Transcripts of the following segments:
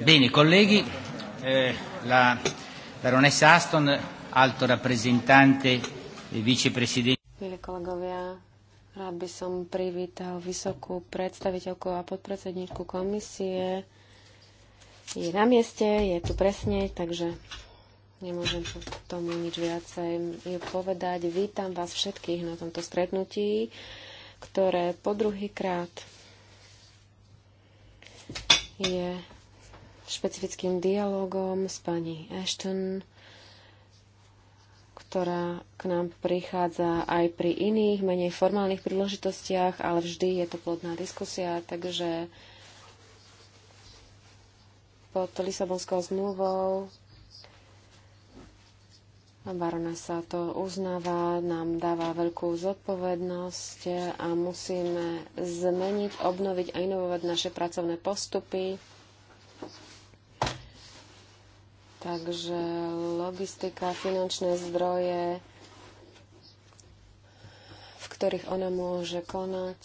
Bene, colleghi, eh, la baronessa Aston, alto rappresentante e vicepresidente. Mili kolegovia, rád by som privítal vysokú predstaviteľku a podpredsedničku komisie. Je na mieste, je tu presne, takže nemôžem k tomu nič viacej povedať. Vítam vás všetkých na tomto stretnutí ktoré po druhýkrát je špecifickým dialogom s pani Ashton, ktorá k nám prichádza aj pri iných, menej formálnych príležitostiach, ale vždy je to plodná diskusia, takže pod Lisabonskou zmluvou Barona sa to uznáva, nám dáva veľkú zodpovednosť a musíme zmeniť, obnoviť a inovovať naše pracovné postupy. Takže logistika, finančné zdroje, v ktorých ona môže konať.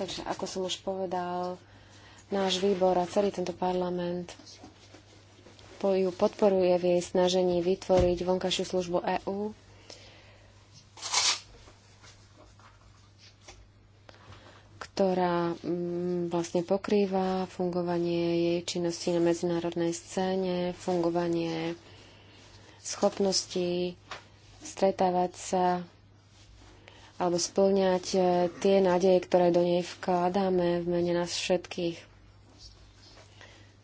Takže ako som už povedal, náš výbor a celý tento parlament ju podporuje v jej snažení vytvoriť vonkajšiu službu EÚ. ktorá mm, vlastne pokrýva fungovanie jej činnosti na medzinárodnej scéne, fungovanie schopností stretávať sa alebo splňať eh, tie nádeje, ktoré do nej vkladáme v mene nás všetkých.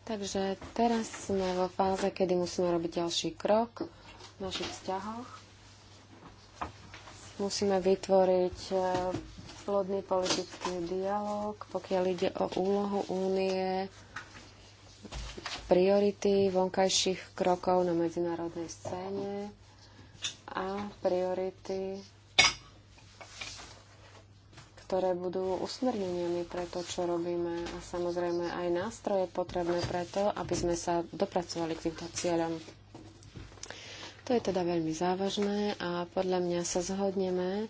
Takže teraz sme vo fáze, kedy musíme robiť ďalší krok v našich vzťahoch. Musíme vytvoriť e, plodný politický dialog, pokiaľ ide o úlohu únie, priority vonkajších krokov na medzinárodnej scéne a priority ktoré budú usmerneniami pre to, čo robíme a samozrejme aj nástroje potrebné pre to, aby sme sa dopracovali k týmto cieľom. To je teda veľmi závažné a podľa mňa sa zhodneme e,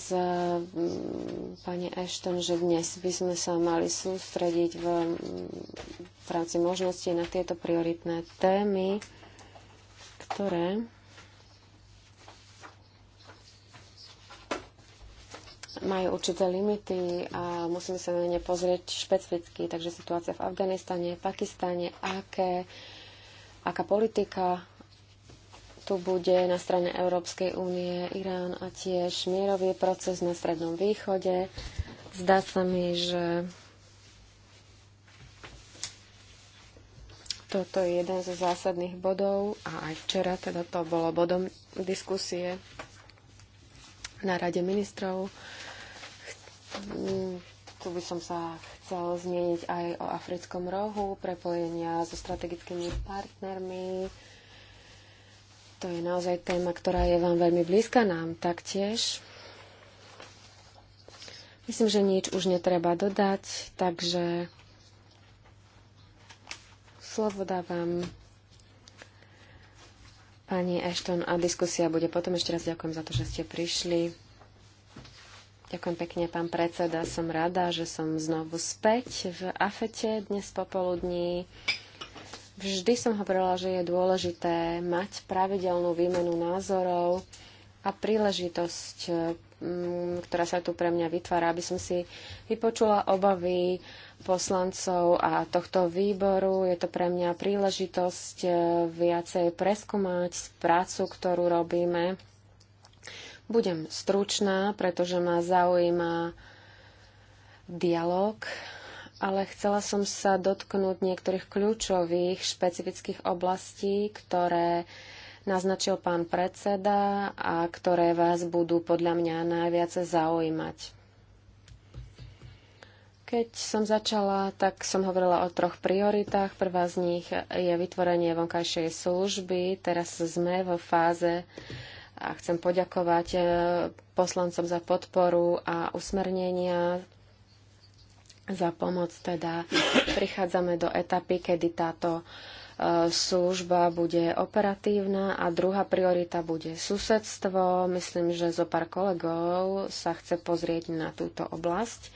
s mm, pani Ashton, že dnes by sme sa mali sústrediť v, mm, v rámci možností na tieto prioritné témy, ktoré majú určité limity a musíme sa na ne pozrieť špecificky. Takže situácia v Afganistane, Pakistane, aké, aká politika tu bude na strane Európskej únie, Irán a tiež mierový proces na Strednom východe. Zdá sa mi, že toto je jeden zo zásadných bodov a aj včera teda to bolo bodom diskusie na Rade ministrov. Mm, tu by som sa chcel zmieniť aj o africkom rohu, prepojenia so strategickými partnermi. To je naozaj téma, ktorá je vám veľmi blízka nám taktiež. Myslím, že nič už netreba dodať, takže slovo dávam pani Ashton a diskusia bude potom. Ešte raz ďakujem za to, že ste prišli. Ďakujem pekne, pán predseda. Som rada, že som znovu späť v AFETE dnes popoludní. Vždy som hovorila, že je dôležité mať pravidelnú výmenu názorov a príležitosť, mm, ktorá sa tu pre mňa vytvára, aby som si vypočula obavy poslancov a tohto výboru. Je to pre mňa príležitosť eh, viacej preskúmať prácu, ktorú robíme budem stručná, pretože ma zaujíma dialog, ale chcela som sa dotknúť niektorých kľúčových špecifických oblastí, ktoré naznačil pán predseda a ktoré vás budú podľa mňa najviac zaujímať. Keď som začala, tak som hovorila o troch prioritách. Prvá z nich je vytvorenie vonkajšej služby. Teraz sme vo fáze a chcem poďakovať e, poslancom za podporu a usmernenia za pomoc. Teda prichádzame do etapy, kedy táto e, služba bude operatívna a druhá priorita bude susedstvo. Myslím, že zo pár kolegov sa chce pozrieť na túto oblasť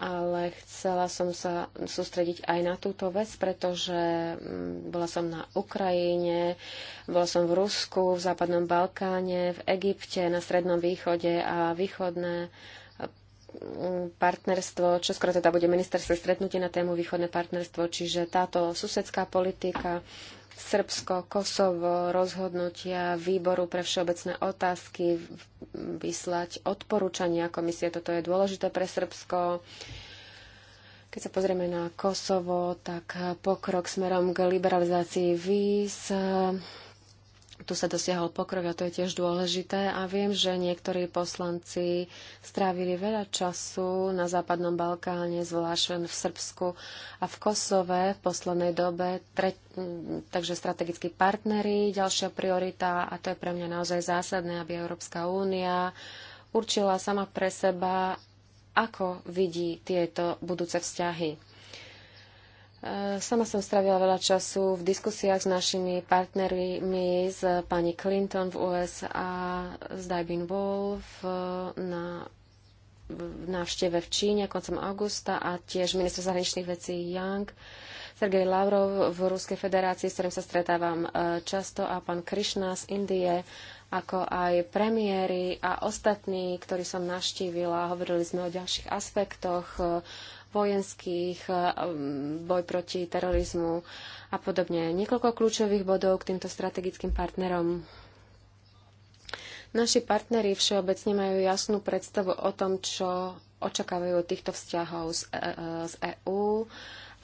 ale chcela som sa sústrediť aj na túto vec, pretože mm, bola som na Ukrajine, bola som v Rusku, v Západnom Balkáne, v Egypte, na Strednom východe a východné mm, partnerstvo, čo skoro teda bude ministerstvo stretnutie na tému východné partnerstvo, čiže táto susedská politika Srbsko, Kosovo, rozhodnutia výboru pre všeobecné otázky, vyslať odporúčania komisie. Toto je dôležité pre Srbsko. Keď sa pozrieme na Kosovo, tak pokrok smerom k liberalizácii víz, tu sa dosiahol pokrok a to je tiež dôležité. A viem, že niektorí poslanci strávili veľa času na Západnom Balkáne, zvlášť v Srbsku a v Kosove v poslednej dobe. Tre... Takže strategickí partnery, ďalšia priorita a to je pre mňa naozaj zásadné, aby Európska únia určila sama pre seba, ako vidí tieto budúce vzťahy Sama som stravila veľa času v diskusiách s našimi partnermi, s pani Clinton v USA, s Dybin Wolf eh, na návšteve v Číne koncom augusta a tiež minister zahraničných vecí Yang, Sergej Lavrov v Ruskej federácii, s ktorým sa stretávam eh, často a pán Krishna z Indie ako aj premiéry a ostatní, ktorí som naštívila. Hovorili sme o ďalších aspektoch e, vojenských, e, boj proti terorizmu a podobne. Niekoľko kľúčových bodov k týmto strategickým partnerom. Naši partneri všeobecne majú jasnú predstavu o tom, čo očakávajú od týchto vzťahov z EÚ e,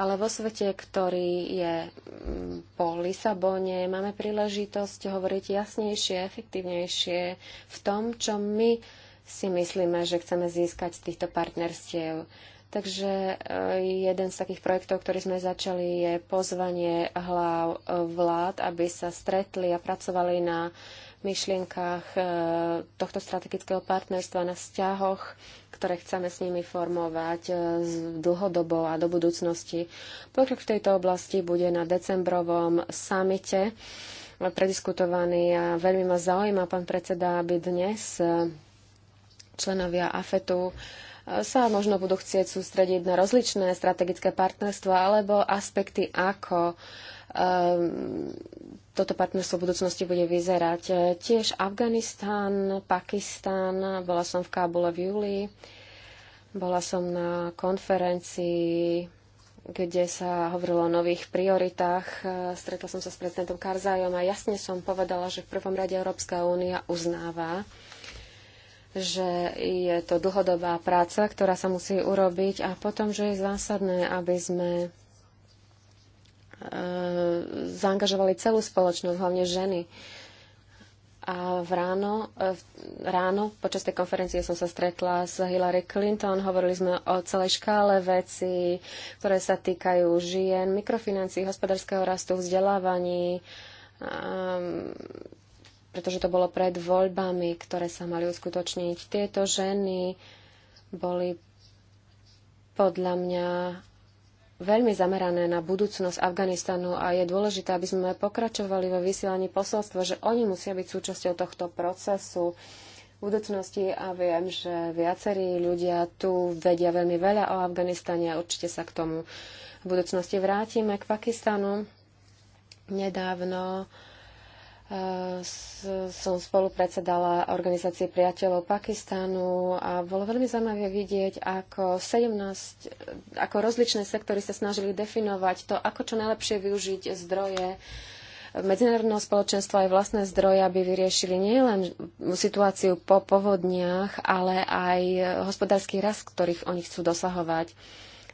ale vo svete, ktorý je mm, po Lisabone, máme príležitosť hovoriť jasnejšie, efektívnejšie v tom, čo my si myslíme, že chceme získať z týchto partnerstiev. Takže e, jeden z takých projektov, ktorý sme začali, je pozvanie hlav e, vlád, aby sa stretli a pracovali na uh, myšlienkách e, tohto strategického partnerstva, na vzťahoch, ktoré chceme s nimi formovať e, dlhodobo a do budúcnosti. Pokrok v tejto oblasti bude na decembrovom samite e, prediskutovaný a veľmi ma zaujíma, pán predseda, aby dnes členovia AFETu sa možno budú chcieť sústrediť na rozličné strategické partnerstva alebo aspekty ako um, toto partnerstvo v budúcnosti bude vyzerať. E, tiež Afganistán, Pakistán, bola som v Kábule v júli, bola som na konferencii, kde sa hovorilo o nových prioritách. E, stretla som sa s prezidentom Karzajom a jasne som povedala, že v prvom rade Európska únia uznáva, že je to dlhodobá práca, ktorá sa musí urobiť a potom, že je zásadné, aby sme E, zaangažovali celú spoločnosť, hlavne ženy. A v ráno, e, v ráno počas tej konferencie som sa stretla s Hillary Clinton, hovorili sme o celej škále veci, ktoré sa týkajú žien, mikrofinancií, hospodárskeho rastu, vzdelávaní, um, pretože to bolo pred voľbami, ktoré sa mali uskutočniť. Tieto ženy boli podľa mňa veľmi zamerané na budúcnosť Afganistanu a je dôležité, aby sme pokračovali vo vysielaní posolstva, že oni musia byť súčasťou tohto procesu v budúcnosti a viem, že viacerí ľudia tu vedia veľmi veľa o Afganistane a určite sa k tomu v budúcnosti vrátime. K Pakistanu nedávno uh, som spolupredsedala organizácii priateľov Pakistánu a bolo veľmi zaujímavé vidieť, ako, 17, ako rozličné sektory sa snažili definovať to, ako čo najlepšie využiť zdroje medzinárodného spoločenstva aj vlastné zdroje, aby vyriešili nielen situáciu po povodniach, ale aj hospodársky rast, ktorých oni chcú dosahovať.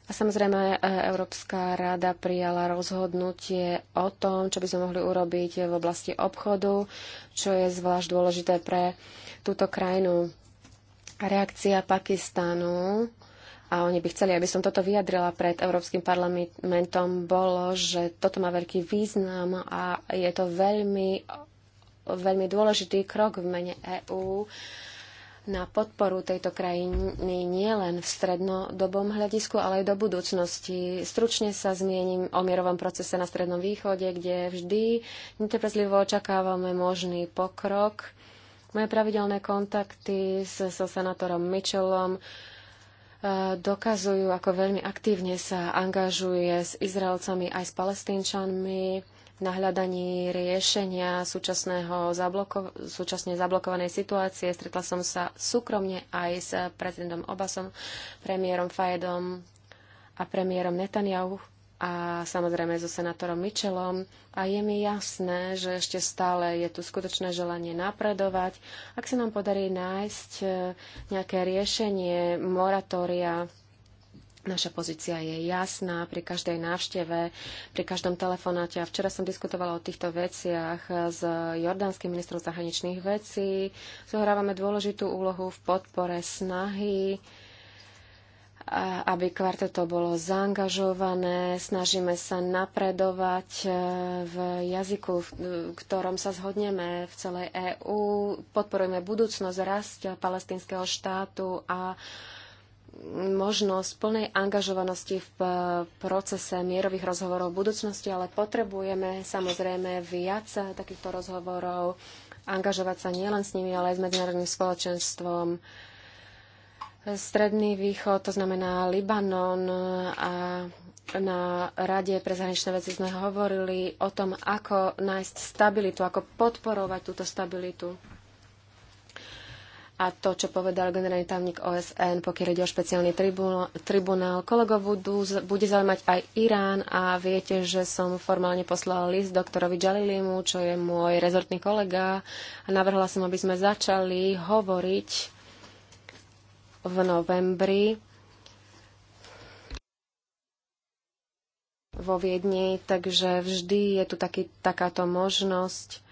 A samozrejme, e, Európska rada prijala rozhodnutie o tom, čo by sme mohli urobiť v oblasti obchodu, čo je zvlášť dôležité pre túto krajinu. Reakcia Pakistanu a oni by chceli, aby som toto vyjadrila pred Európskym parlamentom, bolo, že toto má veľký význam a je to veľmi, veľmi dôležitý krok v mene EÚ na podporu tejto krajiny nie len v strednodobom hľadisku, ale aj do budúcnosti. Stručne sa zmiením o mierovom procese na Strednom východe, kde vždy netrpezlivo očakávame možný pokrok. Moje pravidelné kontakty so, so senátorom Mitchellom e, dokazujú, ako veľmi aktívne sa angažuje s Izraelcami aj s palestínčanmi na hľadaní riešenia súčasného zabloko- súčasne zablokovanej situácie. Stretla som sa súkromne aj s prezidentom Obasom, premiérom Fajedom a premiérom Netanyahu a samozrejme so senátorom Mitchellom. A je mi jasné, že ešte stále je tu skutočné želanie napredovať. Ak sa nám podarí nájsť eh, nejaké riešenie moratória Naša pozícia je jasná pri každej návšteve, pri každom telefonáte. A včera som diskutovala o týchto veciach s jordánskym ministrom zahraničných vecí. Zohrávame dôležitú úlohu v podpore snahy aby kvarteto bolo zaangažované. Snažíme sa napredovať e, v jazyku, v e, ktorom sa zhodneme v celej EÚ. Podporujeme budúcnosť rast palestinského štátu a možnosť plnej angažovanosti v eh, procese mierových rozhovorov v budúcnosti, ale potrebujeme samozrejme viac takýchto rozhovorov, angažovať sa nielen s nimi, ale aj s medzinárodným spoločenstvom. Stredný východ, to znamená Libanon eh, a na Rade pre zahraničné veci sme hovorili o tom, ako nájsť stabilitu, ako podporovať túto stabilitu a to, čo povedal generálny tajomník OSN, pokiaľ ide o špeciálny tribunál, tribunál. Kolego budú, bude zaujímať aj Irán a viete, že som formálne poslal list doktorovi Jalilimu, čo je môj rezortný kolega a navrhla som, aby sme začali hovoriť v novembri vo Viedni, takže vždy je tu taký, takáto možnosť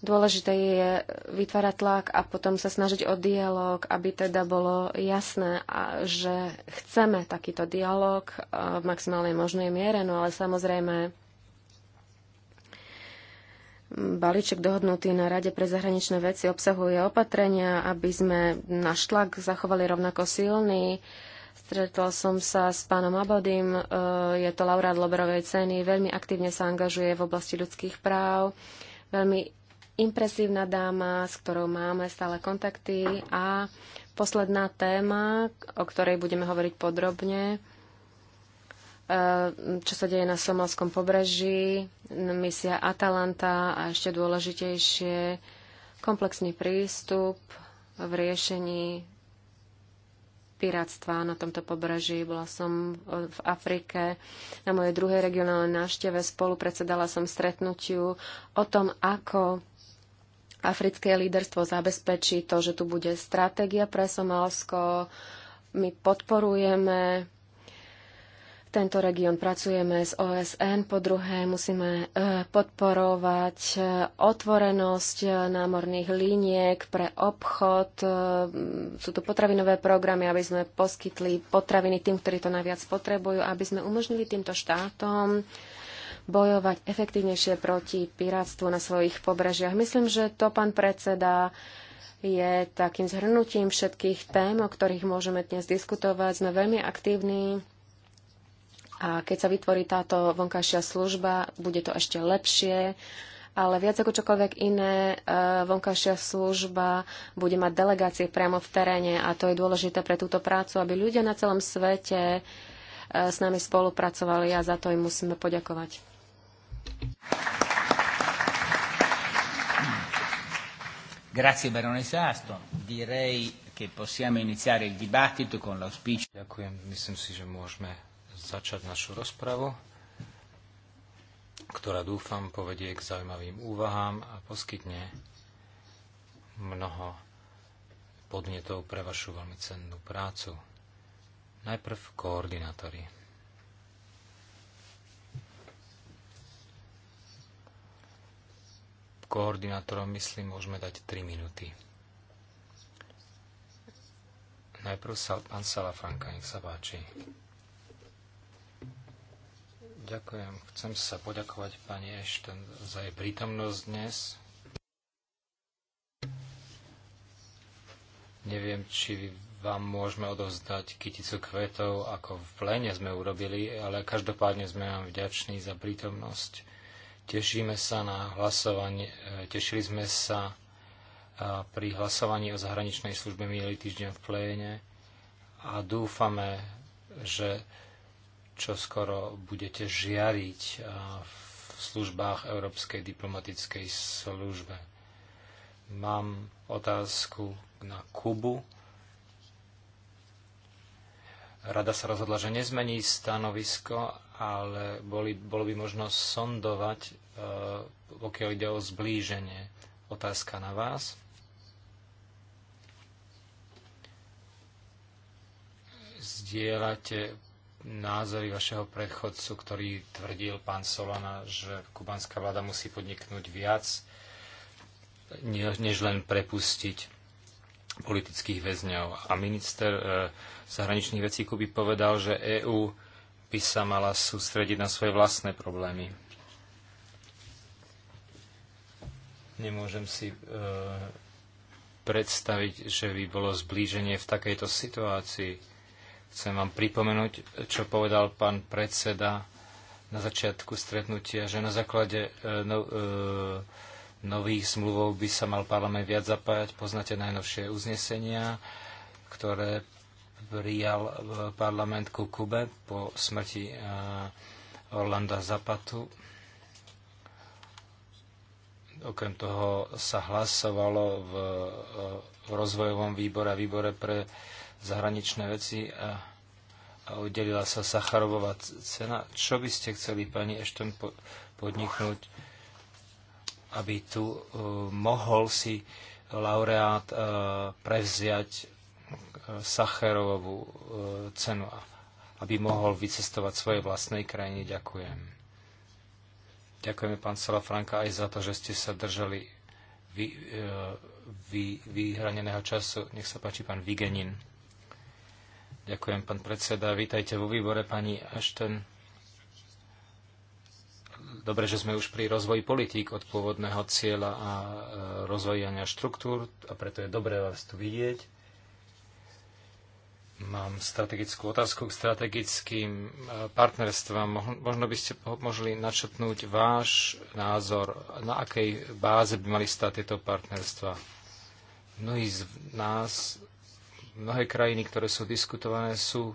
Dôležité je vytvárať tlak a potom sa snažiť o dialog, aby teda bolo jasné, a že chceme takýto dialog e, v maximálnej možnej miere, no ale samozrejme balíček dohodnutý na Rade pre zahraničné veci obsahuje opatrenia, aby sme náš tlak zachovali rovnako silný. Stretol som sa s pánom Abodim, e, je to laureát Loberovej ceny, veľmi aktívne sa angažuje v oblasti ľudských práv, veľmi impresívna dáma, s ktorou máme stále kontakty a posledná téma, o ktorej budeme hovoriť podrobne, e, čo sa deje na Somalskom pobreží, misia Atalanta a ešte dôležitejšie komplexný prístup v riešení piráctva na tomto pobreží. Bola som v Afrike na mojej druhej regionálnej návšteve. Spolupredsedala som stretnutiu o tom, ako africké líderstvo zabezpečí to, že tu bude stratégia pre Somálsko. My podporujeme tento región, pracujeme s OSN. Po druhé, musíme e, podporovať e, otvorenosť e, námorných líniek pre obchod. Sú tu potravinové programy, aby sme poskytli potraviny tým, ktorí to najviac potrebujú, aby sme umožnili týmto štátom bojovať efektívnejšie proti pirátstvu na svojich pobrežiach. Myslím, že to, pán predseda, je takým zhrnutím všetkých tém, o ktorých môžeme dnes diskutovať. Sme veľmi aktívni a keď sa vytvorí táto vonkajšia služba, bude to ešte lepšie. Ale viac ako čokoľvek iné, e, vonkajšia služba bude mať delegácie priamo v teréne a to je dôležité pre túto prácu, aby ľudia na celom svete e, s nami spolupracovali a za to im musíme poďakovať. Grazie Direi che possiamo iniziare il dibattito con l'auspicio. Ďakujem, myslím si, že môžeme začať našu rozpravu, ktorá dúfam povedie k zaujímavým úvahám a poskytne mnoho podnetov pre vašu veľmi cennú prácu. Najprv koordinátori. koordinátorom, myslím, môžeme dať 3 minúty. Najprv sa, pán Salafranka, nech sa páči. Ďakujem. Chcem sa poďakovať pani Ešten za jej prítomnosť dnes. Neviem, či vám môžeme odovzdať kyticu kvetov, ako v pléne sme urobili, ale každopádne sme vám vďační za prítomnosť Tešíme sa na hlasovanie, e, tešili sme sa e, pri hlasovaní o zahraničnej službe minulý týždeň v pléne a dúfame, že čo skoro budete žiariť e, v službách Európskej diplomatickej službe. Mám otázku na Kubu. Rada sa rozhodla, že nezmení stanovisko ale boli, bolo by možno sondovať, e, pokiaľ ide o zblíženie. Otázka na vás. Zdieľate názory vašeho predchodcu, ktorý tvrdil pán Solana, že kubanská vláda musí podniknúť viac, než len prepustiť politických väzňov. A minister e, zahraničných vecí Kuby povedal, že EÚ by sa mala sústrediť na svoje vlastné problémy. Nemôžem si e, predstaviť, že by bolo zblíženie v takejto situácii. Chcem vám pripomenúť, čo povedal pán predseda na začiatku stretnutia, že na základe e, no, e, nových zmluvov by sa mal parlament viac zapájať. Poznáte najnovšie uznesenia, ktoré prijal e, parlament ku Kube po smrti e, Orlanda Zapatu. Okrem toho sa hlasovalo e, v rozvojovom výbore a výbore pre zahraničné veci a, a udelila sa Sacharovová cena. Čo by ste chceli, pani Ešton, podniknúť, aby tu uh, mohol si laureát uh, prevziať Sacherovovú e, cenu, aby mohol vycestovať svojej vlastnej krajine. Ďakujem. Ďakujeme, pán Franka aj za to, že ste sa držali vy, e, vy, vyhraneného času. Nech sa páči, pán Vigenin. Ďakujem, pán predseda. Vítajte vo výbore, pani Ashton. Dobre, že sme už pri rozvoji politík od pôvodného cieľa a e, rozvojania štruktúr, a preto je dobré vás tu vidieť Mám strategickú otázku k strategickým e, partnerstvám. Možno by ste mohli načetnúť váš názor, na akej báze by mali stať tieto partnerstva. Mnohí z nás, mnohé krajiny, ktoré sú diskutované, sú,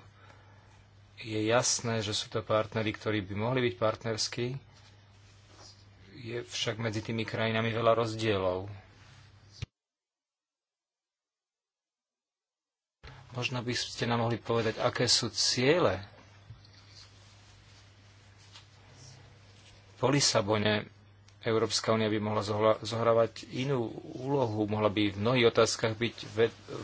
je jasné, že sú to partnery, ktorí by mohli byť partnerskí. Je však medzi tými krajinami veľa rozdielov Možno by ste nám mohli povedať, aké sú ciele po Lisabone Európska únia by mohla zohrávať inú úlohu, mohla by v mnohých otázkach byť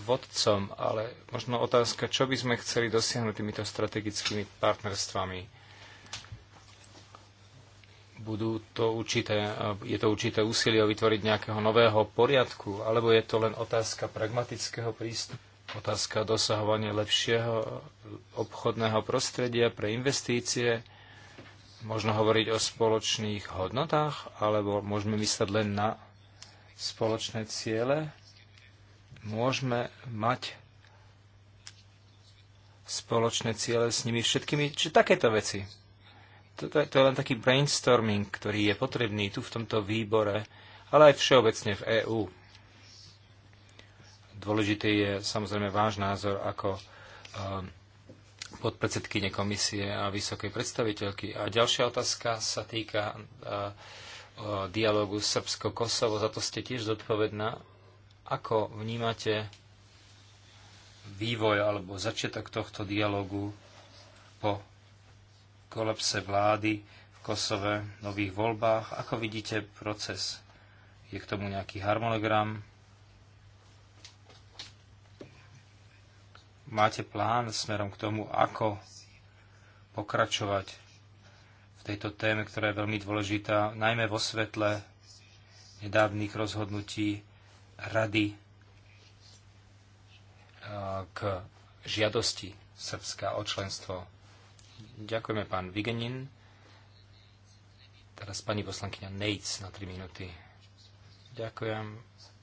vodcom, ale možno otázka, čo by sme chceli dosiahnuť týmito strategickými partnerstvami. Budú to určité, je to určité úsilie o vytvoriť nejakého nového poriadku, alebo je to len otázka pragmatického prístupu? otázka dosahovania lepšieho obchodného prostredia pre investície. Možno hovoriť o spoločných hodnotách, alebo môžeme mysleť len na spoločné ciele. Môžeme mať spoločné ciele s nimi všetkými, či takéto veci. To, to je len taký brainstorming, ktorý je potrebný tu v tomto výbore, ale aj všeobecne v EÚ. Dôležitý je samozrejme váš názor ako um, podpredsedkyne komisie a vysokej predstaviteľky. A ďalšia otázka sa týka uh, dialogu Srbsko-Kosovo. Za to ste tiež zodpovedná. Ako vnímate vývoj alebo začiatok tohto dialogu po kolapse vlády v Kosove, nových voľbách? Ako vidíte proces? Je k tomu nejaký harmonogram? máte plán smerom k tomu, ako pokračovať v tejto téme, ktorá je veľmi dôležitá, najmä vo svetle nedávnych rozhodnutí rady k žiadosti Srbska o členstvo. Ďakujeme pán Vigenin. Teraz pani poslankyňa Nejc na 3 minúty. Ďakujem,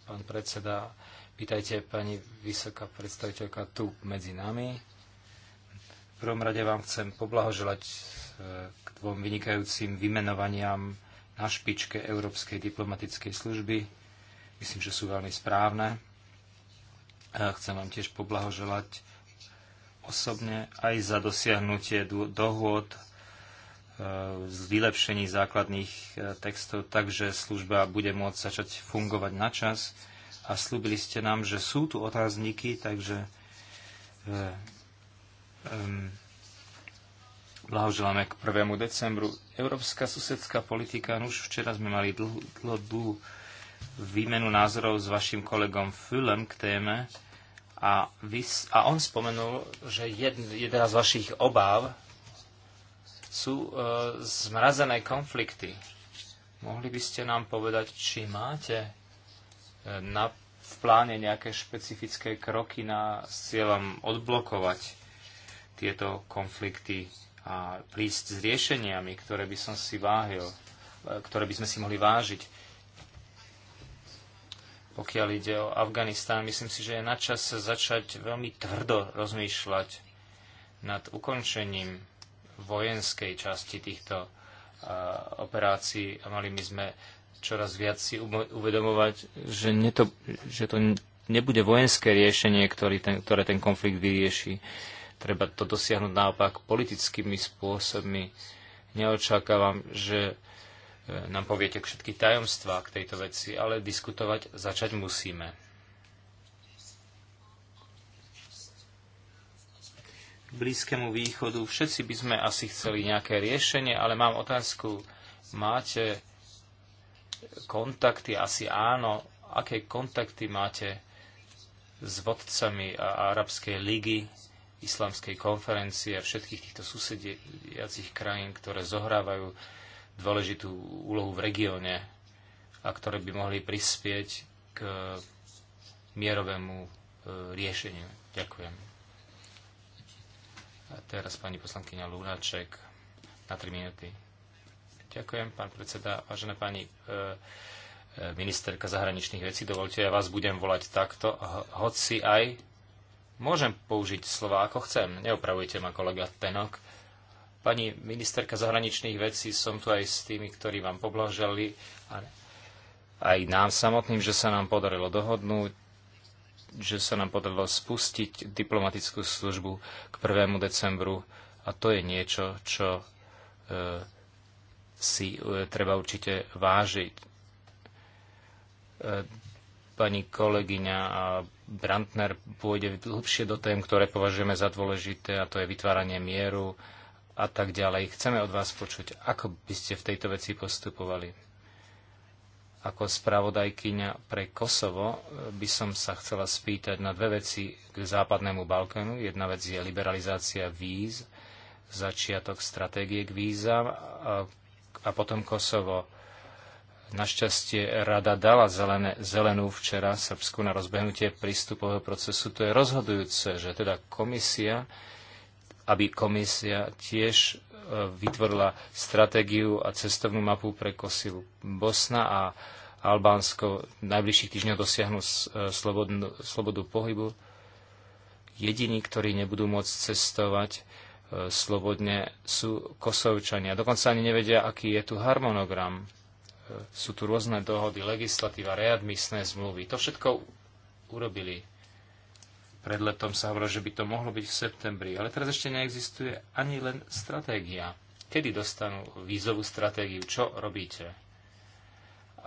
pán predseda. Vítajte, pani vysoká predstaviteľka, tu medzi nami. V prvom rade vám chcem poblahoželať e, k dvom vynikajúcim vymenovaniam na špičke Európskej diplomatickej služby. Myslím, že sú veľmi správne. A e, chcem vám tiež poblahoželať osobne aj za dosiahnutie dohôd e, z vylepšení základných textov, takže služba bude môcť začať fungovať na čas a slúbili ste nám, že sú tu otázniky, takže um, blahoželáme k 1. decembru. Európska susedská politika, no už včera sme mali dlhú, dlhú výmenu názorov s vašim kolegom Fülem k téme a, vy, a on spomenul, že jed, jedna z vašich obáv sú e, zmrazené konflikty. Mohli by ste nám povedať, či máte na, v pláne nejaké špecifické kroky na, s cieľom odblokovať tieto konflikty a prísť s riešeniami, ktoré by som si váhil, e, ktoré by sme si mohli vážiť. Pokiaľ ide o Afganistán, myslím si, že je na čas začať veľmi tvrdo rozmýšľať nad ukončením vojenskej časti týchto uh, operácií a mali by sme čoraz viac si uvedomovať, že, to, že to nebude vojenské riešenie, ktorý ten, ktoré ten konflikt vyrieši. Treba to dosiahnuť naopak politickými spôsobmi. Neočakávam, že e, nám poviete všetky tajomstvá k tejto veci, ale diskutovať začať musíme. K Blízkému východu všetci by sme asi chceli nejaké riešenie, ale mám otázku. Máte kontakty, asi áno, aké kontakty máte s vodcami Arabskej ligy, Islamskej konferencie a všetkých týchto susediacich krajín, ktoré zohrávajú dôležitú úlohu v regióne a ktoré by mohli prispieť k mierovému e, riešeniu. Ďakujem. A teraz pani poslankyňa Lunaček na 3 minúty. Ďakujem, pán predseda. Vážená pani e, e, ministerka zahraničných vecí, dovolte, ja vás budem volať takto, hoci aj môžem použiť slova, ako chcem. Neopravujte ma, kolega Tenok. Pani ministerka zahraničných vecí, som tu aj s tými, ktorí vám poblažali aj nám samotným, že sa nám podarilo dohodnúť, že sa nám podarilo spustiť diplomatickú službu k 1. decembru a to je niečo, čo e, si e, treba určite vážiť. E, pani kolegyňa Brantner pôjde hlbšie do tém, ktoré považujeme za dôležité, a to je vytváranie mieru a tak ďalej. Chceme od vás počuť, ako by ste v tejto veci postupovali. Ako spravodajkyňa pre Kosovo e, by som sa chcela spýtať na dve veci k západnému Balkánu. Jedna vec je liberalizácia víz, začiatok stratégie k vízam, a potom Kosovo. Našťastie rada dala zelené, zelenú včera Srbsku na rozbehnutie prístupového procesu. To je rozhodujúce, že teda komisia, aby komisia tiež e, vytvorila stratégiu a cestovnú mapu pre Kosilu. Bosna a Albánsko v najbližších týždňoch dosiahnu e, slobodu, slobodu pohybu. Jediní, ktorí nebudú môcť cestovať, slobodne sú kosovčania. Dokonca ani nevedia, aký je tu harmonogram. E, sú tu rôzne dohody, legislatíva, readmisné zmluvy. To všetko urobili. Pred letom sa hovorilo, že by to mohlo byť v septembri, ale teraz ešte neexistuje ani len stratégia. Kedy dostanú vízovú stratégiu? Čo robíte?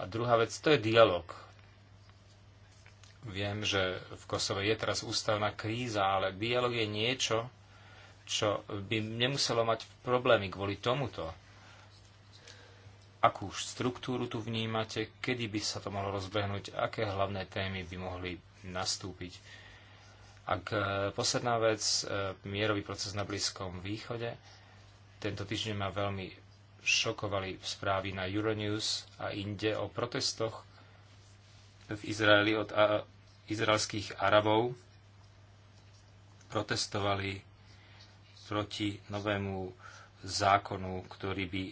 A druhá vec, to je dialog. Viem, že v Kosove je teraz ústavná kríza, ale dialog je niečo, čo by nemuselo mať problémy kvôli tomuto. Akú štruktúru tu vnímate, kedy by sa to mohlo rozbehnúť, aké hlavné témy by mohli nastúpiť. Ak e, posledná vec, e, mierový proces na Blízkom východe, tento týždeň ma veľmi šokovali správy na Euronews a inde o protestoch v Izraeli od a, izraelských Arabov. Protestovali proti novému zákonu, ktorý by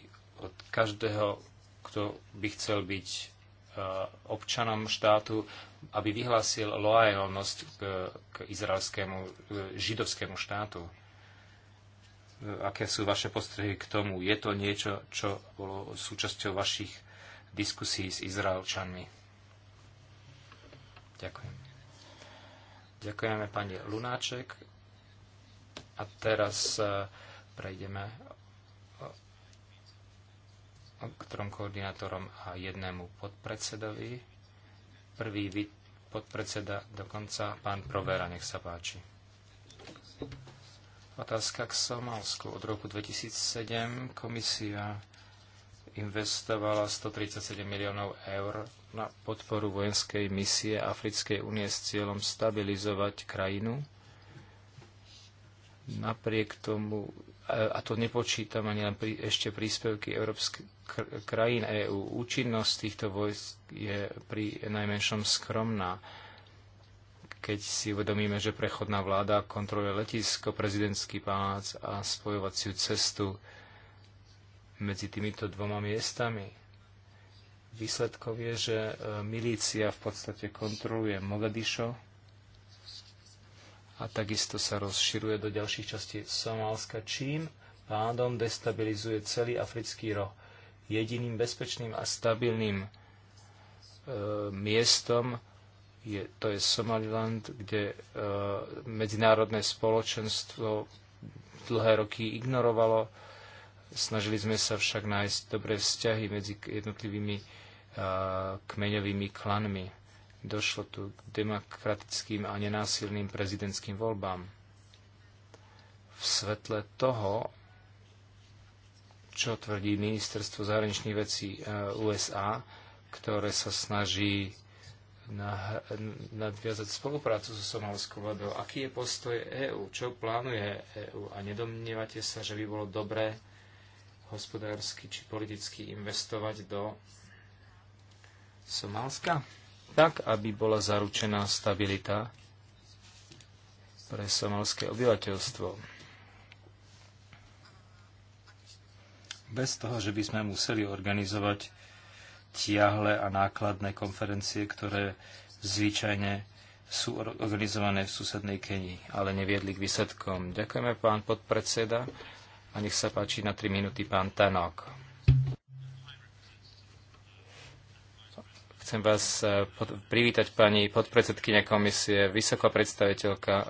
od každého, kto by chcel byť e, občanom štátu, aby vyhlásil loajálnosť k, k izraelskému k e, židovskému štátu. E, aké sú vaše postrehy k tomu? Je to niečo, čo bolo súčasťou vašich diskusí s Izraelčanmi? Ďakujem. Ďakujeme pani Lunáček. A teraz e, prejdeme k trom koordinátorom a jednému podpredsedovi. Prvý podpredseda dokonca, pán Provera, nech sa páči. Otázka k Somálsku. Od roku 2007 komisia investovala 137 miliónov eur na podporu vojenskej misie Africkej únie s cieľom stabilizovať krajinu Napriek tomu, a to nepočítam ani len pri, ešte príspevky európskych krajín EÚ, účinnosť týchto vojsk je pri najmenšom skromná. Keď si uvedomíme, že prechodná vláda kontroluje letisko, prezidentský palác a spojovaciu cestu medzi týmito dvoma miestami, výsledkov je, že e, milícia v podstate kontroluje Mogadišo, a takisto sa rozširuje do ďalších častí Somálska, čím pádom destabilizuje celý africký roh. Jediným bezpečným a stabilným e, miestom je, to je Somaliland, kde e, medzinárodné spoločenstvo dlhé roky ignorovalo. Snažili sme sa však nájsť dobré vzťahy medzi jednotlivými e, kmeňovými klanmi. Došlo tu k demokratickým a nenásilným prezidentským voľbám. V svetle toho, čo tvrdí ministerstvo zahraničných vecí e, USA, ktoré sa snaží nadviazať spoluprácu so somalskou vládou. Aký je postoj EÚ? Čo plánuje EÚ? A nedomnievate sa, že by bolo dobré hospodársky či politicky investovať do Somálska? tak, aby bola zaručená stabilita pre somalské obyvateľstvo. Bez toho, že by sme museli organizovať tiahle a nákladné konferencie, ktoré zvyčajne sú organizované v susednej Kenii, ale neviedli k výsledkom. Ďakujeme, pán podpredseda, a nech sa páči na 3 minúty pán Tanok. Chcem vás eh, privítať, pani podpredsedkynia komisie, vysoká predstaviteľka. Eh,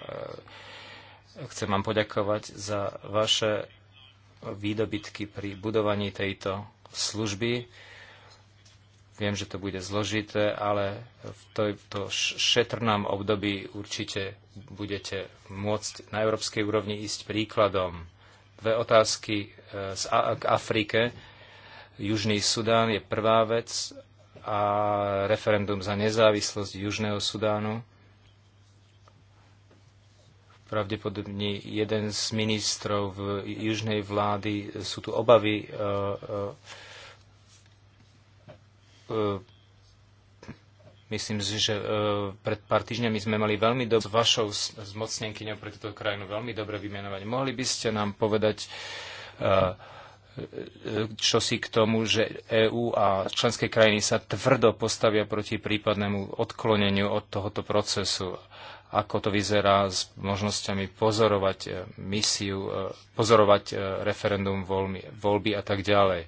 chcem vám poďakovať za vaše výdobytky pri budovaní tejto služby. Viem, že to bude zložité, ale v tomto šetrnom období určite budete môcť na európskej úrovni ísť príkladom. Dve otázky eh, k Afrike. Južný Sudán je prvá vec a referendum za nezávislosť Južného Sudánu. Pravdepodobne jeden z ministrov v južnej vlády sú tu obavy e, e, e, Myslím si, že pred pár týždňami sme mali veľmi dobre s vašou zmocnenkyňou pre túto krajinu veľmi dobre vymenovať. Mohli by ste nám povedať, čosi k tomu, že EÚ a členské krajiny sa tvrdo postavia proti prípadnému odkloneniu od tohoto procesu. Ako to vyzerá s možnosťami pozorovať e, misiu, e, pozorovať e, referendum voľby, voľby a tak ďalej.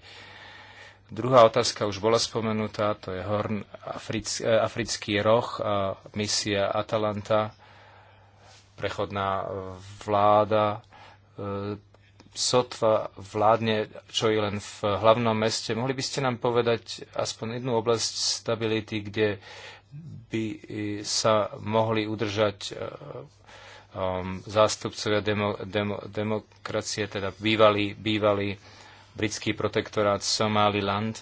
Druhá otázka už bola spomenutá, to je Horn Africký, Africký roh, a misia Atalanta, prechodná vláda, sotva vládne, čo je len v hlavnom meste. Mohli by ste nám povedať aspoň jednu oblasť stability, kde by e, sa mohli udržať e, um, zástupcovia demo, demo, demokracie, teda bývalý, bývalý britský protektorát Somaliland.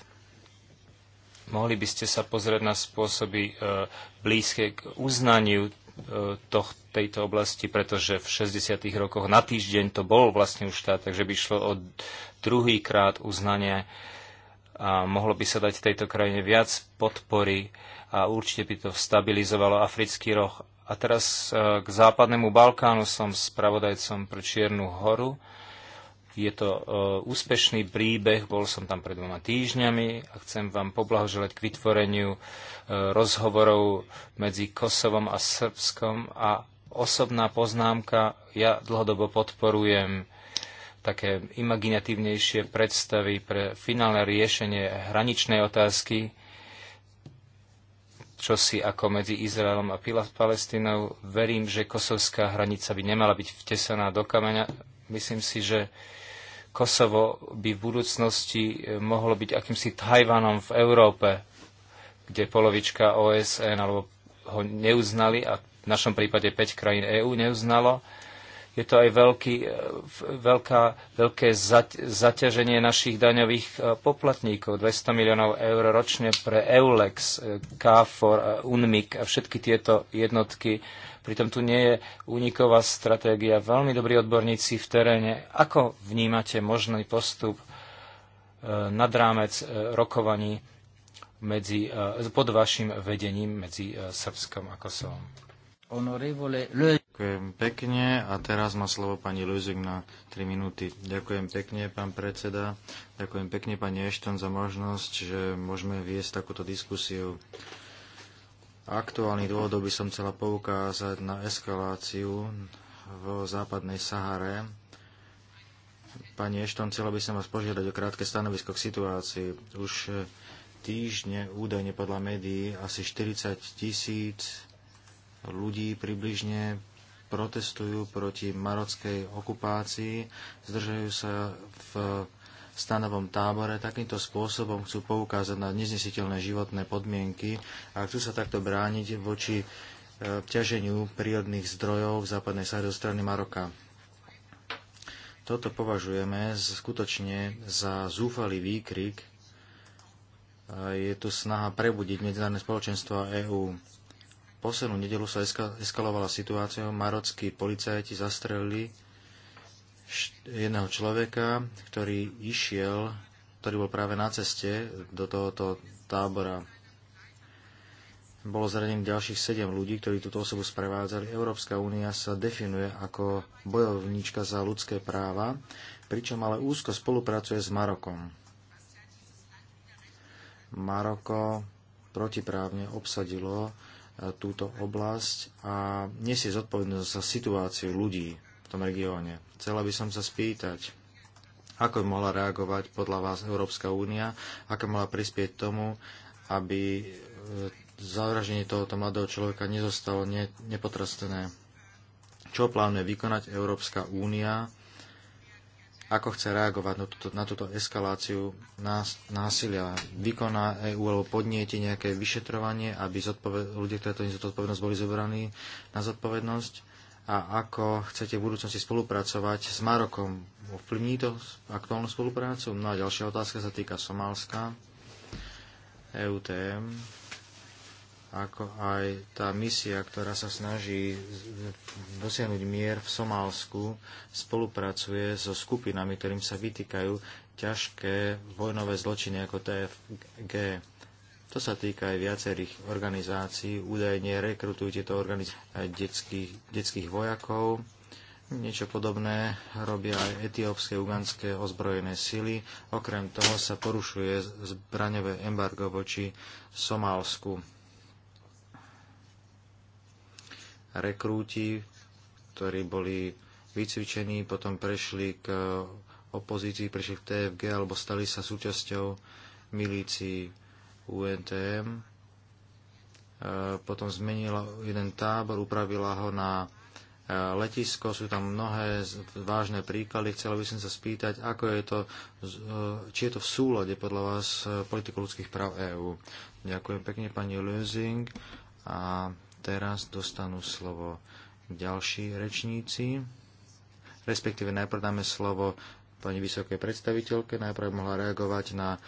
Mohli by ste sa pozrieť na spôsoby uh, blízke k uznaniu toh, tejto oblasti, pretože v 60. rokoch na týždeň to bol vlastne už štát, takže by šlo o druhý krát uznanie a mohlo by sa dať tejto krajine viac podpory a určite by to stabilizovalo africký roh. A teraz eh, k západnému Balkánu som spravodajcom pre Čiernu horu je to e, úspešný príbeh, bol som tam pred dvoma týždňami a chcem vám poblahoželať k vytvoreniu e, rozhovorov medzi Kosovom a Srbskom a osobná poznámka, ja dlhodobo podporujem také imaginatívnejšie predstavy pre finálne riešenie hraničnej otázky, čo si ako medzi Izraelom a Palestínou. Verím, že kosovská hranica by nemala byť vtesaná do kameňa. Myslím si, že Kosovo by v budúcnosti e, mohlo byť akýmsi Tajvanom v Európe, kde polovička OSN alebo ho neuznali a v našom prípade 5 krajín EÚ neuznalo. Je to aj veľký, e, veľká, veľké zaťaženie našich daňových e, poplatníkov. 200 miliónov eur ročne pre EULEX, KFOR, UNMIK a všetky tieto jednotky Pritom tu nie je uniková stratégia. Veľmi dobrí odborníci v teréne. Ako vnímate možný postup e, nad rámec e, rokovaní medzi, e, pod vašim vedením medzi Srbskom a Kosovom? Ďakujem pekne a teraz má slovo pani Luzing na 3 minúty. Ďakujem pekne, pán predseda. Ďakujem pekne, pani Ešton, za možnosť, že môžeme viesť takúto diskusiu aktuálnych dôvodov by som chcela poukázať na eskaláciu v západnej Sahare. Pani Ešton, chcela by som vás požiadať o krátke stanovisko k situácii. Už týždne údajne podľa médií asi 40 tisíc ľudí približne protestujú proti marockej okupácii, zdržajú sa v stanovom tábore. Takýmto spôsobom chcú poukázať na neznesiteľné životné podmienky a chcú sa takto brániť voči e, ťaženiu prírodných zdrojov v západnej Sahare zo strany Maroka. Toto považujeme skutočne za zúfalý výkrik. Je tu snaha prebudiť medzinárodné spoločenstvo a EÚ. Poslednú nedelu sa eskalovala situácia, marockí policajti zastrelili jedného človeka, ktorý išiel, ktorý bol práve na ceste do tohoto tábora. Bolo zranených ďalších sedem ľudí, ktorí túto osobu sprevádzali. Európska únia sa definuje ako bojovníčka za ľudské práva, pričom ale úzko spolupracuje s Marokom. Maroko protiprávne obsadilo e, túto oblasť a nesie zodpovednosť za situáciu ľudí tom regióne. Chcela by som sa spýtať, ako by mohla reagovať podľa vás Európska únia, ako mohla prispieť tomu, aby e, zavraženie tohoto mladého človeka nezostalo ne, nepotrastené. Čo plánuje vykonať Európska únia? Ako chce reagovať na túto, na túto eskaláciu nás, násilia? Vykoná EÚ alebo podnieti nejaké vyšetrovanie, aby zodpoved- ľudia, ktorí to zodpovednosť boli zobraní na zodpovednosť? a ako chcete v budúcnosti spolupracovať s Marokom. Ovplyvní to aktuálnu spoluprácu? No a ďalšia otázka sa týka Somálska, EUTM, ako aj tá misia, ktorá sa snaží dosiahnuť mier v Somálsku, spolupracuje so skupinami, ktorým sa vytýkajú ťažké vojnové zločiny ako TFG. To sa týka aj viacerých organizácií. Údajne rekrutujú tieto organizácie detských, detských vojakov. Niečo podobné robia aj etiópske, uganské ozbrojené sily. Okrem toho sa porušuje zbraňové embargo voči Somálsku. Rekrúti, ktorí boli vycvičení, potom prešli k opozícii, prešli k TFG alebo stali sa súčasťou milícií UNTM, e, potom zmenila jeden tábor, upravila ho na e, letisko, sú tam mnohé vážne príklady. Chcela by som sa spýtať, ako je to, e, či je to v súlade podľa vás politiku ľudských práv EÚ. Ďakujem pekne pani Lösing a teraz dostanú slovo ďalší rečníci. Respektíve najprv dáme slovo pani vysokej predstaviteľke, najprv mohla reagovať na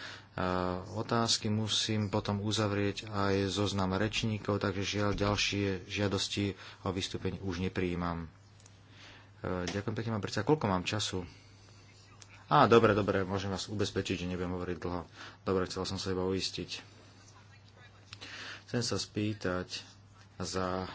otázky, musím potom uzavrieť aj zoznam rečníkov, takže žiaľ ďalšie žiadosti o vystúpenie už nepríjmam. E, ďakujem pekne, mám predsa, koľko mám času? Á, dobre, dobre, môžem vás ubezpečiť, že nebudem hovoriť dlho. Dobre, chcel som sa iba uistiť. Chcem sa spýtať za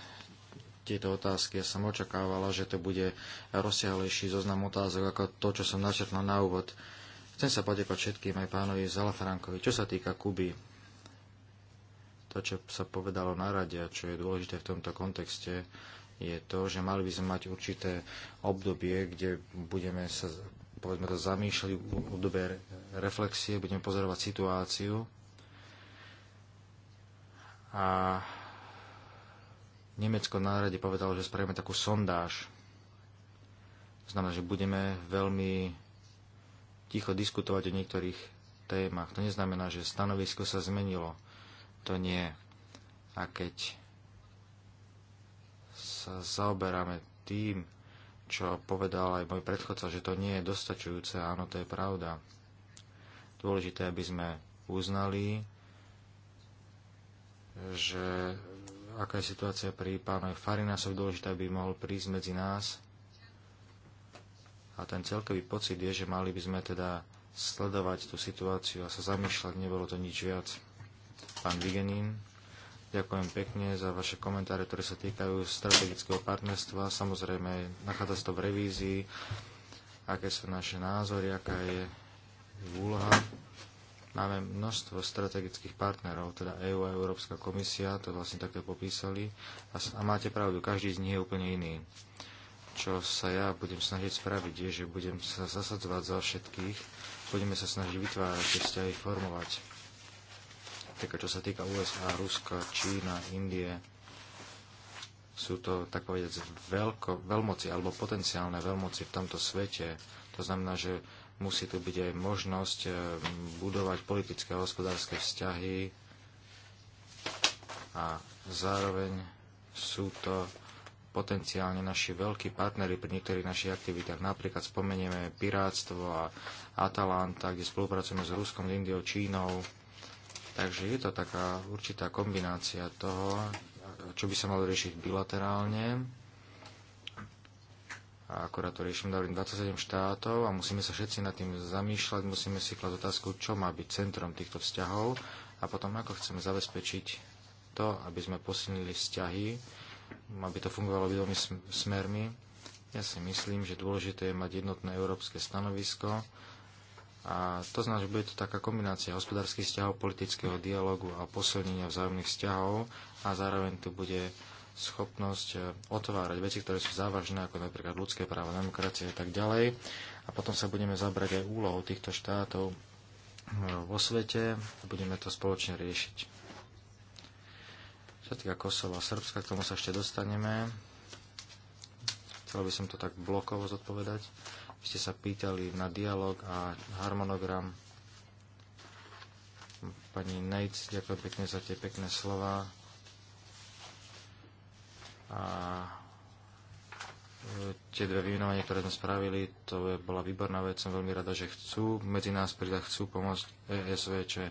tieto otázky. Ja som očakávala, že to bude rozsiahlejší zoznam otázok ako to, čo som načrtnal na úvod. Uh, Chcem sa poďakovať všetkým aj pánovi Zalafrankovi. Čo sa týka Kuby, to, čo sa povedalo na rade a čo je dôležité v tomto kontexte, je to, že mali by sme mať určité obdobie, kde budeme sa, povedzme to, zamýšľať v obdobie reflexie, budeme pozorovať situáciu a Nemecko na rade povedalo, že spravíme takú sondáž. To znamená, že budeme veľmi ticho diskutovať o niektorých témach. To neznamená, že stanovisko sa zmenilo. To nie. A keď sa zaoberáme tým, čo povedal aj môj predchodca, že to nie je dostačujúce, áno, to je pravda. Dôležité, aby sme uznali, že aká je situácia pri pánovi Farinásov, dôležité, aby mohol prísť medzi nás a ten celkový pocit je, že mali by sme teda sledovať tú situáciu a sa zamýšľať, nebolo to nič viac. Pán Vigenín, ďakujem pekne za vaše komentáre, ktoré sa týkajú strategického partnerstva. Samozrejme, nachádza sa to v revízii, aké sú naše názory, aká je úloha. Máme množstvo strategických partnerov, teda EU a Európska komisia, to vlastne takto popísali. A, a máte pravdu, každý z nich je úplne iný čo sa ja budem snažiť spraviť, je, že budem sa zasadzovať za všetkých, budeme sa snažiť vytvárať tie vzťahy, formovať. Tak čo sa týka USA, Ruska, Čína, Indie, sú to, tak povedať, veľko, veľmoci alebo potenciálne veľmoci v tomto svete. To znamená, že musí tu byť aj možnosť eh, budovať politické a hospodárske vzťahy a zároveň sú to potenciálne naši veľkí partnery pri niektorých našich aktivitách. Napríklad spomenieme Pirátstvo a Atalanta, kde spolupracujeme s Ruskom, Indiou, Čínou. Takže je to taká určitá kombinácia toho, čo by sa malo riešiť bilaterálne. A akorát to riešim dávim 27 štátov a musíme sa všetci nad tým zamýšľať, musíme si klať otázku, čo má byť centrom týchto vzťahov a potom ako chceme zabezpečiť to, aby sme posilnili vzťahy aby to fungovalo obidvomi smermi. Ja si myslím, že dôležité je mať jednotné európske stanovisko a to znamená, že bude to taká kombinácia hospodárskych vzťahov, politického dialogu a posilnenia vzájomných vzťahov a zároveň tu bude schopnosť e, otvárať veci, ktoré sú závažné, ako napríklad ľudské práva, demokracie a tak ďalej. A potom sa budeme zabrať aj úlohou týchto štátov e, vo svete a budeme to spoločne riešiť. Čo týka Kosova a Srbska, k tomu sa ešte dostaneme. Chcel by som to tak blokovo zodpovedať. Vy ste sa pýtali na dialog a harmonogram. Pani Nejc, ďakujem pekne za tie pekné slova. A e, tie dve vyvinovanie, ktoré sme spravili, to je, bola výborná vec. Som veľmi rada, že chcú medzi nás pridať, chcú pomôcť ESV, čo je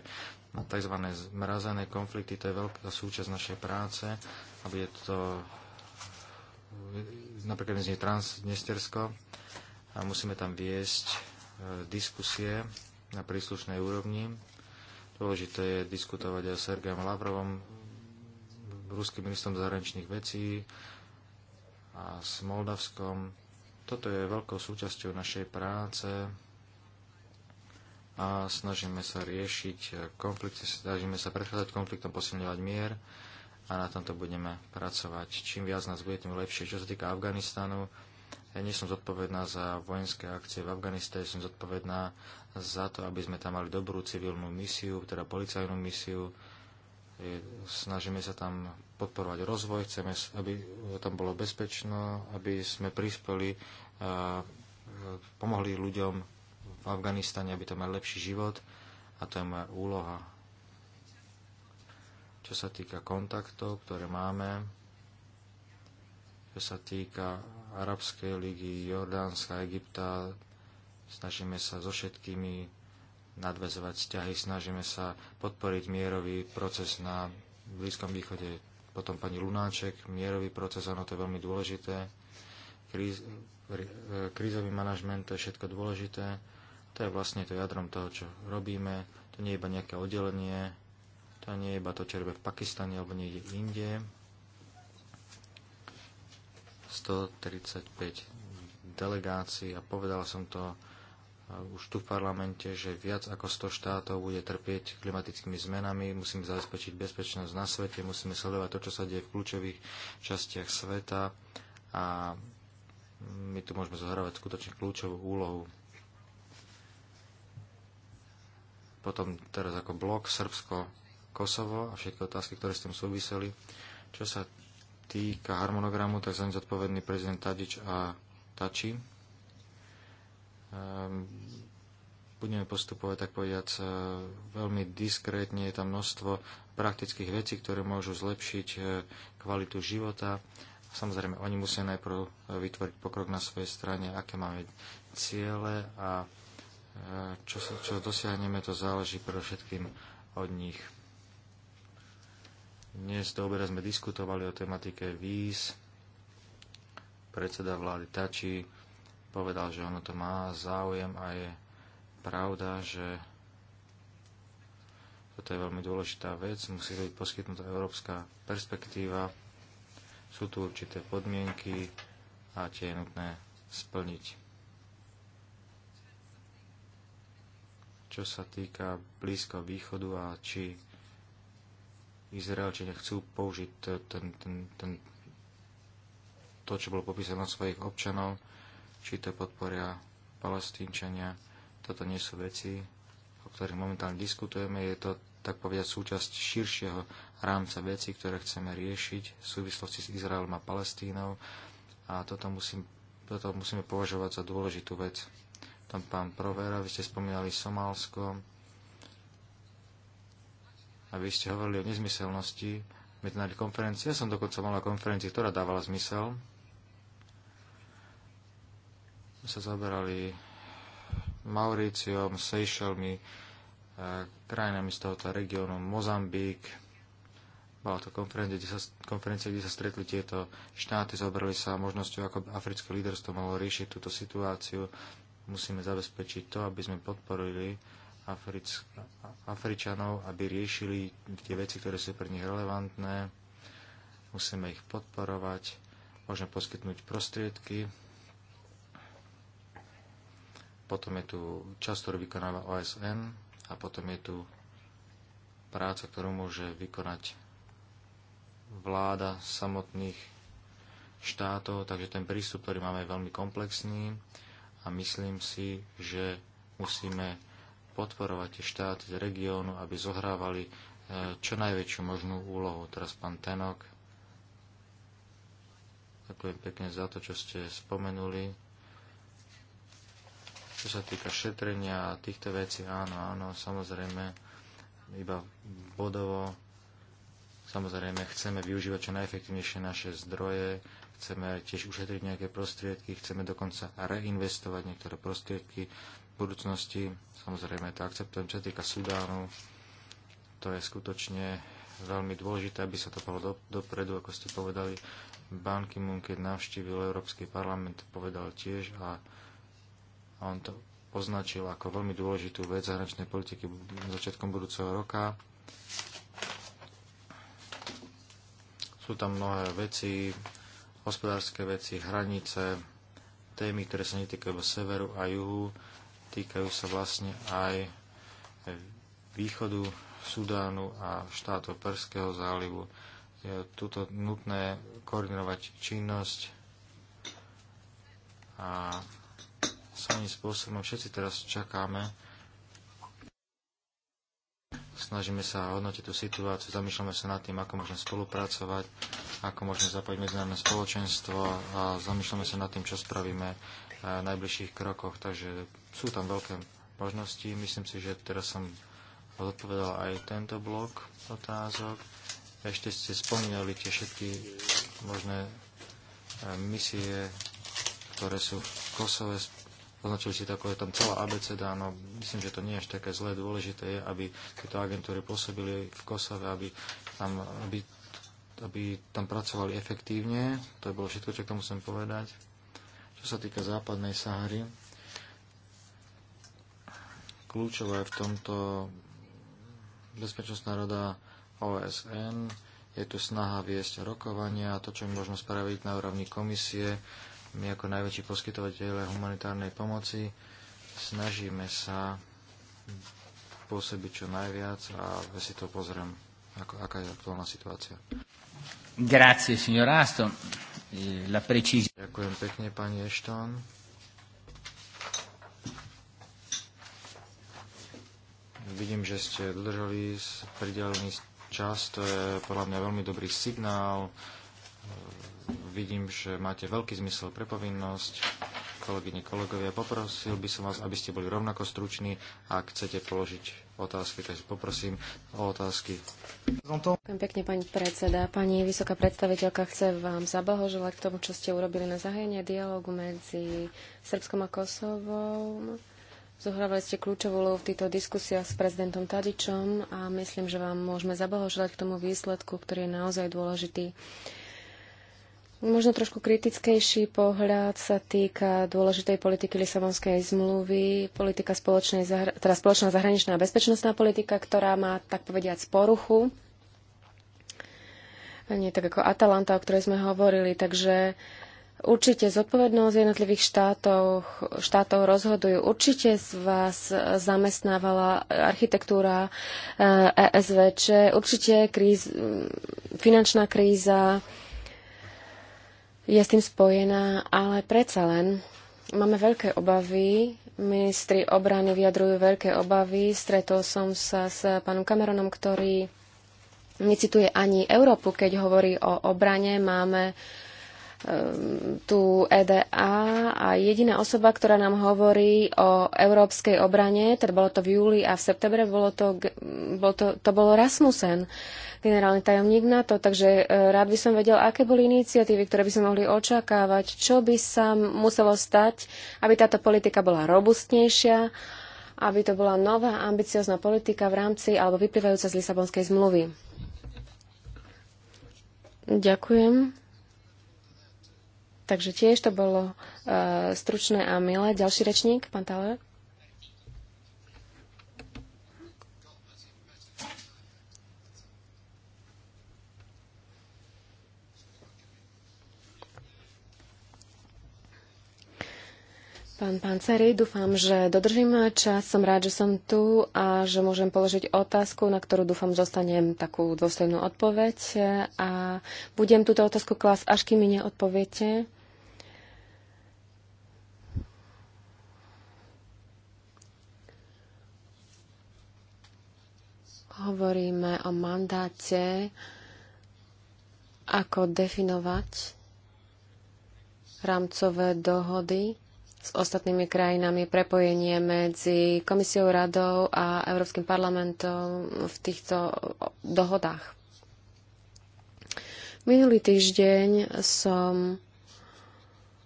na tzv. zmrazené konflikty. To je veľká súčasť našej práce, aby je to napríklad z Transnestersko a musíme tam viesť e, diskusie na príslušnej úrovni. Dôležité je diskutovať aj s Sergejom Lavrovom, ruským ministrom zahraničných vecí a s Moldavskom. Toto je veľkou súčasťou našej práce a snažíme sa riešiť e, konflikty, snažíme sa prechádzať konfliktom, posilňovať mier a na tomto budeme pracovať. Čím viac nás bude, tým lepšie. Čo sa týka Afganistanu, ja nie som zodpovedná za vojenské akcie v Afganistane, som zodpovedná za to, aby sme tam mali dobrú civilnú misiu, teda policajnú misiu. E, snažíme sa tam podporovať rozvoj, chceme, aby tam bolo bezpečno, aby sme prispeli, a e, pomohli ľuďom v Afganistane, aby to mali lepší život a to je moja úloha. Čo sa týka kontaktov, ktoré máme, čo sa týka Arabskej ligy, Jordánska, Egypta, snažíme sa so všetkými nadväzovať vzťahy, snažíme sa podporiť mierový proces na Blízkom východe. Potom pani Lunáček, mierový proces, ono to je veľmi dôležité. Kríz, e, krízový manažment, to je všetko dôležité. To je vlastne to jadrom toho, čo robíme. To nie je iba nejaké oddelenie, to nie je iba to, čo robí v Pakistane alebo niekde inde. 135 delegácií a povedal som to uh, už tu v parlamente, že viac ako 100 štátov bude trpieť klimatickými zmenami, musíme zabezpečiť bezpečnosť na svete, musíme sledovať to, čo sa deje v kľúčových častiach sveta a my tu môžeme zohrávať skutočne kľúčovú úlohu. potom teraz ako blok Srbsko, Kosovo a všetky otázky, ktoré s tým súviseli. Čo sa týka harmonogramu, tak zaň zodpovedný prezident Tadič a Tači. Ehm, budeme postupovať, tak povediac, e, veľmi diskrétne. Je tam množstvo praktických vecí, ktoré môžu zlepšiť e, kvalitu života samozrejme, oni musia najprv e, vytvoriť pokrok na svojej strane, aké máme ciele a čo, čo dosiahneme, to záleží pre všetkým od nich. Dnes do obeda sme diskutovali o tematike víz. Predseda vlády Tači povedal, že ono to má záujem a je pravda, že toto je veľmi dôležitá vec. Musí byť poskytnutá európska perspektíva. Sú tu určité podmienky a tie je nutné splniť. čo sa týka blízko východu a či Izraelčania chcú použiť ten, ten, ten, to, čo bolo popísané od svojich občanov, či to podporia palestínčania. Toto nie sú veci, o ktorých momentálne diskutujeme. Je to, tak povedať, súčasť širšieho rámca vecí, ktoré chceme riešiť v súvislosti s Izraelom a Palestínou. A toto, musím, toto musíme považovať za dôležitú vec tam pán Provera, vy ste spomínali Somálsko a vy ste hovorili o nezmyselnosti medzinárodnej konferencie. Ja som dokonca mala konferencii, ktorá dávala zmysel. My sa zaberali Mauríciom, Seychellmi, eh, krajinami z tohoto regiónu, Mozambík. Bola to konferencia kde, sa, konferencia, kde sa stretli tieto štáty, zaoberali sa možnosťou, ako africké líderstvo mohlo riešiť túto situáciu. Musíme zabezpečiť to, aby sme podporili Afric- Afričanov, aby riešili tie veci, ktoré sú pre nich relevantné. Musíme ich podporovať, môžeme poskytnúť prostriedky. Potom je tu čas, ktorú vykonáva OSN a potom je tu práca, ktorú môže vykonať vláda samotných štátov, takže ten prístup, ktorý máme, je veľmi komplexný a myslím si, že musíme podporovať tie štáty z regiónu, aby zohrávali e, čo najväčšiu možnú úlohu. Teraz pán Tenok, ďakujem pekne za to, čo ste spomenuli. Čo sa týka šetrenia a týchto vecí, áno, áno, samozrejme, iba bodovo, samozrejme, chceme využívať čo najefektívnejšie naše zdroje, chceme tiež ušetriť nejaké prostriedky, chceme dokonca reinvestovať niektoré prostriedky v budúcnosti. Samozrejme, to akceptujem, čo týka Sudánu. To je skutočne veľmi dôležité, aby sa to palo do, dopredu, ako ste povedali. Ban Ki-moon, keď navštívil Európsky parlament, povedal tiež a, a on to označil ako veľmi dôležitú vec zahraničnej politiky začiatkom budúceho roka. Sú tam mnohé veci, hospodárske veci, hranice, témy, ktoré sa netýkajú severu a juhu, týkajú sa vlastne aj východu Sudánu a štátu Perského zálivu. Je tuto nutné koordinovať činnosť a samým spôsobom všetci teraz čakáme snažíme sa hodnotiť tú situáciu, zamýšľame sa nad tým, ako môžeme spolupracovať, ako môžeme zapojiť medzinárodné spoločenstvo a zamýšľame sa nad tým, čo spravíme eh, v najbližších krokoch. Takže sú tam veľké možnosti. Myslím si, že teraz som odpovedal aj tento blok otázok. Ešte ste spomínali tie všetky možné eh, misie, ktoré sú v Kosove označili si takové je tam celá ABCD, no myslím, že to nie je až také zlé. Dôležité je, aby tieto agentúry pôsobili v Kosove, aby tam, aby, aby tam pracovali efektívne. To je bolo všetko, čo k tomu musím povedať. Čo sa týka západnej Sahary, kľúčové v tomto Bezpečnostná rada OSN je tu snaha viesť rokovania a to, čo my môžeme spraviť na úrovni komisie, my ako najväčší poskytovateľe humanitárnej pomoci snažíme sa pôsobiť čo najviac a ja si to pozriem, ako, aká je aktuálna situácia. Grazie, signor Aston. E, la precis- Ďakujem pekne, pani Ešton. Vidím, že ste dodržali pridelený čas, to je podľa mňa veľmi dobrý signál vidím, že máte veľký zmysel pre povinnosť. Kolegyne, kolegovia, poprosil by som vás, aby ste boli rovnako struční. Ak chcete položiť otázky, takže poprosím o otázky. Ďakujem pekne, pani predseda. Pani vysoká predstaviteľka, chce vám zablahoželať k tomu, čo ste urobili na zahájenie dialogu medzi Srbskom a Kosovom. Zohrávali ste kľúčovú úlohu v týchto diskusiách s prezidentom Tadičom a myslím, že vám môžeme zablahoželať k tomu výsledku, ktorý je naozaj dôležitý Možno trošku kritickejší pohľad sa týka dôležitej politiky Lisabonskej zmluvy, politika spoločnej, teda spoločná zahraničná a bezpečnostná politika, ktorá má, tak povediať, sporuchu. Nie tak ako Atalanta, o ktorej sme hovorili. Takže určite zodpovednosť jednotlivých štátov, štátov rozhodujú. Určite z vás zamestnávala architektúra ESVČ, eh, e určite kríz, finančná kríza, je s tým spojená, ale predsa len máme veľké obavy. Ministri obrany vyjadrujú veľké obavy. Stretol som sa s pánom Cameronom, ktorý necituje ani Európu, keď hovorí o obrane. Máme Ehm, tu EDA a jediná osoba, ktorá nám hovorí o európskej obrane, teda bolo to v júli a v septembre, bolo to, bolo to, to bolo Rasmussen, generálny tajomník to, takže e, rád by som vedel, aké boli iniciatívy, ktoré by sme mohli očakávať, čo by sa muselo stať, aby táto politika bola robustnejšia, aby to bola nová ambiciozná politika v rámci alebo vyplývajúca z Lisabonskej zmluvy. Ďakujem. Takže tiež to bolo uh, stručné a milé. Ďalší rečník, pán Taler. Pán Panceri, dúfam, že dodržím čas. Som rád, že som tu a že môžem položiť otázku, na ktorú dúfam, dostanem takú dôstojnú odpoveď. A budem túto otázku klas, až kým mi neodpoviete. Hovoríme o mandáte, ako definovať rámcové dohody s ostatnými krajinami, prepojenie medzi Komisiou, Radou a Európskym parlamentom v týchto dohodách. Minulý týždeň som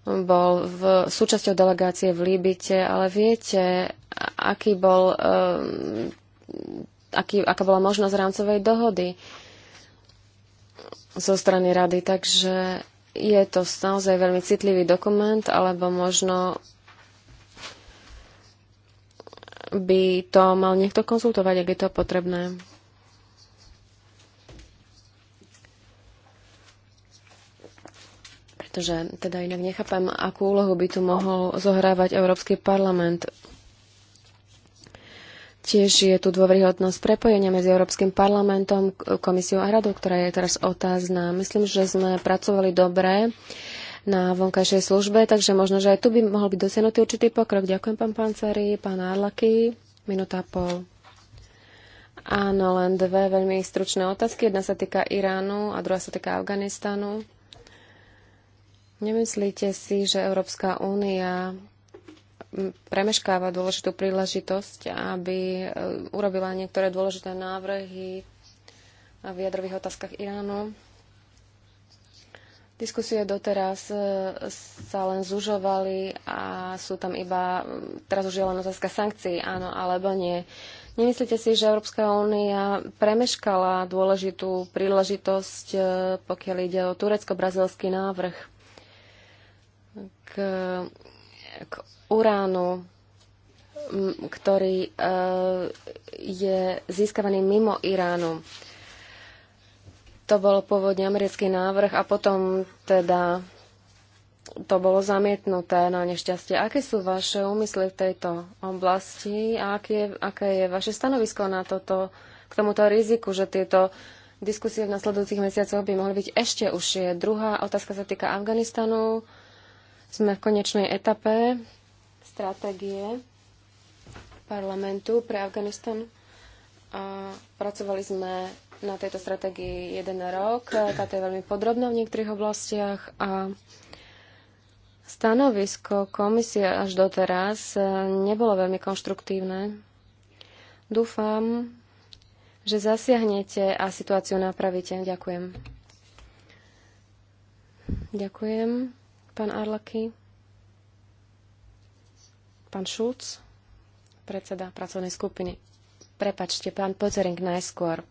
bol v, súčasťou delegácie v Líbite, ale viete, aký bol, um, aký, aká bola možnosť rámcovej dohody zo strany rady, takže je to naozaj veľmi citlivý dokument, alebo možno by to mal niekto konzultovať, ak je to potrebné. Pretože teda inak nechápam, akú úlohu by tu mohol zohrávať Európsky parlament Tiež je tu dôveryhodnosť prepojenia medzi Európskym parlamentom, komisiou a radou, ktorá je teraz otázna. Myslím, že sme pracovali dobre na vonkajšej službe, takže možno, že aj tu by mohol byť dosiahnutý určitý pokrok. Ďakujem, pán Panceri, pán Arlaky. Minúta a pol. Áno, len dve veľmi stručné otázky. Jedna sa týka Iránu a druhá sa týka Afganistanu. Nemyslíte si, že Európska únia premeškáva dôležitú príležitosť, aby e, urobila niektoré dôležité návrhy v jadrových otázkach Iránu. Diskusie doteraz e, sa len zužovali a sú tam iba, e, teraz už je len otázka sankcií, áno alebo nie. Nemyslíte si, že Európska únia premeškala dôležitú príležitosť, pokiaľ ide o turecko-brazilský návrh k k uránu, ktorý e, je získavaný mimo Iránu. To bol pôvodne americký návrh a potom teda to bolo zamietnuté na nešťastie. Aké sú vaše úmysly v tejto oblasti a aké je, aké je vaše stanovisko na toto, k tomuto riziku, že tieto diskusie v nasledujúcich mesiacoch by mohli byť ešte užšie? Druhá otázka sa týka Afganistanu. Uh, sme v konečnej etape stratégie parlamentu pre Afganistan a pracovali sme na tejto stratégii jeden rok. Táto je veľmi podrobná v niektorých oblastiach a stanovisko komisie až doteraz eh, nebolo veľmi konštruktívne. Dúfam, že zasiahnete a situáciu napravíte. Ďakujem. Ďakujem pán Arlaky. Pán Šulc, predseda pracovnej skupiny. Prepačte, pán Pozering najskôr,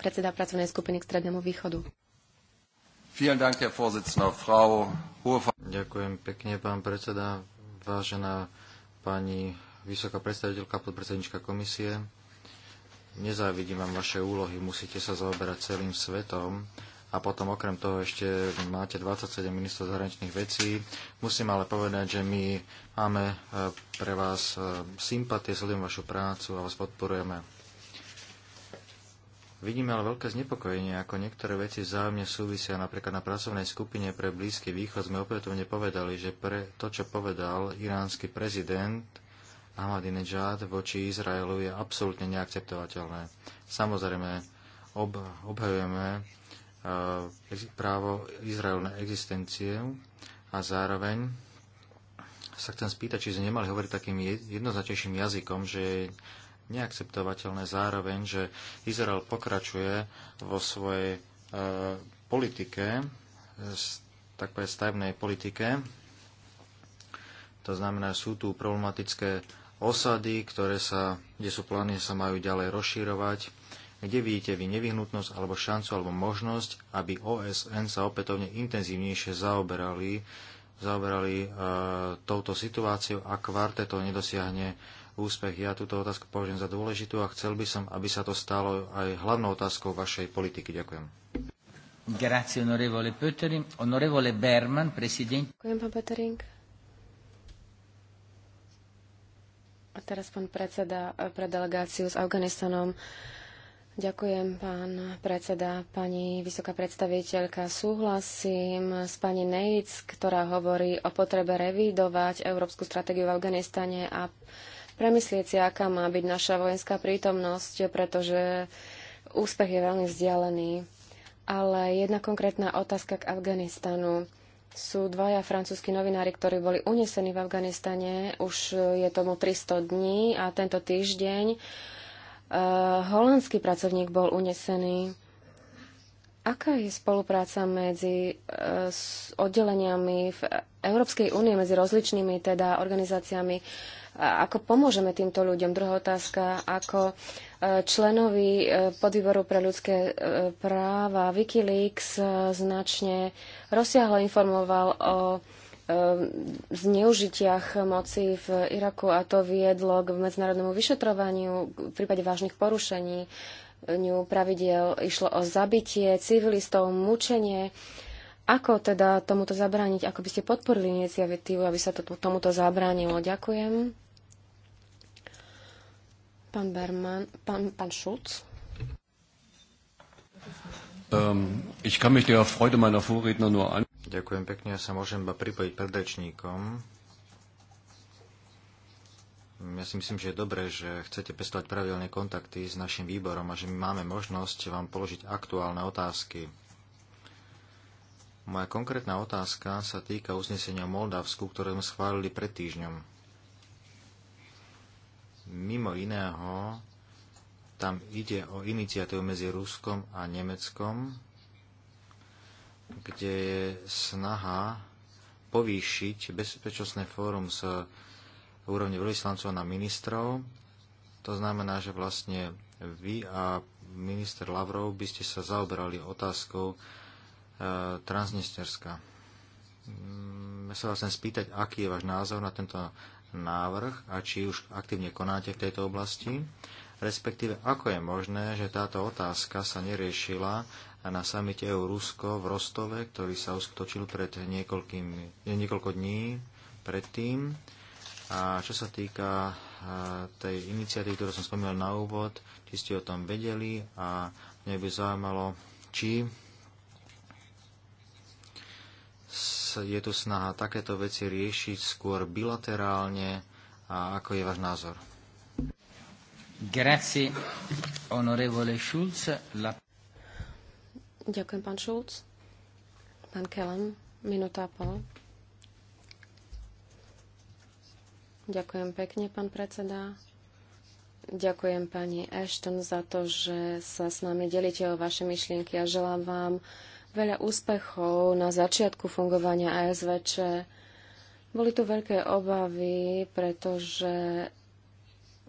predseda pracovnej skupiny k Strednému východu. Ďakujem pekne, pán predseda, vážená pani vysoká predstaviteľka, podpredsednička komisie. Nezávidím vám vaše úlohy, musíte sa zaoberať celým svetom a potom okrem toho ešte máte 27 ministrov zahraničných vecí. Musím ale povedať, že my máme e, pre vás e, sympatie, sledujem vašu prácu a vás podporujeme. Vidíme ale veľké znepokojenie, ako niektoré veci vzájomne súvisia. Napríklad na pracovnej skupine pre Blízky východ sme opätovne povedali, že pre to, čo povedal iránsky prezident Ahmadinejad voči Izraelu je absolútne neakceptovateľné. Samozrejme, ob, obhajujeme E, právo Izraelu na existenciu a zároveň sa chcem spýtať, či sme nemali hovoriť takým jednoznačnejším jazykom, že je neakceptovateľné zároveň, že Izrael pokračuje vo svojej e, politike, tak povedať stavebnej politike. To znamená, sú tu problematické osady, ktoré sa, kde sú plány, sa majú ďalej rozšírovať. Kde vidíte vy nevyhnutnosť alebo šancu alebo možnosť, aby OSN sa opätovne intenzívnejšie zaoberali, zaoberali e, touto situáciou a kvarteto nedosiahne úspech? Ja túto otázku považujem za dôležitú a chcel by som, aby sa to stalo aj hlavnou otázkou vašej politiky. Ďakujem. Grazie onorevole Pöttering. Onorevole Berman, presidente. Ďakujem, pán Pöttering. A teraz pán predseda e, pre delegáciu s Afganistanom. Ďakujem, pán predseda. Pani vysoká predstaviteľka, súhlasím s pani Nejc, ktorá hovorí o potrebe revidovať európsku stratégiu v Afganistane a premyslieť si, aká má byť naša vojenská prítomnosť, pretože úspech je veľmi vzdialený. Ale jedna konkrétna otázka k Afganistanu. Sú dvaja francúzskí novinári, ktorí boli unesení v Afganistane. Už je tomu 300 dní a tento týždeň Eh, holandský pracovník bol unesený. Aká je spolupráca medzi eh, oddeleniami v Európskej únie, medzi rozličnými teda organizáciami? Ako pomôžeme týmto ľuďom? Druhá otázka, ako eh, členovi podvýboru pre ľudské práva Wikileaks značne rozsiahlo informoval o Ehm, zneužitiach moci v Iraku a to viedlo k medzinárodnému vyšetrovaniu v prípade vážnych porušení ňu pravidel. Išlo o zabitie civilistov, mučenie. Ako teda tomuto zabrániť? Ako by ste podporili iniciatívu, aby sa to, tomuto zabránilo? Ďakujem. Pán Berman, pán, pán Šulc. Um, ähm, ich kann mich der Freude meiner Vorredner nur an Ďakujem pekne, ja sa môžem iba pripojiť predrečníkom. Ja si myslím, že je dobré, že chcete pestovať pravidelné kontakty s našim výborom a že my máme možnosť vám položiť aktuálne otázky. Moja konkrétna otázka sa týka uznesenia o Moldavsku, ktoré sme schválili pred týždňom. Mimo iného, tam ide o iniciatívu medzi Ruskom a Nemeckom kde je snaha povýšiť bezpečnostné fórum z úrovne veľvyslancov na ministrov. To znamená, že vlastne vy a minister Lavrov by ste sa zaoberali otázkou e, Transnisterska. Mm, ja sa vás spýtať, aký je váš názor na tento návrh a či už aktívne konáte v tejto oblasti respektíve ako je možné, že táto otázka sa neriešila na samite EU-Rusko v Rostove, ktorý sa uskutočil pred niekoľko dní predtým. A čo sa týka tej iniciatívy, ktorú som spomínal na úvod, či ste o tom vedeli a mňa by zaujímalo, či je tu snaha takéto veci riešiť skôr bilaterálne a ako je váš názor. Grazie, onorevole Schulz. La... Ďakujem, pán Schulz. Pán Kellen, minúta a pol. Ďakujem pekne, pán predseda. Ďakujem pani Ashton za to, že sa s nami delíte o vaše myšlienky a želám vám veľa úspechov na začiatku fungovania ASVČ. Boli tu veľké obavy, pretože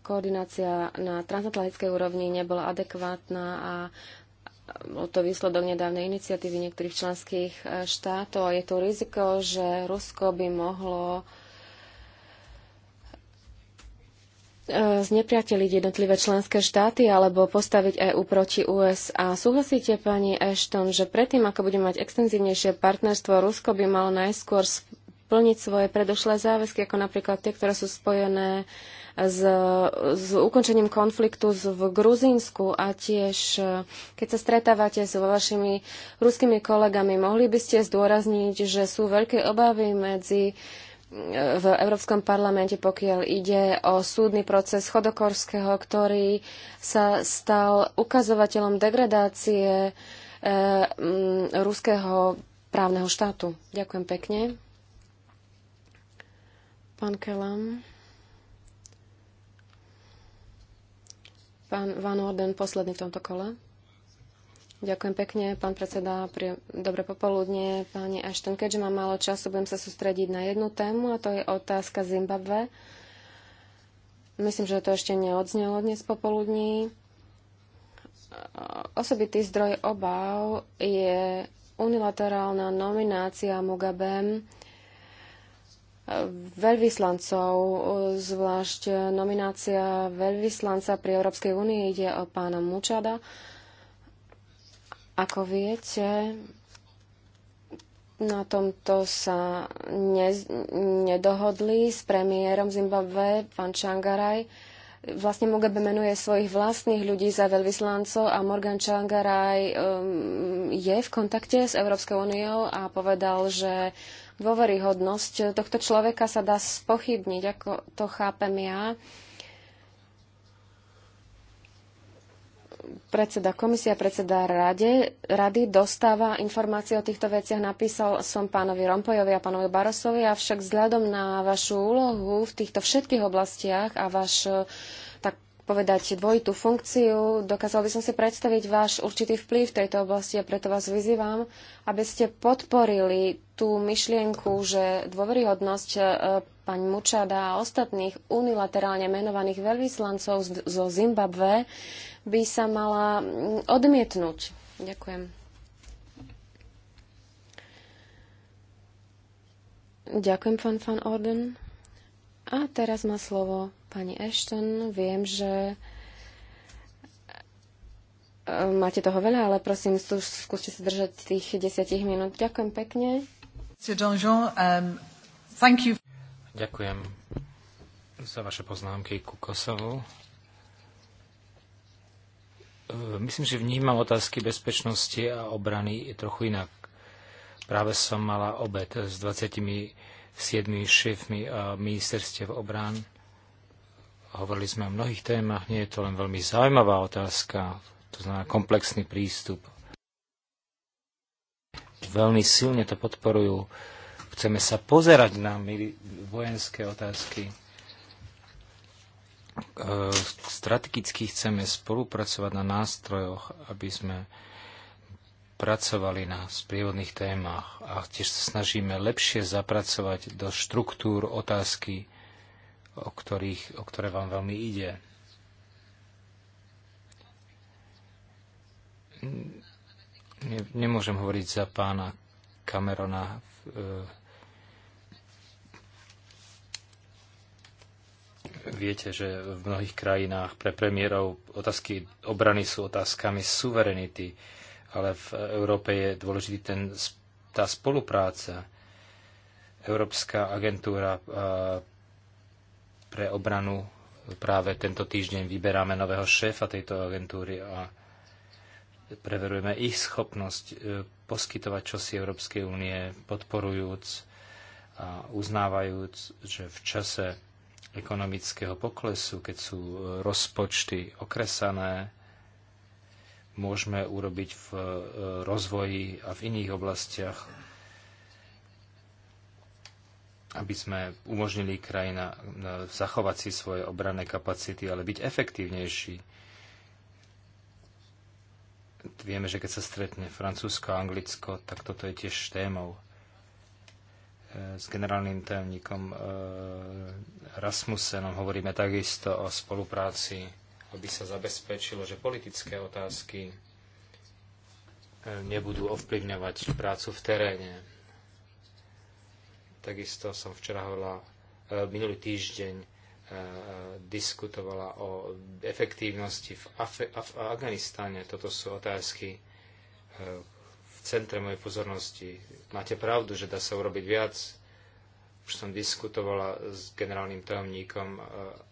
koordinácia na transatlantickej úrovni nebola adekvátna a bol to výsledok nedávnej iniciatívy niektorých členských e, štátov. Je to riziko, že Rusko by mohlo e, znepriateliť jednotlivé členské štáty alebo postaviť EÚ proti USA. Súhlasíte, pani Ashton, že predtým, ako budeme mať extenzívnejšie partnerstvo, Rusko by malo najskôr splniť svoje predošlé záväzky, ako napríklad tie, ktoré sú spojené uh, s, s ukončením konfliktu v Gruzínsku a tiež e, keď sa stretávate s vašimi ruskými kolegami, mohli by ste zdôrazniť, že sú veľké obavy medzi e, v Európskom parlamente, pokiaľ ide o súdny proces Chodokorského, ktorý sa stal ukazovateľom degradácie e, m, ruského právneho štátu. Ďakujem pekne. Pán Kelam. Pán Van Orden, posledný v tomto kole. Ďakujem pekne, pán predseda. Pri... Dobre popoludne, pani Ashton. Keďže mám málo času, budem sa sústrediť na jednu tému a to je otázka Zimbabve. Myslím, že to ešte neodznelo dnes popoludní. Osobitý zdroj obav je unilaterálna nominácia Mugabem veľvyslancov, zvlášť nominácia veľvyslanca pri Európskej únii ide o pána Mučada. Ako viete, na tomto sa ne, nedohodli s premiérom Zimbabwe, pán Čangaraj. Vlastne Mugabe menuje svojich vlastných ľudí za veľvyslancov a Morgan Čangaraj um, je v kontakte s Európskou úniou a povedal, že dôveryhodnosť tohto človeka sa dá spochybniť, ako to chápem ja. predseda komisia, predseda rade, rady dostáva informácie o týchto veciach. Napísal som pánovi Rompojovi a pánovi Barosovi, avšak vzhľadom na vašu úlohu v týchto všetkých oblastiach a uh, povedať, dvojitú funkciu. Dokázal by som si predstaviť váš určitý vplyv v tejto oblasti a preto vás vyzývam, aby ste podporili tú myšlienku, že dôveryhodnosť e, pani Mučada a ostatných unilaterálne menovaných veľvyslancov zo Zimbabve by sa mala mm, odmietnúť. Ďakujem. Ďakujem, pán Van Orden. A teraz má slovo pani Ashton. Viem, že e, máte toho veľa, ale prosím, skúste sa držať tých desiatich minút. Ďakujem pekne. Um, Ďakujem za vaše poznámky ku Kosovu. E, myslím, že vnímam otázky bezpečnosti a obrany trochu inak. Práve som mala obed s 20 siedmi šéfmi eh, ministerstiev obrán. Hovorili sme o mnohých témach, nie je to len veľmi zaujímavá otázka, to znamená komplexný prístup. Veľmi silne to podporujú. Chceme sa pozerať na vojenské otázky. Eh, strategicky chceme spolupracovať na nástrojoch, aby sme pracovali na sprievodných témach a tiež sa snažíme lepšie zapracovať do štruktúr otázky, o, ktorých, o ktoré vám veľmi ide. nemôžem hovoriť za pána Camerona. E, viete, že v mnohých krajinách pre premiérov otázky obrany sú otázkami suverenity ale v Európe je dôležitý ten, tá spolupráca. Európska agentúra pre obranu práve tento týždeň vyberáme nového šéfa tejto agentúry a preverujeme ich schopnosť e, poskytovať čosi Európskej únie, podporujúc a uznávajúc, že v čase ekonomického poklesu, keď sú e, rozpočty okresané, môžeme urobiť v e, rozvoji a v iných oblastiach, aby sme umožnili krajina e, zachovať si svoje obranné kapacity, ale byť efektívnejší. Vieme, že keď sa stretne Francúzsko a Anglicko, tak toto je tiež témou e, s generálnym tajomníkom Rasmussenom hovoríme takisto o spolupráci aby sa zabezpečilo, že politické otázky eh, nebudú ovplyvňovať prácu v teréne. Takisto som včera hovorila, eh, minulý týždeň eh, diskutovala o efektívnosti v, Af- Af- Afganistane. Toto sú otázky v centre mojej pozornosti. Máte pravdu, že dá sa urobiť viac. Už som diskutovala s generálnym tajomníkom, e,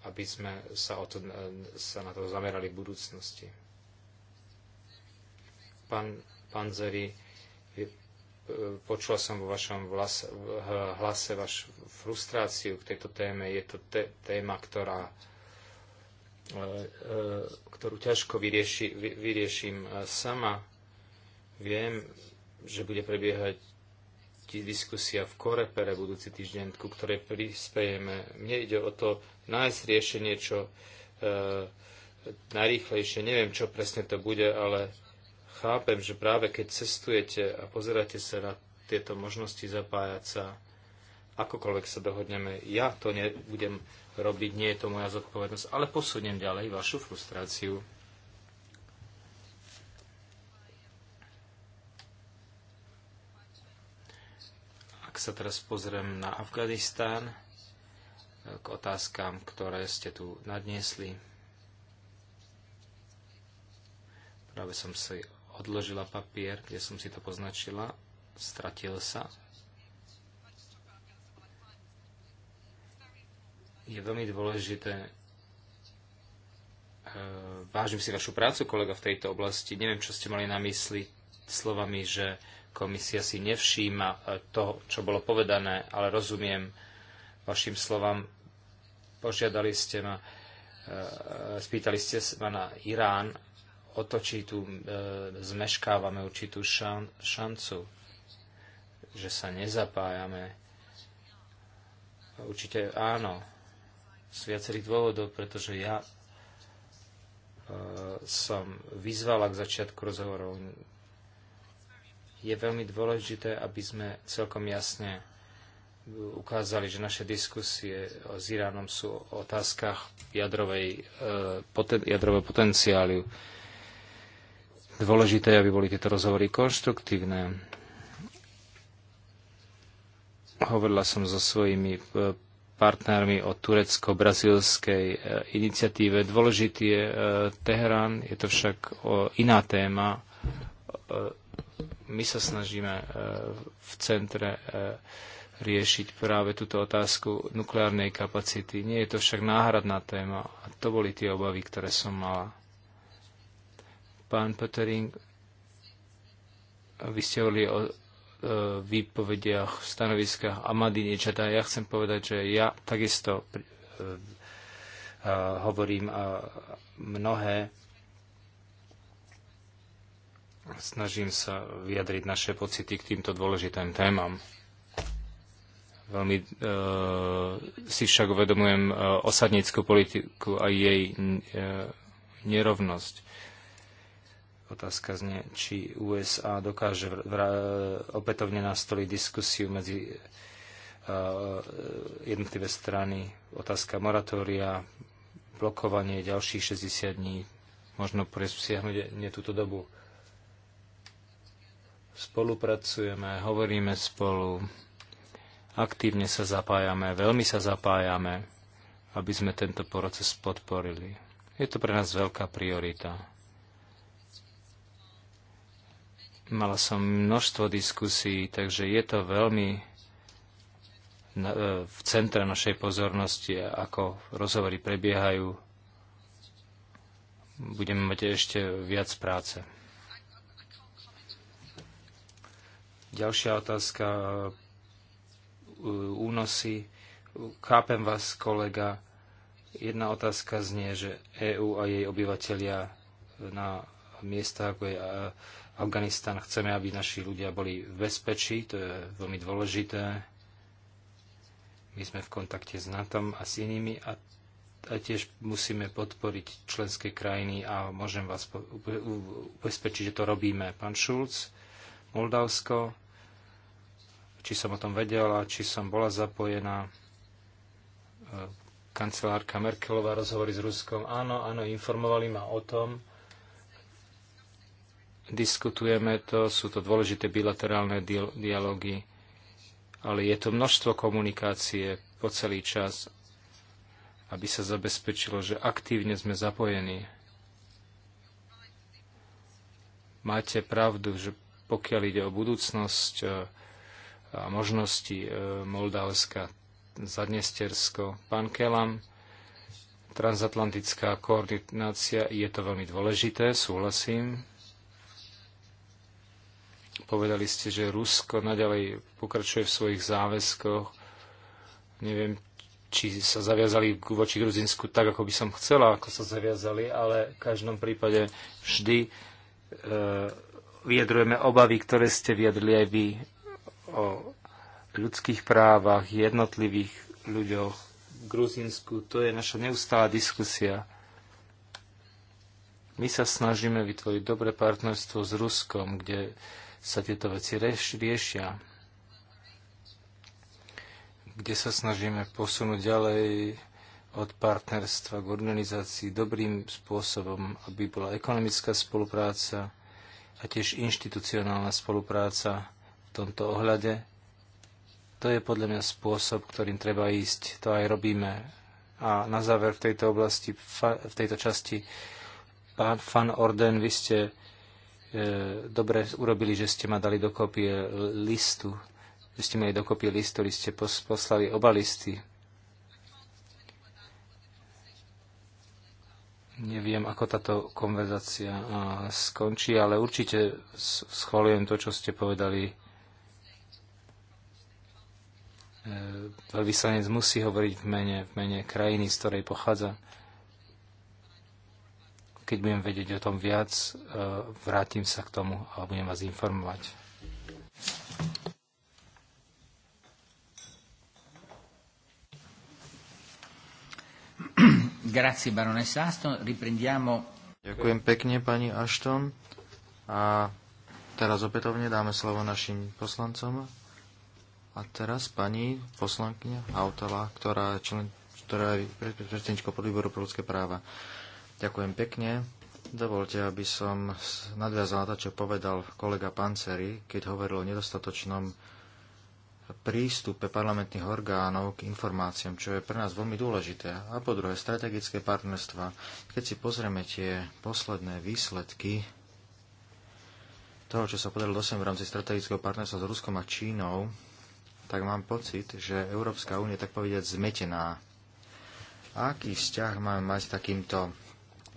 aby sme sa, o to, e, sa na to zamerali v budúcnosti. Pán Panzeri, e, počula som vo vašom vlas, hlase vašu frustráciu k tejto téme. Je to te, téma, ktorá, ktorú ťažko vyrieši, vy, vyrieším sama. Viem, že bude prebiehať diskusia v Korepere budúci týždeň, ku ktorej prispejeme. Mne ide o to nájsť riešenie, čo e, najrýchlejšie. Neviem, čo presne to bude, ale chápem, že práve keď cestujete a pozeráte sa na tieto možnosti zapájať sa, akokoľvek sa dohodneme, ja to nebudem robiť, nie je to moja zodpovednosť, ale posuniem ďalej vašu frustráciu. Ak sa teraz pozriem na Afganistán, k otázkam, ktoré ste tu nadniesli. Práve som si odložila papier, kde som si to poznačila. Stratil sa. Je veľmi dôležité. E, vážim si vašu prácu, kolega, v tejto oblasti. Neviem, čo ste mali na mysli slovami, že Komisia si nevšíma e, to, čo bolo povedané, ale rozumiem vašim slovám. Požiadali ste ma, e, spýtali ste ma na Irán, o to, či tu e, zmeškávame určitú šan, šancu, že sa nezapájame. Určite áno, z viacerých dôvodov, pretože ja som vyzvala k začiatku rozhovorov je veľmi dôležité, aby sme celkom jasne ukázali, že naše diskusie s Iránom sú o otázkach jadrovej, e, poten, jadrového potenciálu. Dôležité, aby boli tieto rozhovory konštruktívne. Hovorila som so svojimi e, partnermi o turecko brazilskej e, iniciatíve. Dôležitý je Teherán, je to však iná téma my sa snažíme e, v centre e, riešiť práve túto otázku nukleárnej kapacity. Nie je to však náhradná téma a to boli tie obavy, ktoré som mala. Pán Petering, vy ste hovorili o e, výpovediach, stanoviskách Amady Ničata. Ja chcem povedať, že ja takisto hovorím mnohé Snažím sa vyjadriť naše pocity k týmto dôležitým témam. Veľmi e, si však uvedomujem e, politiku a jej e, nerovnosť. Otázka znie, či USA dokáže opätovne nastoliť diskusiu medzi e, e, jednotlivé strany. Otázka moratória, blokovanie ďalších 60 dní, možno presiahnuť nie túto dobu. Spolupracujeme, hovoríme spolu, aktívne sa zapájame, veľmi sa zapájame, aby sme tento proces podporili. Je to pre nás veľká priorita. Mala som množstvo diskusí, takže je to veľmi e, v centre našej pozornosti, ako rozhovory prebiehajú. Budeme mať ešte viac práce. Ďalšia otázka, e, únosy. Chápem vás, kolega. Jedna otázka znie, že EÚ a jej obyvateľia na miesta, ako je e, Afganistan, chceme, aby naši ľudia boli v bezpečí, to je veľmi dôležité. My sme v kontakte s NATO a s inými a, a tiež musíme podporiť členské krajiny a môžem vás ubezpečiť, že to robíme. Pán Šulc, Moldavsko, či som o tom vedela, či som bola zapojená. E, kancelárka Merkelová rozhovory s Ruskom. Áno, áno, informovali ma o tom. Diskutujeme to, sú to dôležité bilaterálne dialógy, ale je to množstvo komunikácie po celý čas, aby sa zabezpečilo, že aktívne sme zapojení. Máte pravdu, že pokiaľ ide o budúcnosť, a možnosti e, Moldavska, Zadnestersko. Pán Kelam, transatlantická koordinácia, je to veľmi dôležité, súhlasím. Povedali ste, že Rusko naďalej pokračuje v svojich záväzkoch. Neviem, či sa zaviazali voči Gruzinsku tak, ako by som chcela, ako sa zaviazali, ale v každom prípade vždy e, vyjadrujeme obavy, ktoré ste vyjadrili aj vy o ľudských právach, jednotlivých ľuďoch v Gruzinsku, To je naša neustála diskusia. My sa snažíme vytvoriť dobré partnerstvo s Ruskom, kde sa tieto veci riešia, kde sa snažíme posunúť ďalej od partnerstva k organizácii dobrým spôsobom, aby bola ekonomická spolupráca a tiež inštitucionálna spolupráca tomto ohľade. To je podľa mňa spôsob, ktorým treba ísť. To aj robíme. A na záver v tejto oblasti, v tejto časti, pán Fan Orden, vy ste e, dobre urobili, že ste ma dali dokopy listu. Vy ste mali dokopy list, ktorý ste poslali oba listy. Neviem, ako táto konverzácia skončí, ale určite schvalujem to, čo ste povedali E, veľvyslanec musí hovoriť v mene, v mene krajiny, z ktorej pochádza. Keď budem vedieť o tom viac, e, vrátim sa k tomu a budem vás informovať. Grazie, baronessa Aston. Riprendiamo... Ďakujem pekne, pani Ashton. A teraz opätovne dáme slovo našim poslancom. A teraz pani poslankyňa Hautala, ktorá, člen, ktorá je predsedničkou podvýboru pro ľudské práva. Ďakujem pekne. Dovolte, aby som nadviazal na to, čo povedal kolega Panceri, keď hovoril o nedostatočnom prístupe parlamentných orgánov k informáciám, čo je pre nás veľmi dôležité. A po druhé, strategické partnerstva. Keď si pozrieme tie posledné výsledky toho, čo sa podarilo dosiahnuť v rámci strategického partnerstva s Ruskom a Čínou, tak mám pocit, že Európska únia tak povediať zmetená. Aký vzťah máme mať s takýmto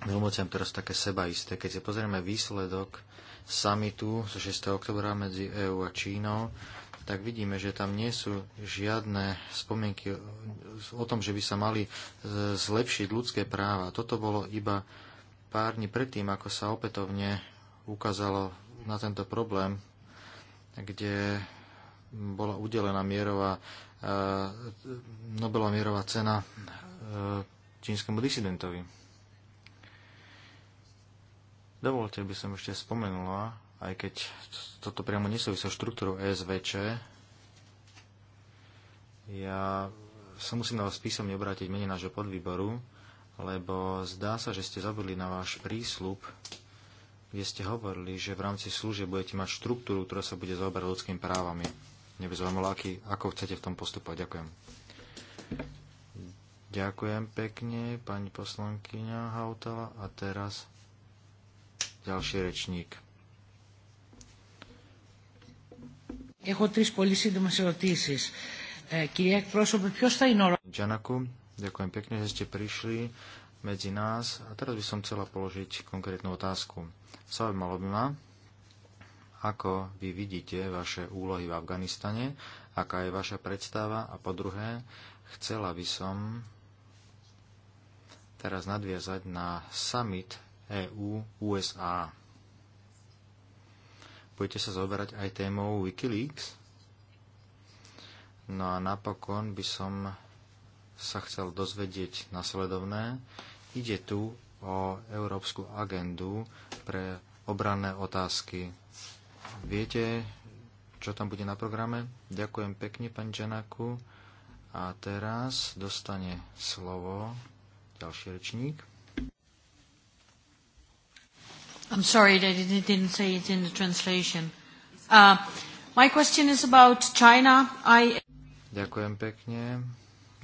veľmociam, ktoré sú také sebaisté? Keď si pozrieme výsledok samitu zo 6. oktobra medzi EÚ a Čínou, tak vidíme, že tam nie sú žiadne spomienky o tom, že by sa mali e, zlepšiť ľudské práva. Toto bolo iba pár dní predtým, ako sa opätovne ukázalo na tento problém, kde bola udelená mierová, e, Nobelová mierová cena e, čínskemu disidentovi. Dovolte by som ešte spomenula, aj keď toto priamo nesúvisí so štruktúrou ESVČ, ja sa musím na vás písomne obrátiť menej nášho podvýboru, lebo zdá sa, že ste zabudli na váš prísľub, kde ste hovorili, že v rámci služieb budete mať štruktúru, ktorá sa bude zaoberať ľudskými právami. Mne by zaujímalo, aký, ako chcete v tom postupovať. Ďakujem. Ďakujem pekne, pani poslankyňa Hautala. A teraz ďalší rečník. Έχω τρεις πολύ σύντομες ερωτήσεις. Ε, κυρία εκπρόσωπε, ποιος θα είναι ο... Τζανακού, ďakujem pekne, že ste prišli medzi nás. A teraz by som chcela položiť konkrétnu otázku. Sa malo by ma, ako vy vidíte vaše úlohy v Afganistane, aká je vaša predstava a po druhé, chcela by som teraz nadviazať na summit EU-USA. Budete sa zoberať aj témou Wikileaks? No a napokon by som sa chcel dozvedieť nasledovné. Ide tu o európsku agendu pre obranné otázky. Viete, čo tam bude na programe? Ďakujem pekne, pani Džanaku. A teraz dostane slovo ďalší rečník. I'm sorry that it didn't say it in the translation. Uh, my question is about China. I... Ďakujem pekne.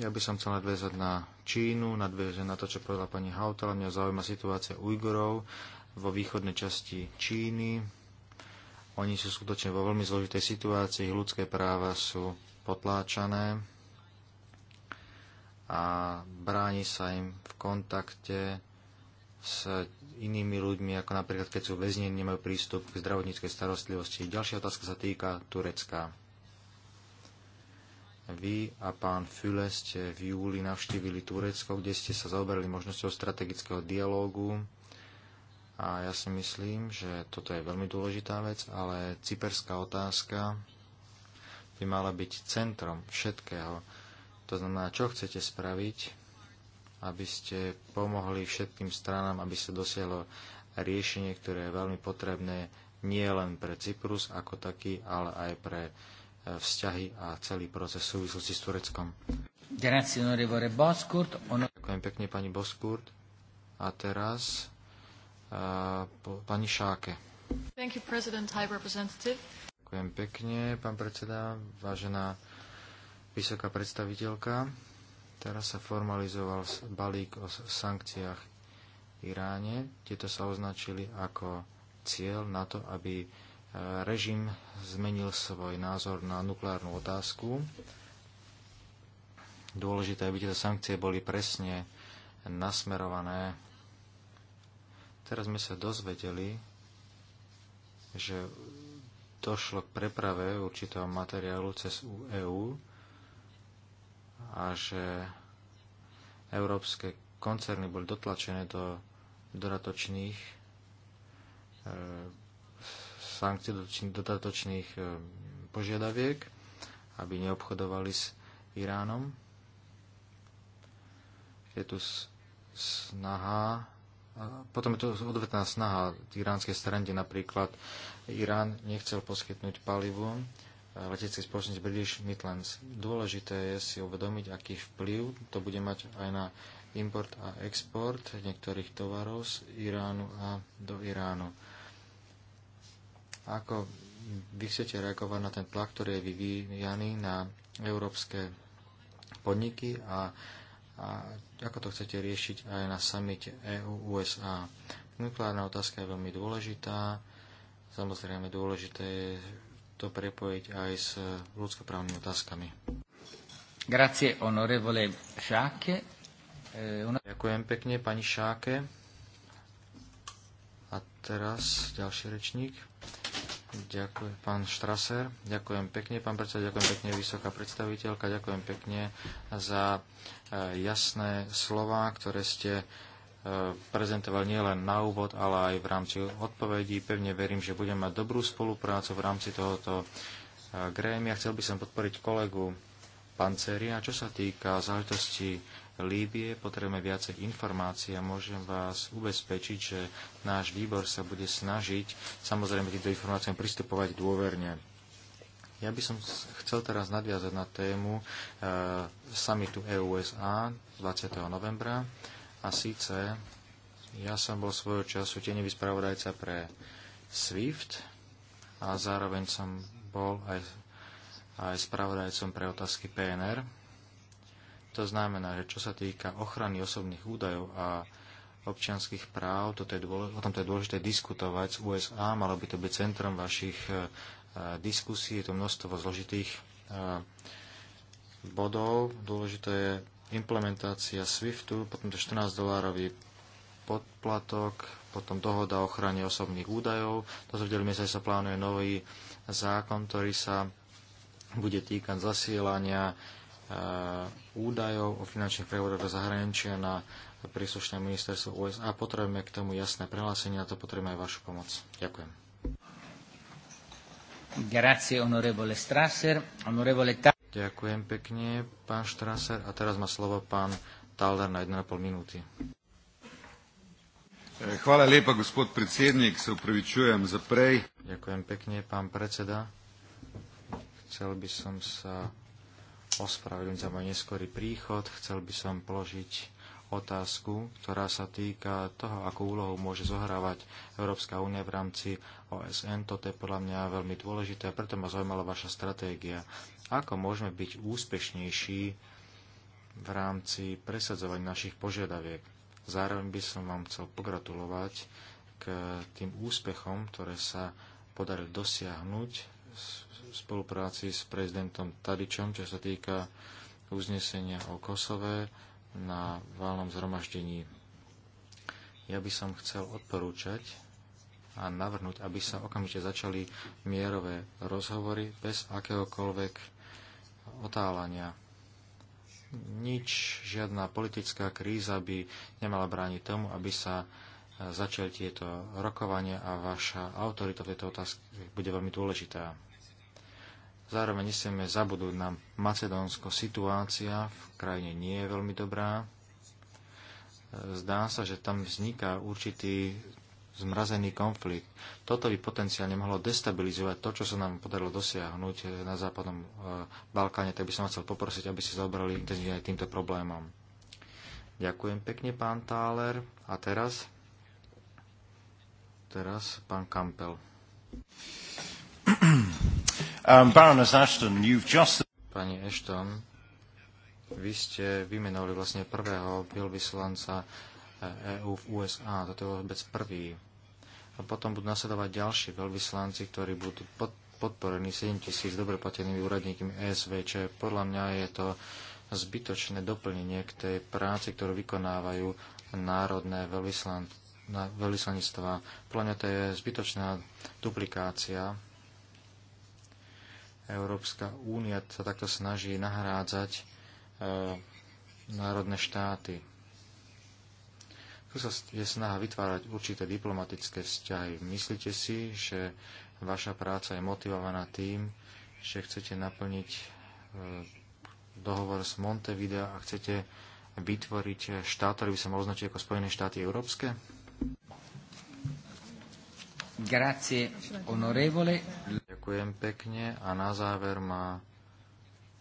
Ja by som chcel nadviezať na Čínu, nadviezať na to, čo povedala pani Hautala. Mňa zaujíma situácia Ujgurov vo východnej časti Číny. Oni sú skutočne vo veľmi zložitej situácii, ľudské práva sú potláčané a bráni sa im v kontakte s inými ľuďmi, ako napríklad keď sú väznení, nemajú prístup k zdravotníckej starostlivosti. Ďalšia otázka sa týka Turecka. Vy a pán Füle ste v júli navštívili Turecko, kde ste sa zaoberali možnosťou strategického dialógu a ja si myslím, že toto je veľmi dôležitá vec, ale cyperská otázka by mala byť centrom všetkého. To znamená, čo chcete spraviť, aby ste pomohli všetkým stranám, aby sa dosiahlo riešenie, ktoré je veľmi potrebné nie len pre Cyprus ako taký, ale aj pre e, vzťahy a celý proces v súvislosti s Tureckom. Ďakujem pekne, pani Boskurt. A teraz pani Šáke. You, Ďakujem pekne, pán predseda, vážená vysoká predstaviteľka. Teraz sa formalizoval balík o sankciách Iráne. Tieto sa označili ako cieľ na to, aby e, režim zmenil svoj názor na nukleárnu otázku. Dôležité, aby tieto sankcie boli presne nasmerované Teraz sme sa dozvedeli, že došlo k preprave určitého materiálu cez EU e a že európske koncerny boli dotlačené do dodatočných e, sankcií, dodatočných e, požiadaviek, aby neobchodovali s Iránom. Je tu snaha potom je to odvetná snaha iránskej strany, napríklad Irán nechcel poskytnúť palivo leteckej spoločnosti British Midlands. Dôležité je si uvedomiť, aký vplyv to bude mať aj na import a export niektorých tovarov z Iránu a do Iránu. Ako vy chcete reagovať na ten tlak, ktorý je vyvíjaný na európske podniky a a ako to chcete riešiť aj na samite EU-USA. Nukleárna otázka je veľmi dôležitá. Samozrejme dôležité je to prepojiť aj s ľudskoprávnymi otázkami. Grazie, onorevole Šáke. E, Ďakujem pekne, pani Šáke. A teraz ďalší rečník. Ďakujem, pán Štraser. Ďakujem pekne, pán predseda, ďakujem pekne, vysoká predstaviteľka, ďakujem pekne za e, jasné slova, ktoré ste e, prezentoval nielen na úvod, ale aj v rámci odpovedí. Pevne verím, že budeme mať dobrú spoluprácu v rámci tohoto e, grémia. Chcel by som podporiť kolegu Panceria, čo sa týka záležitosti Líbie. Potrebujeme viacej informácií a môžem vás ubezpečiť, že náš výbor sa bude snažiť samozrejme týmto informáciám pristupovať dôverne. Ja by som chcel teraz nadviazať na tému eh, e, samitu EUSA 20. novembra a síce ja som bol svojho času tenevý spravodajca pre SWIFT a zároveň som bol aj, aj spravodajcom pre otázky PNR. To znamená, že čo sa týka ochrany osobných údajov a občianských práv, toto je dôlež- o tomto je dôležité diskutovať s USA, malo by to byť centrom vašich e, diskusí, je to množstvo zložitých e, bodov. Dôležité je implementácia SWIFTu, potom to 14-dolárový podplatok, potom dohoda o ochrane osobných údajov. Dozvedeli sme sa, že sa plánuje nový zákon, ktorý sa bude týkať zasielania Eh, údajov o finančných prevodoch do zahraničia na príslušné ministerstvo USA. Potrebujeme k tomu jasné prehlásenie, na to potrebujeme aj vašu pomoc. Ďakujem. Grazie, onorevole Strasser. Onorevole Ta- Ďakujem pekne, pán Strasser. A teraz má slovo pán Talder na 1,5 minúty. Eh, hvala lepa, gospod predsednik, se upravičujem za prej. Ďakujem pekne, pán predseda. Chcel by som sa ospravedlňujem za môj neskorý príchod. Chcel by som položiť otázku, ktorá sa týka toho, akú úlohu môže zohrávať Európska únia v rámci OSN. Toto je podľa mňa veľmi dôležité a preto ma zaujímala vaša stratégia. Ako môžeme byť úspešnejší v rámci presadzovania našich požiadaviek? Zároveň by som vám chcel pogratulovať k tým úspechom, ktoré sa podarilo dosiahnuť spolupráci s prezidentom Tadičom, čo sa týka uznesenia o Kosove na válnom zhromaždení. Ja by som chcel odporúčať a navrhnúť, aby sa okamžite začali mierové rozhovory bez akéhokoľvek otálania. Nič, žiadna politická kríza by nemala brániť tomu, aby sa začali tieto rokovania a vaša autorita v tejto otázke bude veľmi dôležitá. Zároveň nesieme zabudúť na Macedónsko. Situácia v krajine nie je veľmi dobrá. Zdá sa, že tam vzniká určitý zmrazený konflikt. Toto by potenciálne mohlo destabilizovať to, čo sa nám podarilo dosiahnuť na západnom e, Balkáne, tak by som vás chcel poprosiť, aby ste zaobrali intenzívne aj týmto problémom. Ďakujem pekne, pán Táler. A teraz? Teraz pán Kampel. Um, Baroness Ashton, you've just... Pani Ashton, vy ste vymenovali vlastne prvého veľvyslanca EÚ eh, e v USA. Toto je vôbec prvý. A potom budú nasledovať ďalší veľvyslanci, ktorí budú pod, podporení 7 tisíc dobre platenými úradníkmi je, Podľa mňa je to zbytočné doplnenie k tej práci, ktorú vykonávajú národné veľvyslan, Podľa mňa to je zbytočná duplikácia Európska únia sa takto snaží nahrádzať e, národné štáty. Tu sa je snaha vytvárať určité diplomatické vzťahy. Myslíte si, že vaša práca je motivovaná tým, že chcete naplniť e, dohovor s Montevideo a chcete vytvoriť štát, ktorý by sa mohol označiť ako Spojené štáty európske? Grazie, onorevole. Ďakujem pekne a na záver má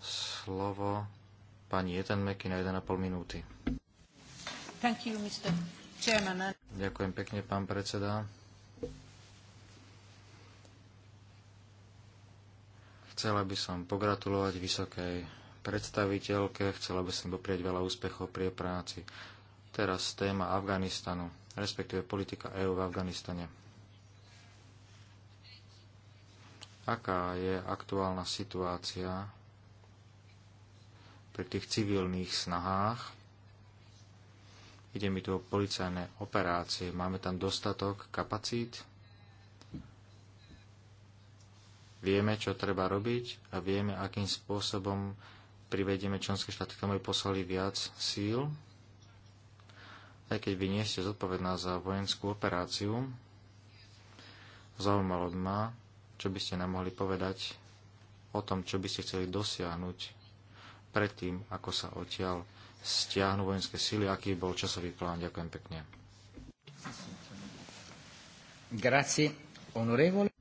slovo pani Meky na 1,5 minúty. Thank you, Mr. Chairman. Ďakujem pekne, pán predseda. Chcela by som pogratulovať vysokej predstaviteľke, chcela by som doprieť veľa úspechov pri práci. Teraz téma Afganistanu, respektíve politika EÚ v Afganistane. aká je aktuálna situácia pri tých civilných snahách. Ide mi tu o policajné operácie. Máme tam dostatok kapacít. Vieme, čo treba robiť a vieme, akým spôsobom privedieme členské štáty, ktoré poslali viac síl. Aj keď vy nie ste zodpovedná za vojenskú operáciu, zaujímalo by ma, čo by ste nám mohli povedať o tom, čo by ste chceli dosiahnuť predtým, ako sa odtiaľ stiahnu vojenské sily, aký bol časový plán. Ďakujem pekne.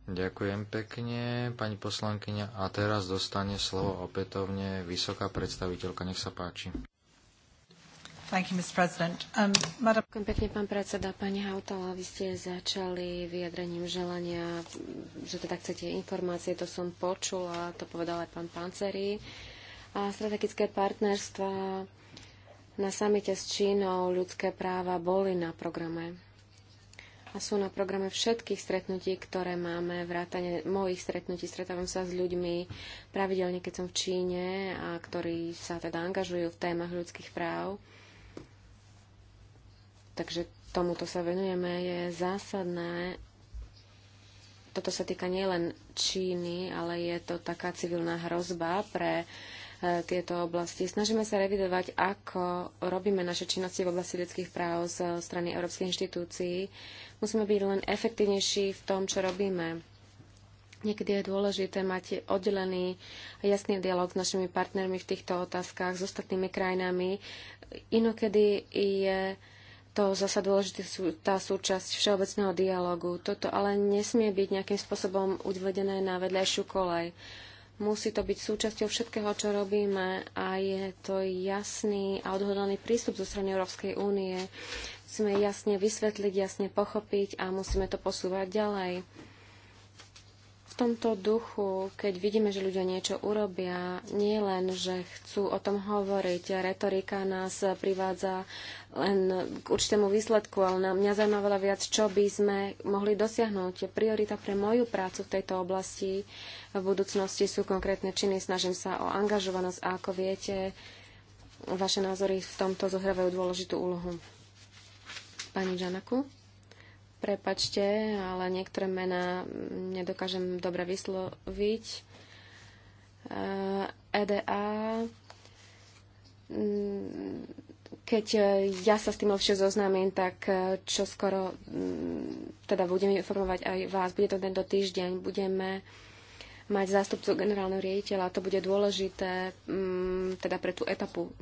Ďakujem pekne, pani poslankyňa. A teraz dostane slovo opätovne vysoká predstaviteľka. Nech sa páči. Um, pekne, pán predseda. Pani Hautala, vy ste začali vyjadrením želania, že teda chcete informácie, to som počula, to povedal aj pán Panceri. A strategické partnerstva na samite s Čínou ľudské práva boli na programe. A sú na programe všetkých stretnutí, ktoré máme, vrátane mojich stretnutí. Stretávam sa s ľuďmi pravidelne, keď som v Číne a ktorí sa teda angažujú v témach ľudských práv. Takže tomuto sa venujeme. Je zásadné, toto sa týka nielen Číny, ale je to taká civilná hrozba pre e, tieto oblasti. Snažíme sa revidovať, ako robíme naše činnosti v oblasti ľudských práv z strany európskych inštitúcií. Musíme byť len efektívnejší v tom, čo robíme. Niekedy je dôležité mať oddelený a jasný dialog s našimi partnermi v týchto otázkach, s ostatnými krajinami. Inokedy je to zasa dôležitá tá súčasť všeobecného dialogu. Toto ale nesmie byť nejakým spôsobom uvedené na vedľajšiu kolej. Musí to byť súčasťou všetkého, čo robíme a je to jasný a odhodlaný prístup zo strany Európskej únie. Musíme jasne vysvetliť, jasne pochopiť a musíme to posúvať ďalej v tomto duchu, keď vidíme, že ľudia niečo urobia, nie len, že chcú o tom hovoriť, retorika nás privádza len k určitému výsledku, ale nám mňa zaujímavalo viac, čo by sme mohli dosiahnuť. Priorita pre moju prácu v tejto oblasti v budúcnosti sú konkrétne činy. Snažím sa o angažovanosť a ako viete, vaše názory v tomto zohrávajú dôležitú úlohu. Pani Žanaku? Prepačte, ale niektoré mená nedokážem dobre vysloviť. EDA. Eh, e mm, keď eh, ja sa s tým lepšie zoznámim, tak eh, čo skoro mm, teda budem informovať aj vás. Bude to tento týždeň. Budeme mať zástupcu generálneho riaditeľa. To bude dôležité mm, teda pre tú etapu,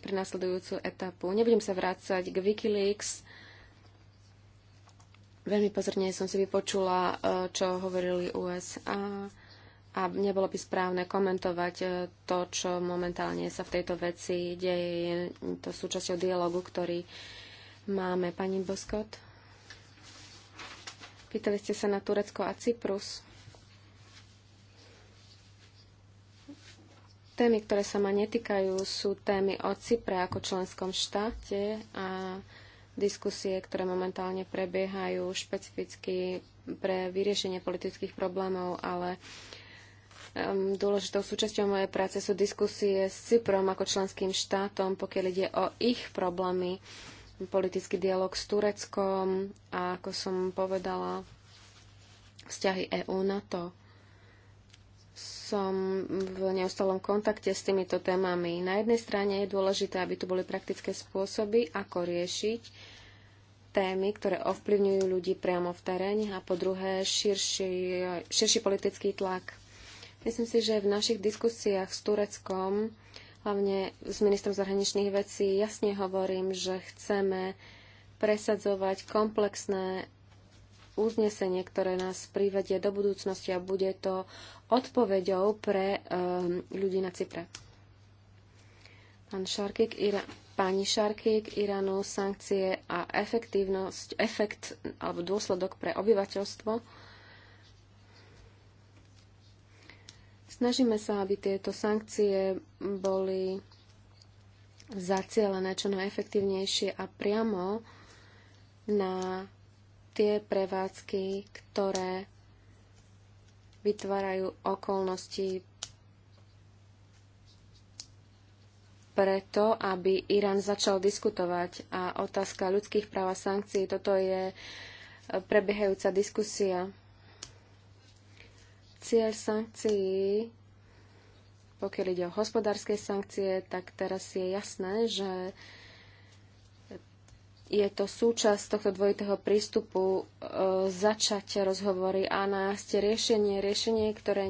pre následujúcu etapu. Nebudem sa vrácať k Wikileaks, Veľmi pozorne som si vypočula, e, čo hovorili USA a nebolo by správne komentovať e, to, čo momentálne sa v tejto veci deje. Je to súčasťou dialogu, ktorý máme. Pani Boskot, pýtali ste sa na Turecko a Cyprus. Témy, ktoré sa ma netýkajú, sú témy o Cypre ako členskom štáte a diskusie, ktoré momentálne prebiehajú špecificky pre vyriešenie politických problémov, ale um, dôležitou súčasťou mojej práce sú diskusie s Cyprom ako členským štátom, pokiaľ ide o ich problémy, politický dialog s Tureckom a, ako som povedala, vzťahy EU-NATO som v neustalom kontakte s týmito témami. Na jednej strane je dôležité, aby tu boli praktické spôsoby, ako riešiť témy, ktoré ovplyvňujú ľudí priamo v teréne a po druhé širší, širší politický tlak. Myslím si, že v našich diskusiách s Tureckom, hlavne s ministrom zahraničných vecí, jasne hovorím, že chceme presadzovať komplexné uznesenie, ktoré nás privedie do budúcnosti a bude to odpoveďou pre um, ľudí na Cypre. Pán Šarkik, Ira, pani Šarkik, Iránu, sankcie a efektívnosť, efekt alebo dôsledok pre obyvateľstvo. Snažíme sa, aby tieto sankcie boli zacielené čo najefektívnejšie a priamo na tie prevádzky, ktoré vytvárajú okolnosti preto, aby Irán začal diskutovať. A otázka ľudských práv a sankcií, toto je prebiehajúca diskusia. Cieľ sankcií, pokiaľ ide o hospodárske sankcie, tak teraz je jasné, že je to súčasť tohto dvojitého prístupu e, začať rozhovory a nájsť riešenie, riešenie, ktoré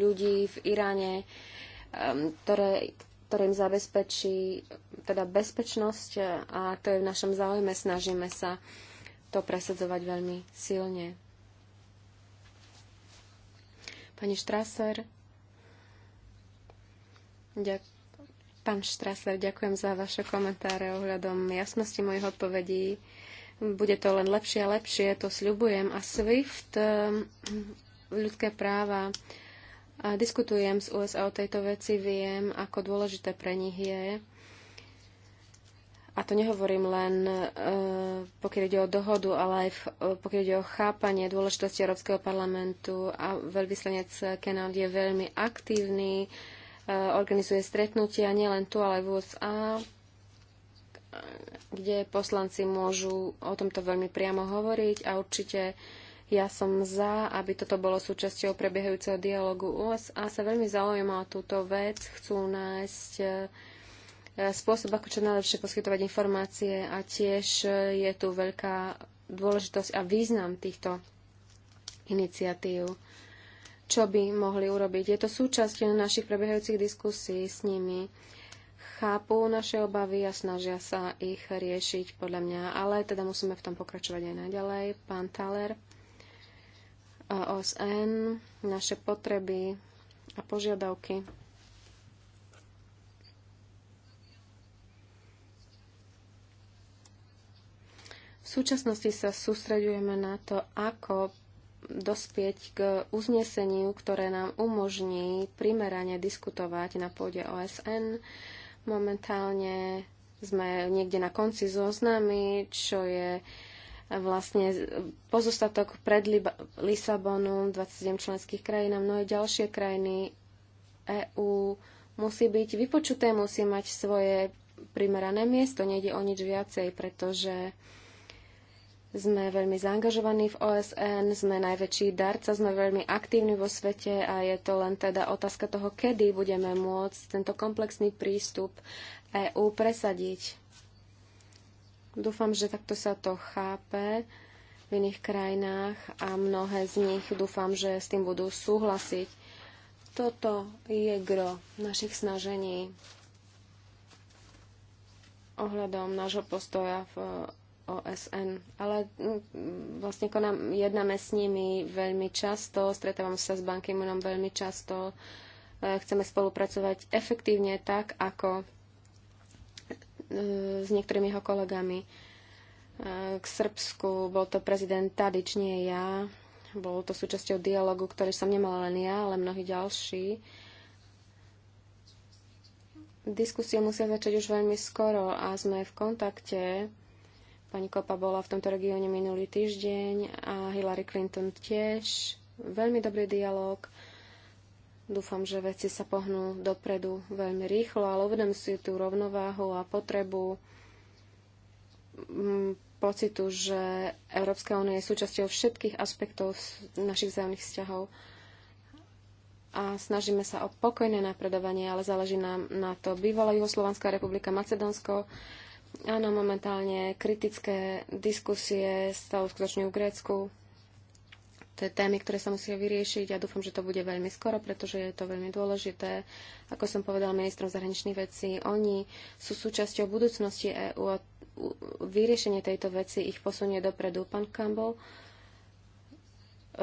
ľudí v Iráne, e, ktoré, ktorým zabezpečí teda bezpečnosť a to je v našom záujme. Snažíme sa to presadzovať veľmi silne. Pani Štraser, ďakujem. Pán Štrasler, ďakujem za vaše komentáre ohľadom jasnosti mojich odpovedí. Bude to len lepšie a lepšie, to sľubujem. A SWIFT, eh, ľudské práva, a diskutujem s USA o tejto veci, viem, ako dôležité pre nich je. A to nehovorím len, eh, pokiaľ ide o dohodu, ale aj eh, pokiaľ ide o chápanie dôležitosti Európskeho parlamentu a veľvyslanec Kenald je veľmi aktívny organizuje stretnutia nielen tu, ale v USA, kde poslanci môžu o tomto veľmi priamo hovoriť a určite ja som za, aby toto bolo súčasťou prebiehajúceho dialogu USA. Sa veľmi zaujíma túto vec, chcú nájsť e, spôsob, ako čo najlepšie poskytovať informácie a tiež e, je tu veľká dôležitosť a význam týchto iniciatív čo by mohli urobiť. Je to súčasť našich prebiehajúcich diskusí s nimi. Chápu naše obavy a snažia sa ich riešiť podľa mňa, ale teda musíme v tom pokračovať aj naďalej. Pán Taler, OSN, naše potreby a požiadavky. V súčasnosti sa sústredujeme na to, ako dospieť k uzneseniu, ktoré nám umožní primerane diskutovať na pôde OSN. Momentálne sme niekde na konci zoznamy, čo je vlastne pozostatok pred Lisabonu, 27 členských krajín a mnohé ďalšie krajiny EÚ musí byť vypočuté, musí mať svoje primerané miesto, nejde o nič viacej, pretože sme veľmi zaangažovaní v OSN, sme najväčší darca, sme veľmi aktívni vo svete a je to len teda otázka toho, kedy budeme môcť tento komplexný prístup EÚ presadiť. Dúfam, že takto sa to chápe v iných krajinách a mnohé z nich dúfam, že s tým budú súhlasiť. Toto je gro našich snažení ohľadom nášho postoja v OSN. Ale mm, vlastne konám, jednáme s nimi veľmi často, stretávam sa s Banky Munom veľmi často, e, chceme spolupracovať efektívne tak, ako e, s niektorými jeho kolegami e, k Srbsku. Bol to prezident Tadič, nie ja. Bolo to súčasťou dialogu, ktorý som nemala len ja, ale mnohí ďalší diskusie musia začať už veľmi skoro a sme v kontakte Pani Kopa bola v tomto regióne minulý týždeň a Hillary Clinton tiež. Veľmi dobrý dialog. Dúfam, že veci sa pohnú dopredu veľmi rýchlo, ale uvedom si tú rovnováhu a potrebu mm, pocitu, že Európska únia je súčasťou všetkých aspektov našich vzájomných vzťahov a snažíme sa o pokojné napredovanie, ale záleží nám na to. Bývala Juhoslovanská republika Macedónsko Áno, momentálne kritické diskusie sa uskutočňujú v Grécku. To je témy, ktoré sa musia vyriešiť. Ja dúfam, že to bude veľmi skoro, pretože je to veľmi dôležité. Ako som povedal ministrom zahraničných vecí, oni sú súčasťou budúcnosti EÚ a vyriešenie tejto veci ich posunie dopredu. Pán Campbell,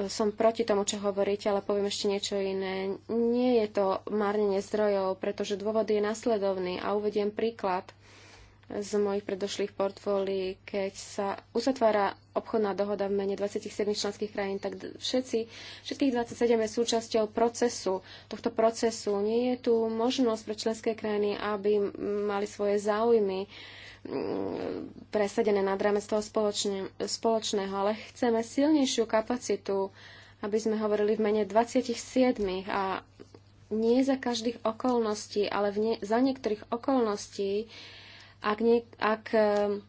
som proti tomu, čo hovoríte, ale poviem ešte niečo iné. Nie je to márnenie zdrojov, pretože dôvod je nasledovný a uvediem príklad – z mojich predošlých portfólií, keď sa uzatvára obchodná dohoda v mene 27 členských krajín, tak všetci, všetkých 27 je súčasťou procesu, tohto procesu. Nie je tu možnosť pre členské krajiny, aby mali svoje záujmy mm, presadené nad rámec toho spoločne, spoločného, ale chceme silnejšiu kapacitu, aby sme hovorili v mene 27 a nie za každých okolností, ale v nie, za niektorých okolností ak, nie, ak ehm,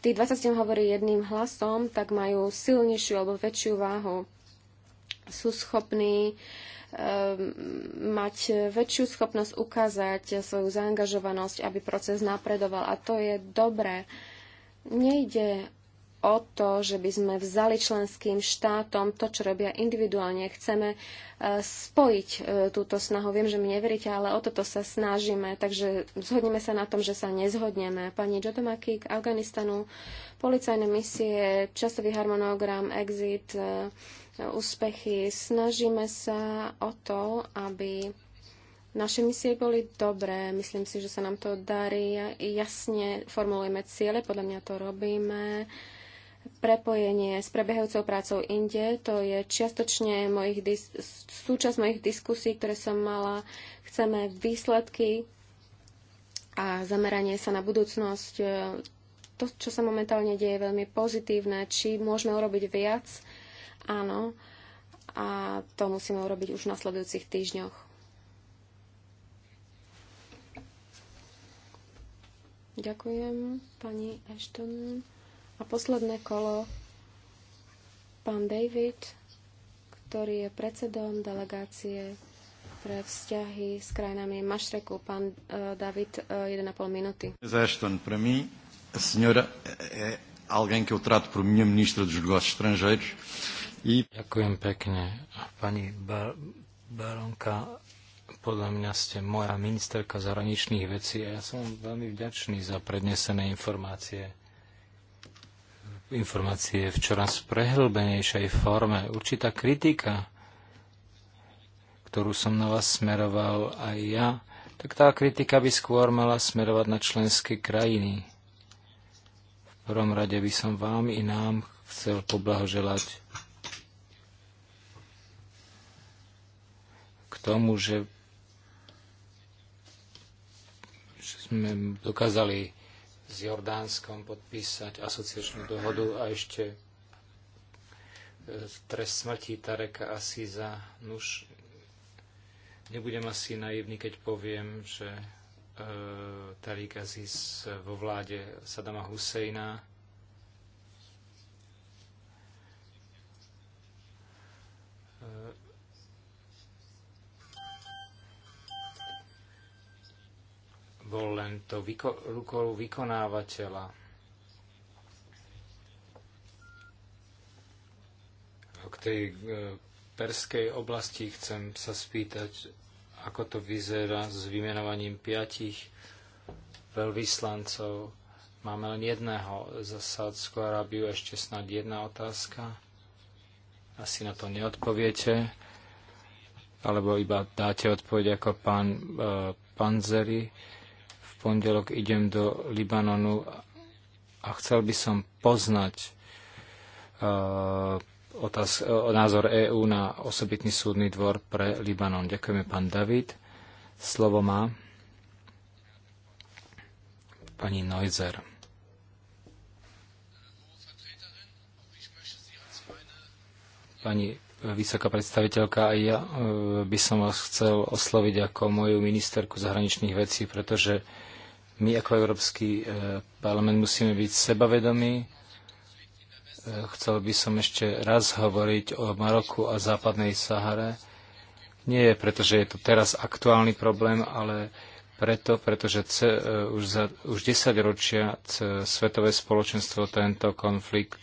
tých 27 hovorí jedným hlasom, tak majú silnejšiu alebo väčšiu váhu. Sú schopní ehm, mať väčšiu schopnosť ukázať svoju zaangažovanosť, aby proces napredoval. A to je dobré. Nejde o to, že by sme vzali členským štátom to, čo robia individuálne. Chceme e, spojiť e, túto snahu. Viem, že mi neveríte, ale o toto sa snažíme. Takže zhodneme sa na tom, že sa nezhodneme. Pani Jodomaki k Afganistanu, policajné misie, časový harmonogram, exit, e, úspechy. Snažíme sa o to, aby naše misie boli dobré, myslím si, že sa nám to darí, jasne formulujeme ciele, podľa mňa to robíme prepojenie s prebiehajúcou prácou inde. To je čiastočne mojich dis- súčasť mojich diskusí, ktoré som mala. Chceme výsledky a zameranie sa na budúcnosť. E, to, čo sa momentálne deje, je veľmi pozitívne. Či môžeme urobiť viac? Áno. A to musíme urobiť už v nasledujúcich týždňoch. Ďakujem, pani Ashton. A posledné kolo, pán David, ktorý je predsedom delegácie pre vzťahy s krajinami Mašreku. Pán uh, David, uh, eh, 1,5 minúty. Ashton, pre mí, senhora, é eh, alguém que eu trato por minha ministra dos negócios estrangeiros. E... Ďakujem pekne. Pani Bar- Baronka, podľa mňa ste moja ministerka zahraničných vecí a ja som veľmi vďačný za prednesené informácie informácie v čoraz prehlbenejšej forme. Určitá kritika, ktorú som na vás smeroval aj ja, tak tá kritika by skôr mala smerovať na členské krajiny. V prvom rade by som vám i nám chcel poblahoželať k tomu, že, že sme dokázali s Jordánskom podpísať asociačnú dohodu a ešte e, trest smrti Tareka Asíza. Nuž, nebudem asi naivný, keď poviem, že e, Tarek Asíz vo vláde Sadama Husejna e, bol len to vyko- rukou vykonávateľa. K tej e, perskej oblasti chcem sa spýtať, ako to vyzerá s vymenovaním piatich veľvyslancov. Máme len jedného za Sádskú Arábiu, ešte snad jedna otázka. Asi na to neodpoviete, alebo iba dáte odpoveď ako pán e, Panzeri pondelok idem do Libanonu a chcel by som poznať uh, otáz, uh, názor EÚ na osobitný súdny dvor pre Libanon. Ďakujeme, pán David. Slovo má pani Neuser. Pani vysoká predstaviteľka, aj ja eh, by som vás chcel osloviť ako moju ministerku zahraničných vecí, pretože my ako Európsky e, parlament musíme byť sebavedomí. E, chcel by som ešte raz hovoriť o Maroku a západnej Sahare. Nie preto, že je to teraz aktuálny problém, ale preto, pretože ce, e, už, za, už 10 ročia svetové spoločenstvo tento konflikt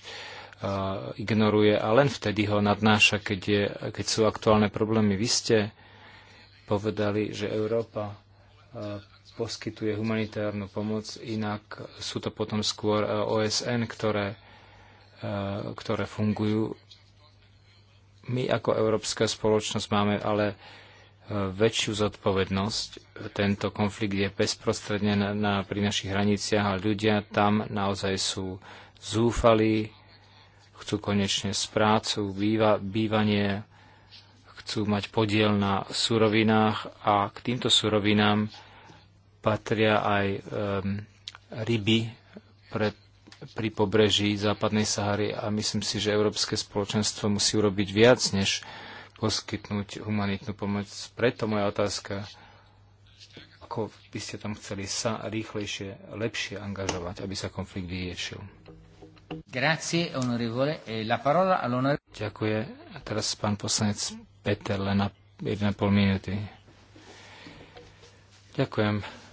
ignoruje a len vtedy ho nadnáša, keď, je, keď sú aktuálne problémy. Vy ste povedali, že Európa poskytuje humanitárnu pomoc, inak sú to potom skôr e, OSN, ktoré, e, ktoré fungujú. My ako Európska spoločnosť máme ale e, väčšiu zodpovednosť. Tento konflikt je bezprostredne na, na, pri našich hraniciach a ľudia tam naozaj sú zúfalí, chcú konečne prácu, býva, bývanie, chcú mať podiel na surovinách a k týmto surovinám patria aj um, ryby pre, pri pobreží západnej Sahary a myslím si, že Európske spoločenstvo musí urobiť viac, než poskytnúť humanitnú pomoc. Preto moja otázka, ako by ste tam chceli sa rýchlejšie, lepšie angažovať, aby sa konflikt vyriešil. E, Ďakujem. A teraz pán poslanec Peter len na 1,5 minúty. Ďakujem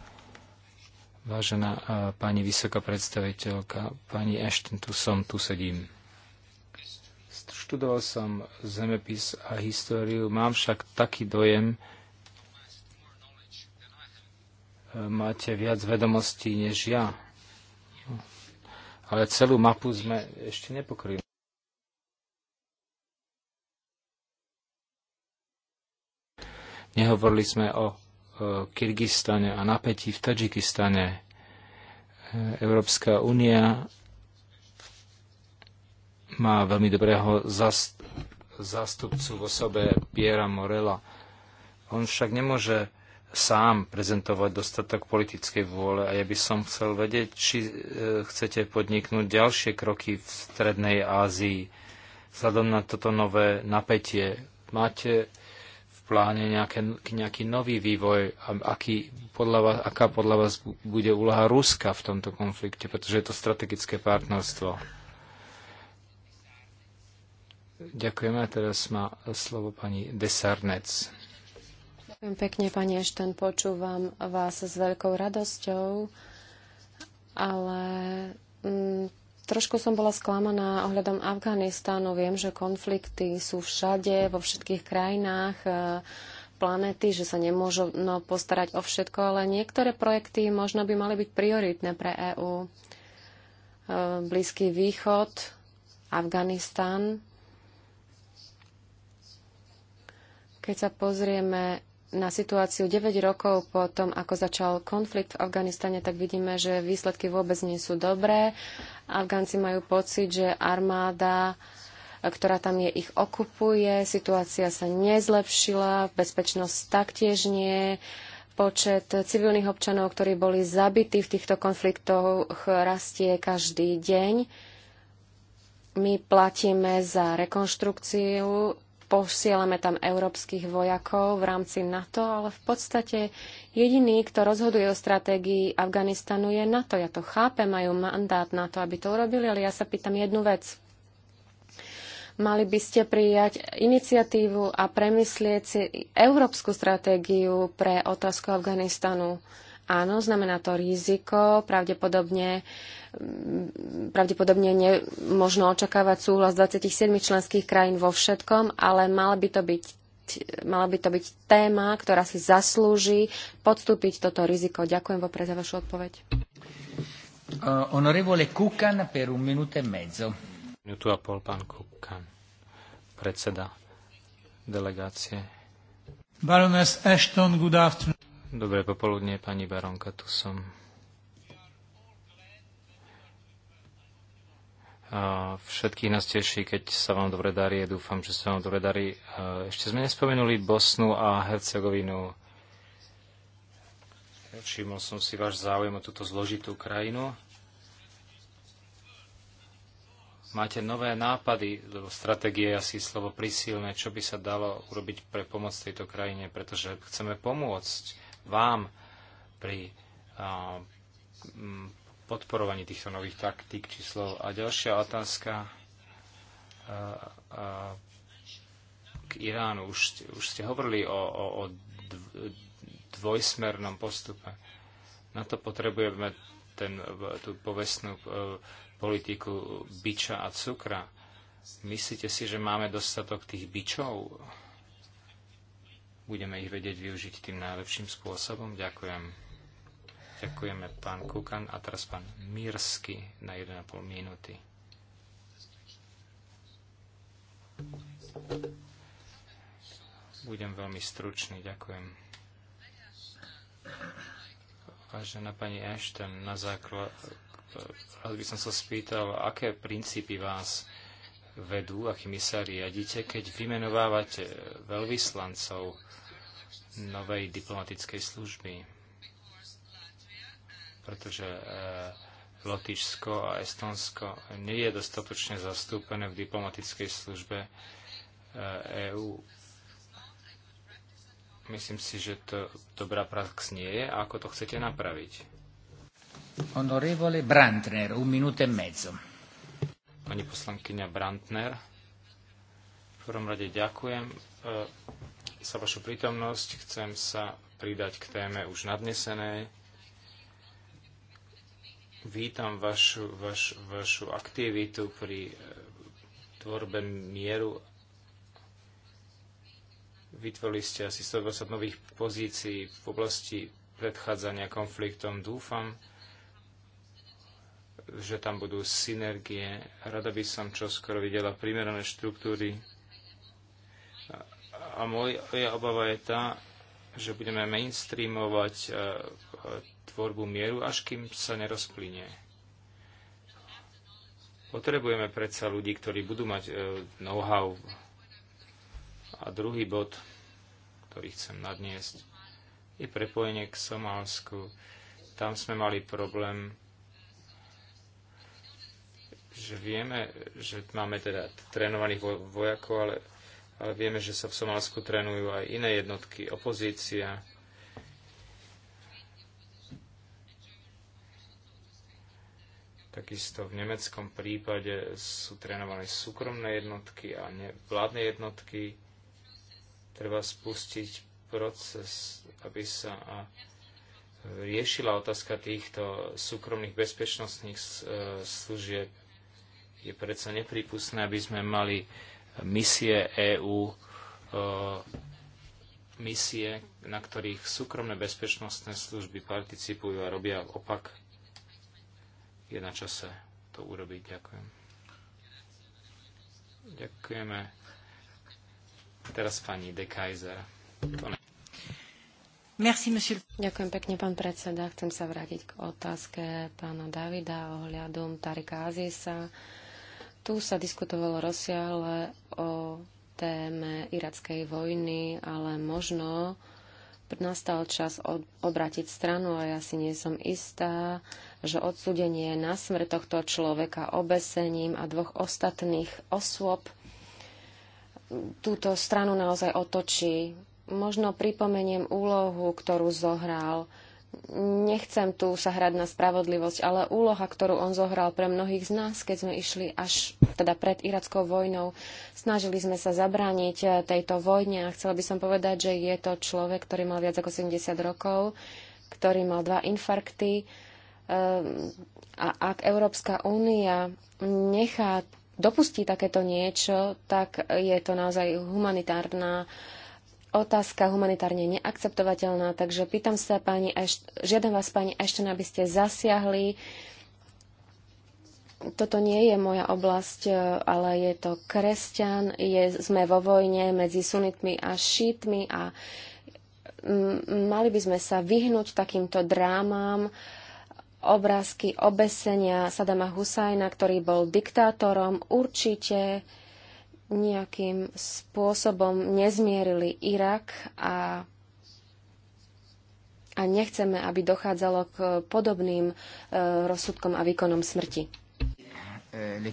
Vážená pani vysoká predstaviteľka, pani Ashton, tu som, tu sedím. Študoval som zemepis a históriu, mám však taký dojem, máte viac vedomostí než ja. Ale celú mapu sme ešte nepokryli. Nehovorili sme o Kyrgyzstane a napätí v Tadžikistane. Európska únia má veľmi dobrého zástupcu v osobe Piera Morela. On však nemôže sám prezentovať dostatok politickej vôle a ja by som chcel vedieť, či e, chcete podniknúť ďalšie kroky v Strednej Ázii vzhľadom na toto nové napätie. Máte pláne nejaké, nejaký nový vývoj, aký podľa vás, aká podľa vás bude úloha Ruska v tomto konflikte, pretože je to strategické partnerstvo. Ďakujeme a teraz má slovo pani Desarnec. Ďakujem pekne, pani Ešten, počúvam vás s veľkou radosťou, ale mm, Trošku som bola sklamaná ohľadom Afganistánu. Viem, že konflikty sú všade, vo všetkých krajinách e, planéty, že sa nemôžu no, postarať o všetko, ale niektoré projekty možno by mali byť prioritné pre EÚ. E, Blízky východ, Afganistan. Keď sa pozrieme na situáciu 9 rokov po tom, ako začal konflikt v Afganistane, tak vidíme, že výsledky vôbec nie sú dobré. Afgánci majú pocit, že armáda ktorá tam je, ich okupuje, situácia sa nezlepšila, bezpečnosť taktiež nie, počet civilných občanov, ktorí boli zabití v týchto konfliktoch, rastie každý deň. My platíme za rekonštrukciu posielame tam európskych vojakov v rámci NATO, ale v podstate jediný, kto rozhoduje o stratégii Afganistanu je NATO. Ja to chápem, majú mandát na to, aby to urobili, ale ja sa pýtam jednu vec. Mali by ste prijať iniciatívu a premyslieť si európsku stratégiu pre otázku Afganistanu. Áno, znamená to riziko, pravdepodobne uh, pravdepodobne nemožno očakávať súhlas 27 členských krajín vo všetkom, ale mala by to byť mala by to byť téma, ktorá si zaslúži podstúpiť toto riziko. Ďakujem vopred za vašu odpoveď. Uh, onorevole Kukan per un minuto e mezzo. Minútu a pol, pán Kukan, predseda delegácie. Baroness Ashton, good afternoon. Dobré popoludne, pani baronka, tu som. všetkých nás teší, keď sa vám dobre darí. Dúfam, že sa vám dobre darí. Ešte sme nespomenuli Bosnu a Hercegovinu. Všimol som si váš záujem o túto zložitú krajinu. Máte nové nápady, stratégie asi slovo prisilné, čo by sa dalo urobiť pre pomoc tejto krajine, pretože chceme pomôcť vám pri podporovaní týchto nových taktík číslov. A ďalšia otázka a, a, k Iránu. Už, už ste hovorili o, o, o dvojsmernom postupe. Na to potrebujeme ten, tú povestnú e, politiku biča a cukra. Myslíte si, že máme dostatok tých bičov? Budeme ich vedieť využiť tým najlepším spôsobom? Ďakujem. Ďakujeme pán Kukan a teraz pán Mírsky na 1,5 minúty. Budem veľmi stručný, ďakujem. Vážená pani Ashton, na základ rád by som sa spýtal, aké princípy vás vedú, akými sa riadite, keď vymenovávate veľvyslancov novej diplomatickej služby pretože e, Lotyšsko a Estonsko nie je dostatočne zastúpené v diplomatickej službe EÚ. E Myslím si, že to dobrá prax nie je. A ako to chcete napraviť? Honorevole Brandner, un minúte e mezzo. Pani poslankyňa Brandner, v prvom rade ďakujem e, za vašu prítomnosť. Chcem sa pridať k téme už nadnesenej Vítam vašu, vaš, vašu aktivitu pri e, tvorbe mieru. Vytvorili ste asi 120 nových pozícií v oblasti predchádzania konfliktom. Dúfam, že tam budú synergie. Rada by som čoskoro videla primerané štruktúry. A moja obava je tá, že budeme mainstreamovať e, tvorbu mieru, až kým sa nerozplynie. Potrebujeme predsa ľudí, ktorí budú mať e, know-how. A druhý bod, ktorý chcem nadniesť, je prepojenie k Somálsku. Tam sme mali problém, že vieme, že máme teda trénovaných vojakov, ale, ale vieme, že sa v Somálsku trénujú aj iné jednotky, opozícia, Takisto v nemeckom prípade sú trénované súkromné jednotky a ne, vládne jednotky. Treba spustiť proces, aby sa a riešila otázka týchto súkromných bezpečnostných e, služieb. Je predsa nepripustné, aby sme mali misie EÚ, e, misie, na ktorých súkromné bezpečnostné služby participujú a robia opak je na čase to urobiť. Ďakujem. Ďakujeme. Teraz pani De Kaiser. Merci, monsieur. Ďakujem pekne, pán predseda. Chcem sa vrátiť k otázke pána Davida ohľadom Tarika Azisa. Tu sa diskutovalo rozsiahle o téme irackej vojny, ale možno nastal čas obratiť stranu a ja si nie som istá, že odsudenie na smrť tohto človeka obesením a dvoch ostatných osôb túto stranu naozaj otočí. Možno pripomeniem úlohu, ktorú zohral nechcem tu sa hrať na spravodlivosť, ale úloha, ktorú on zohral pre mnohých z nás, keď sme išli až teda pred irackou vojnou, snažili sme sa zabrániť eh, tejto vojne a chcela by som povedať, že je to človek, ktorý mal viac ako 70 rokov, ktorý mal dva infarkty, Ehm, a ak Európska únia nechá, dopustí takéto niečo, tak je to naozaj humanitárna otázka, humanitárne neakceptovateľná. Takže pýtam sa pani, žiadam vás pani Ešten, aby ste zasiahli. Toto nie je moja oblasť, e, ale je to kresťan. Je, sme vo vojne medzi sunitmi a šítmi a mali by sme sa vyhnúť takýmto drámám. Uh, obrázky obesenia Sadama Husajna, ktorý bol diktátorom, určite nejakým spôsobom nezmierili Irak a, a nechceme, aby dochádzalo k podobným e, rozsudkom a výkonom smrti. E,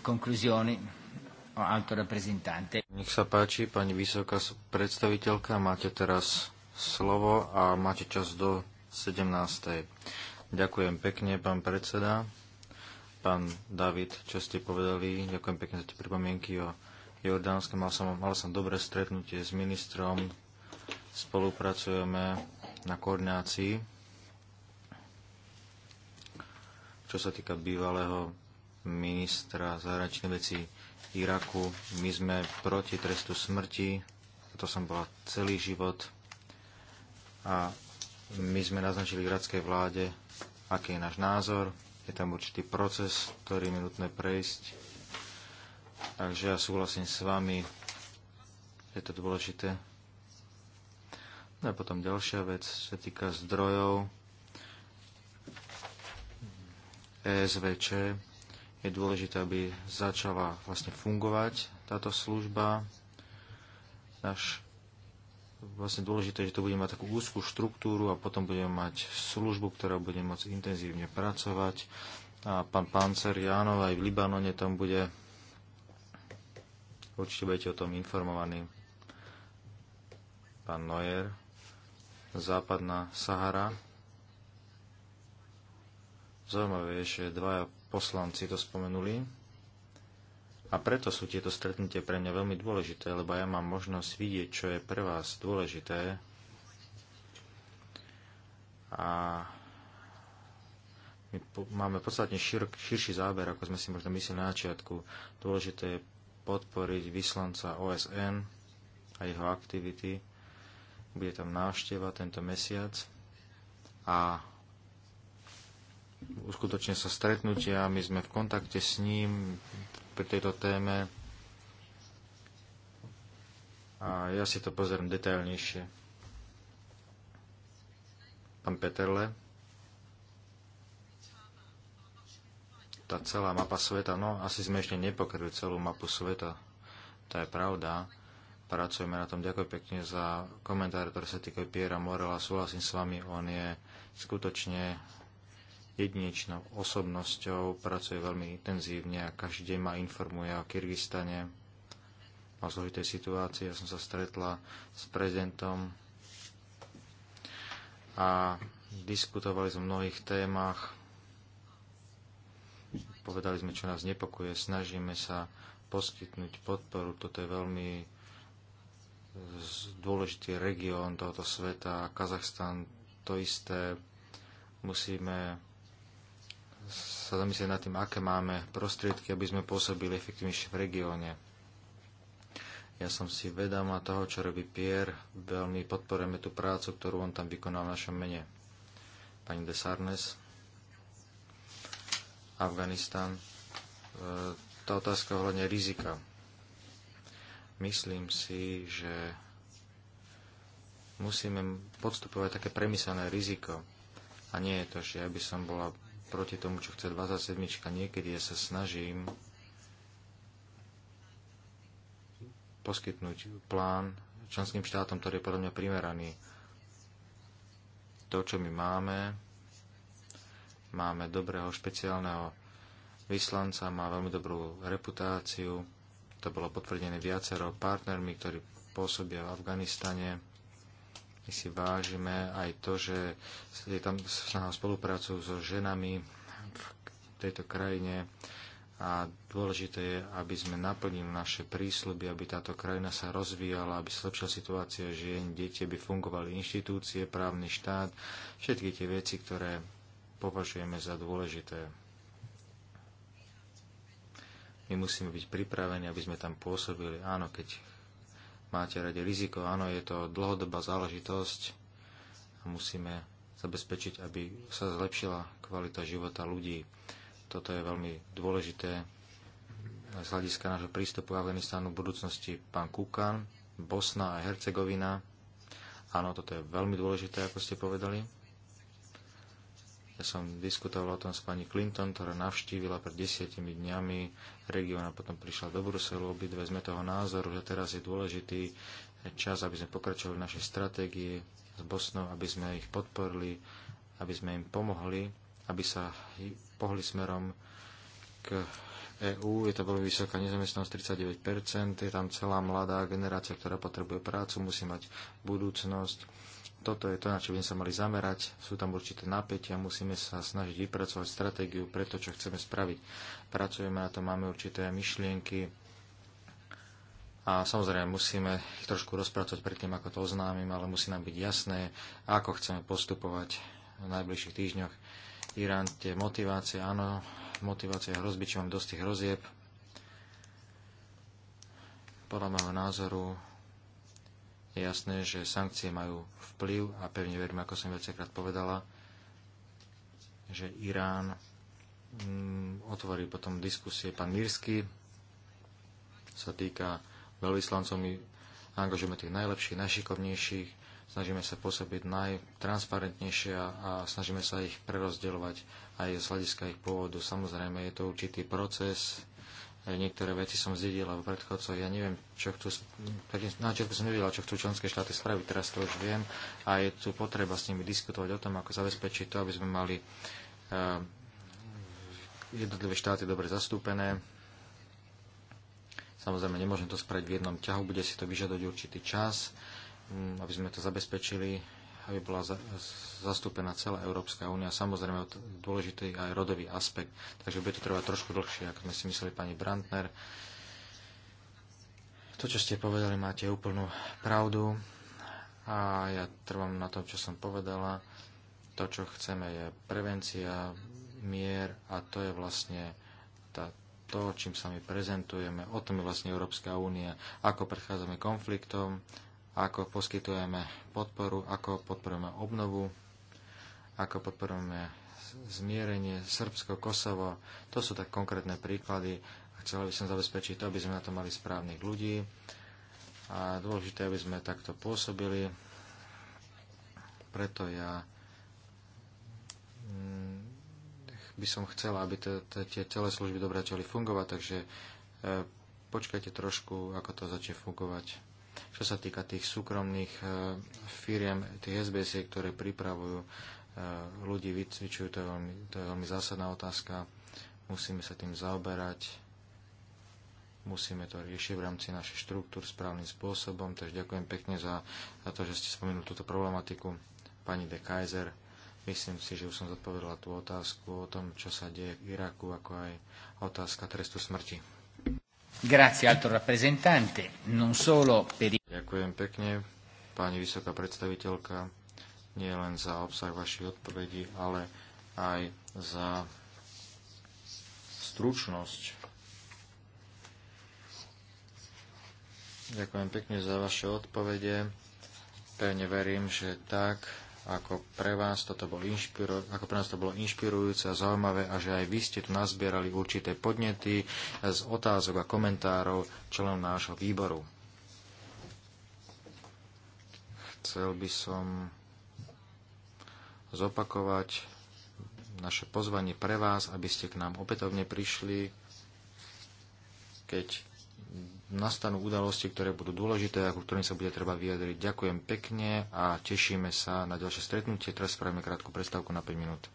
Nech sa páči, pani vysoká predstaviteľka, máte teraz slovo a máte čas do 17. Ďakujem pekne, pán predseda. Pán David, čo ste povedali, ďakujem pekne za tie pripomienky o Jordánske. Mal som, mal som dobré stretnutie s ministrom, spolupracujeme na koordinácii, čo sa týka bývalého ministra zahraničných vecí Iraku. My sme proti trestu smrti, to som bola celý život a my sme naznačili irackej vláde, aký je náš názor. Je tam určitý proces, ktorý je nutné prejsť. Takže ja súhlasím s vami, je to dôležité. No a potom ďalšia vec, sa týka zdrojov. ESVČ je dôležité, aby začala vlastne fungovať táto služba. Náš vlastne dôležité, že to bude mať takú úzkú štruktúru a potom budeme mať službu, ktorá bude môcť intenzívne pracovať. A pán Páncer Jánov aj v Libanone tam bude. Určite budete o tom informovaní. Pán Neuer, Západná Sahara. Zaujímavé je, že dvaja poslanci to spomenuli a preto sú tieto stretnutie pre mňa veľmi dôležité, lebo ja mám možnosť vidieť, čo je pre vás dôležité. A my máme podstatne šir, širší záber, ako sme si možno mysleli na začiatku. Dôležité je podporiť vyslanca OSN a jeho aktivity. Bude tam návšteva tento mesiac a uskutočne sa stretnutia, my sme v kontakte s ním, pri tejto téme a ja si to pozriem detailnejšie. Pán Peterle. Tá celá mapa sveta, no asi sme ešte nepokryli celú mapu sveta. To je pravda. Pracujeme na tom. Ďakujem pekne za komentáre, ktoré sa týkajú Piera Morela. Súhlasím s vami, on je skutočne jedinečnou osobnosťou, pracuje veľmi intenzívne a každý deň ma informuje o Kyrgyzstane, o zložitej situácii. Ja som sa stretla s prezidentom a diskutovali sme o mnohých témach. Povedali sme, čo nás nepokuje, snažíme sa poskytnúť podporu. Toto je veľmi dôležitý región tohoto sveta. Kazachstan to isté. Musíme sa zamyslieť nad tým, aké máme prostriedky, aby sme pôsobili efektívnejšie v regióne. Ja som si vedomá toho, čo robí Pierre. Veľmi podporujeme tú prácu, ktorú on tam vykonal v našom mene. Pani de Sarnes, Afganistan. E, tá otázka ohľadne rizika. Myslím si, že musíme podstupovať také premyslené riziko. A nie je to, že ja by som bola proti tomu, čo chce 27. Niekedy ja sa snažím poskytnúť plán členským štátom, ktorý je podľa mňa primeraný. To, čo my máme, máme dobrého špeciálneho vyslanca, má veľmi dobrú reputáciu. To bolo potvrdené viacero partnermi, ktorí pôsobia v Afganistane. My si vážime aj to, že je tam snaha spoluprácu so ženami v tejto krajine a dôležité je, aby sme naplnili naše prísľuby, aby táto krajina sa rozvíjala, aby sa zlepšila situácia žien, deti, aby fungovali inštitúcie, právny štát, všetky tie veci, ktoré považujeme za dôležité. My musíme byť pripravení, aby sme tam pôsobili. Áno, keď máte rade riziko. Áno, je to dlhodobá záležitosť a musíme zabezpečiť, aby sa zlepšila kvalita života ľudí. Toto je veľmi dôležité z hľadiska nášho prístupu k Afganistánu v budúcnosti. Pán Kukan, Bosna a Hercegovina. Áno, toto je veľmi dôležité, ako ste povedali. Ja som diskutoval o tom s pani Clinton, ktorá navštívila pred desiatimi dňami región a potom prišla do Bruselu. Obidve sme toho názoru, že teraz je dôležitý čas, aby sme pokračovali v našej stratégii s Bosnou, aby sme ich podporili, aby sme im pomohli, aby sa pohli smerom k EÚ, je to veľmi vysoká nezamestnanosť 39%, je tam celá mladá generácia, ktorá potrebuje prácu, musí mať budúcnosť toto je to, na čo by sme sa mali zamerať. Sú tam určité napätia, musíme sa snažiť vypracovať stratégiu pre to, čo chceme spraviť. Pracujeme na to, máme určité myšlienky a samozrejme musíme ich trošku rozpracovať predtým, ako to oznámim, ale musí nám byť jasné, ako chceme postupovať v najbližších týždňoch. Irán, tie motivácie, áno, motivácia hrozby, či mám dosť tých hrozieb. Podľa môjho názoru je jasné, že sankcie majú vplyv a pevne verím, ako som viackrát povedala, že Irán mm, otvorí potom diskusie. Pán Mírsky sa týka veľvyslancov, my angažujeme tých najlepších, najšikovnejších, snažíme sa pôsobiť najtransparentnejšie a snažíme sa ich prerozdeľovať aj z hľadiska ich pôvodu. Samozrejme, je to určitý proces, niektoré veci som zdedila v predchodcoch. Ja neviem, čo chcú, na začiatku som nevedela, čo chcú členské štáty spraviť, teraz to už viem a je tu potreba s nimi diskutovať o tom, ako zabezpečiť to, aby sme mali uh, jednotlivé štáty dobre zastúpené. Samozrejme, nemôžem to spraviť v jednom ťahu, bude si to vyžadovať určitý čas, um, aby sme to zabezpečili aby bola zastúpená celá Európska únia. Samozrejme, dôležitý aj rodový aspekt, takže bude to trvať trošku dlhšie, ako sme si mysleli pani Brandner. To, čo ste povedali, máte úplnú pravdu a ja trvám na tom, čo som povedala. To, čo chceme, je prevencia, mier a to je vlastne tá, to, čím sa my prezentujeme. O tom je vlastne Európska únia, ako prechádzame konfliktom, ako poskytujeme podporu, ako podporujeme obnovu, ako podporujeme zmierenie Srbsko, Kosovo. To sú tak konkrétne príklady a chcel by som zabezpečiť to, aby sme na to mali správnych ľudí a dôležité, aby sme takto pôsobili. Preto ja mm, by som chcela, aby tie celé služby dobre fungovať, takže eh, počkajte trošku, ako to začne fungovať čo sa týka tých súkromných eh, firiem, tých SBS, ktoré pripravujú eh, ľudí, vycvičujú, to je veľmi, to je veľmi zásadná otázka. Musíme sa tým zaoberať, musíme to riešiť v rámci našich štruktúr správnym spôsobom. Takže ďakujem pekne za, za to, že ste spomenuli túto problematiku. Pani de Kaiser, myslím si, že už som zodpovedala tú otázku o tom, čo sa deje v Iraku, ako aj otázka trestu smrti. Grazie alto rappresentante, non solo per... Ďakujem pekne, pani vysoká predstaviteľka, nie len za obsah vašich odpovedí, ale aj za stručnosť. Ďakujem pekne za vaše odpovede. Pevne verím, že tak ako pre vás toto bolo, inšpiro, ako pre nás to bolo inšpirujúce a zaujímavé a že aj vy ste tu nazbierali určité podnety z otázok a komentárov členov nášho výboru. Chcel by som zopakovať naše pozvanie pre vás, aby ste k nám opätovne prišli, keď nastanú udalosti, ktoré budú dôležité a ku ktorým sa bude treba vyjadriť. Ďakujem pekne a tešíme sa na ďalšie stretnutie. Teraz spravíme krátku prestávku na 5 minút.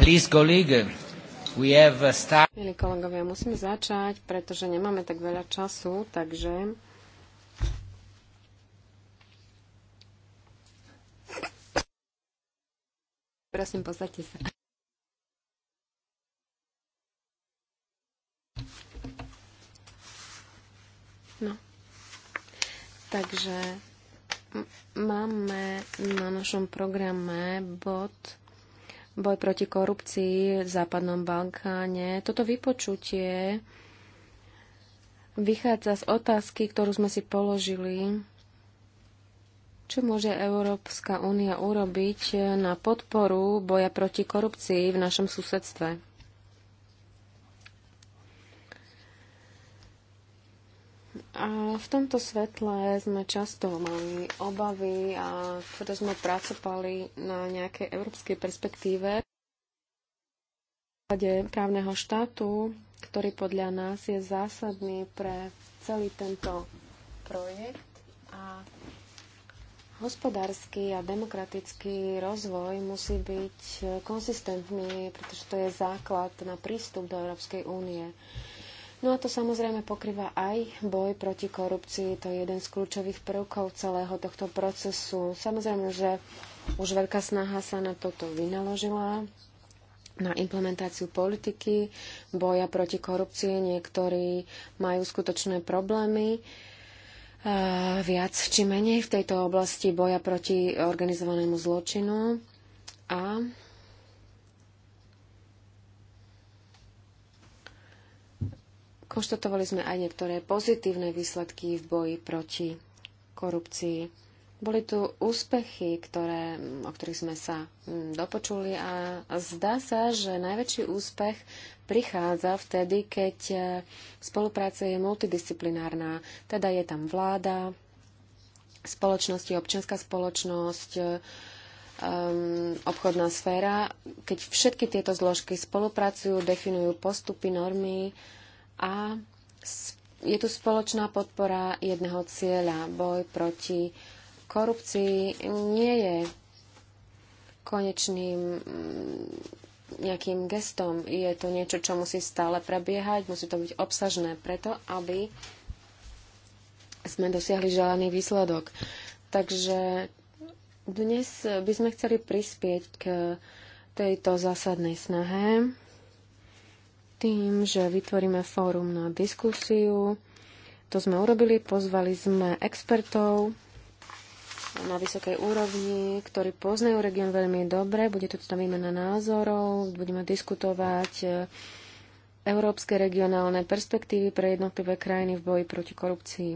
Milí kolegovia, musíme začať, pretože nemáme tak veľa času, takže... Prosím, posadte sa. No. Takže máme na našom programe bod boj proti korupcii v Západnom Balkáne. Toto vypočutie vychádza z otázky, ktorú sme si položili. Čo môže Európska únia urobiť na podporu boja proti korupcii v našom susedstve? A v tomto svetle sme často mali obavy a preto teda sme pracovali na nejakej európskej perspektíve právneho štátu, ktorý podľa nás je zásadný pre celý tento projekt a hospodársky a demokratický rozvoj musí byť konsistentný, pretože to je základ na prístup do Európskej únie. No a to samozrejme pokrýva aj boj proti korupcii. To je jeden z kľúčových prvkov celého tohto procesu. Samozrejme, že už veľká snaha sa na toto vynaložila na implementáciu politiky, boja proti korupcii. Niektorí majú skutočné problémy viac či menej v tejto oblasti boja proti organizovanému zločinu. A Konštatovali sme aj niektoré pozitívne výsledky v boji proti korupcii. Boli tu úspechy, ktoré, o ktorých sme sa mm, dopočuli a zdá sa, že najväčší úspech prichádza vtedy, keď e, spolupráca je multidisciplinárna. Teda je tam vláda, spoločnosti, občianská spoločnosť, um, obchodná sféra. Keď všetky tieto zložky spolupracujú, definujú postupy, normy, a je tu spoločná podpora jedného cieľa. Boj proti korupcii nie je konečným mm, nejakým gestom. Je to niečo, čo musí stále prebiehať, musí to byť obsažné preto, aby sme dosiahli želaný výsledok. Takže dnes by sme chceli prispieť k tejto zásadnej snahe tým, že vytvoríme fórum na diskusiu. To sme urobili, pozvali sme expertov na vysokej úrovni, ktorí poznajú región veľmi dobre. Bude tu tam výmena názorov, budeme diskutovať e, európske regionálne perspektívy pre jednotlivé krajiny v boji proti korupcii.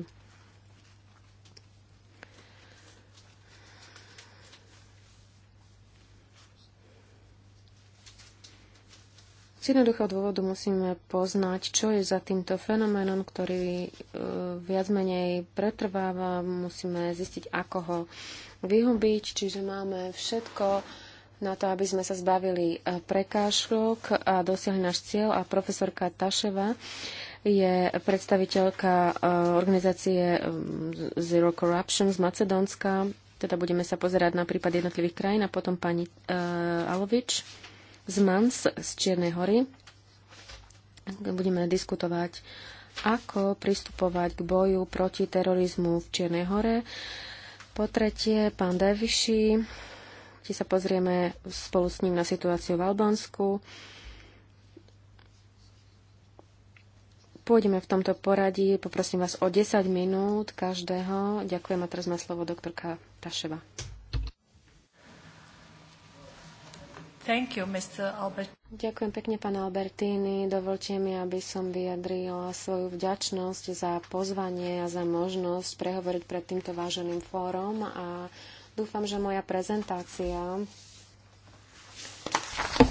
Z jednoduchého dôvodu musíme poznať, čo je za týmto fenoménom, ktorý e, viac menej pretrváva. Musíme zistiť, ako ho vyhubiť, čiže máme všetko na to, aby sme sa zbavili e, prekážok a dosiahli náš cieľ. A profesorka Taševa je predstaviteľka e, organizácie Zero Corruption z Macedónska. Teda budeme sa pozerať na prípad jednotlivých krajín a potom pani Alovič z Mans z Čiernej hory. Budeme diskutovať, ako pristupovať k boju proti terorizmu v Čiernej hore. Po tretie, pán Deviši, ti sa pozrieme spolu s ním na situáciu v Albánsku. Pôjdeme v tomto poradí. Poprosím vás o 10 minút každého. Ďakujem a teraz má slovo doktorka Taševa. Thank you, Mr. Albert. Ďakujem pekne, pán Albertini. Dovolte mi, aby som vyjadrila svoju vďačnosť za pozvanie a za možnosť prehovoriť pred týmto váženým fórom a dúfam, že moja prezentácia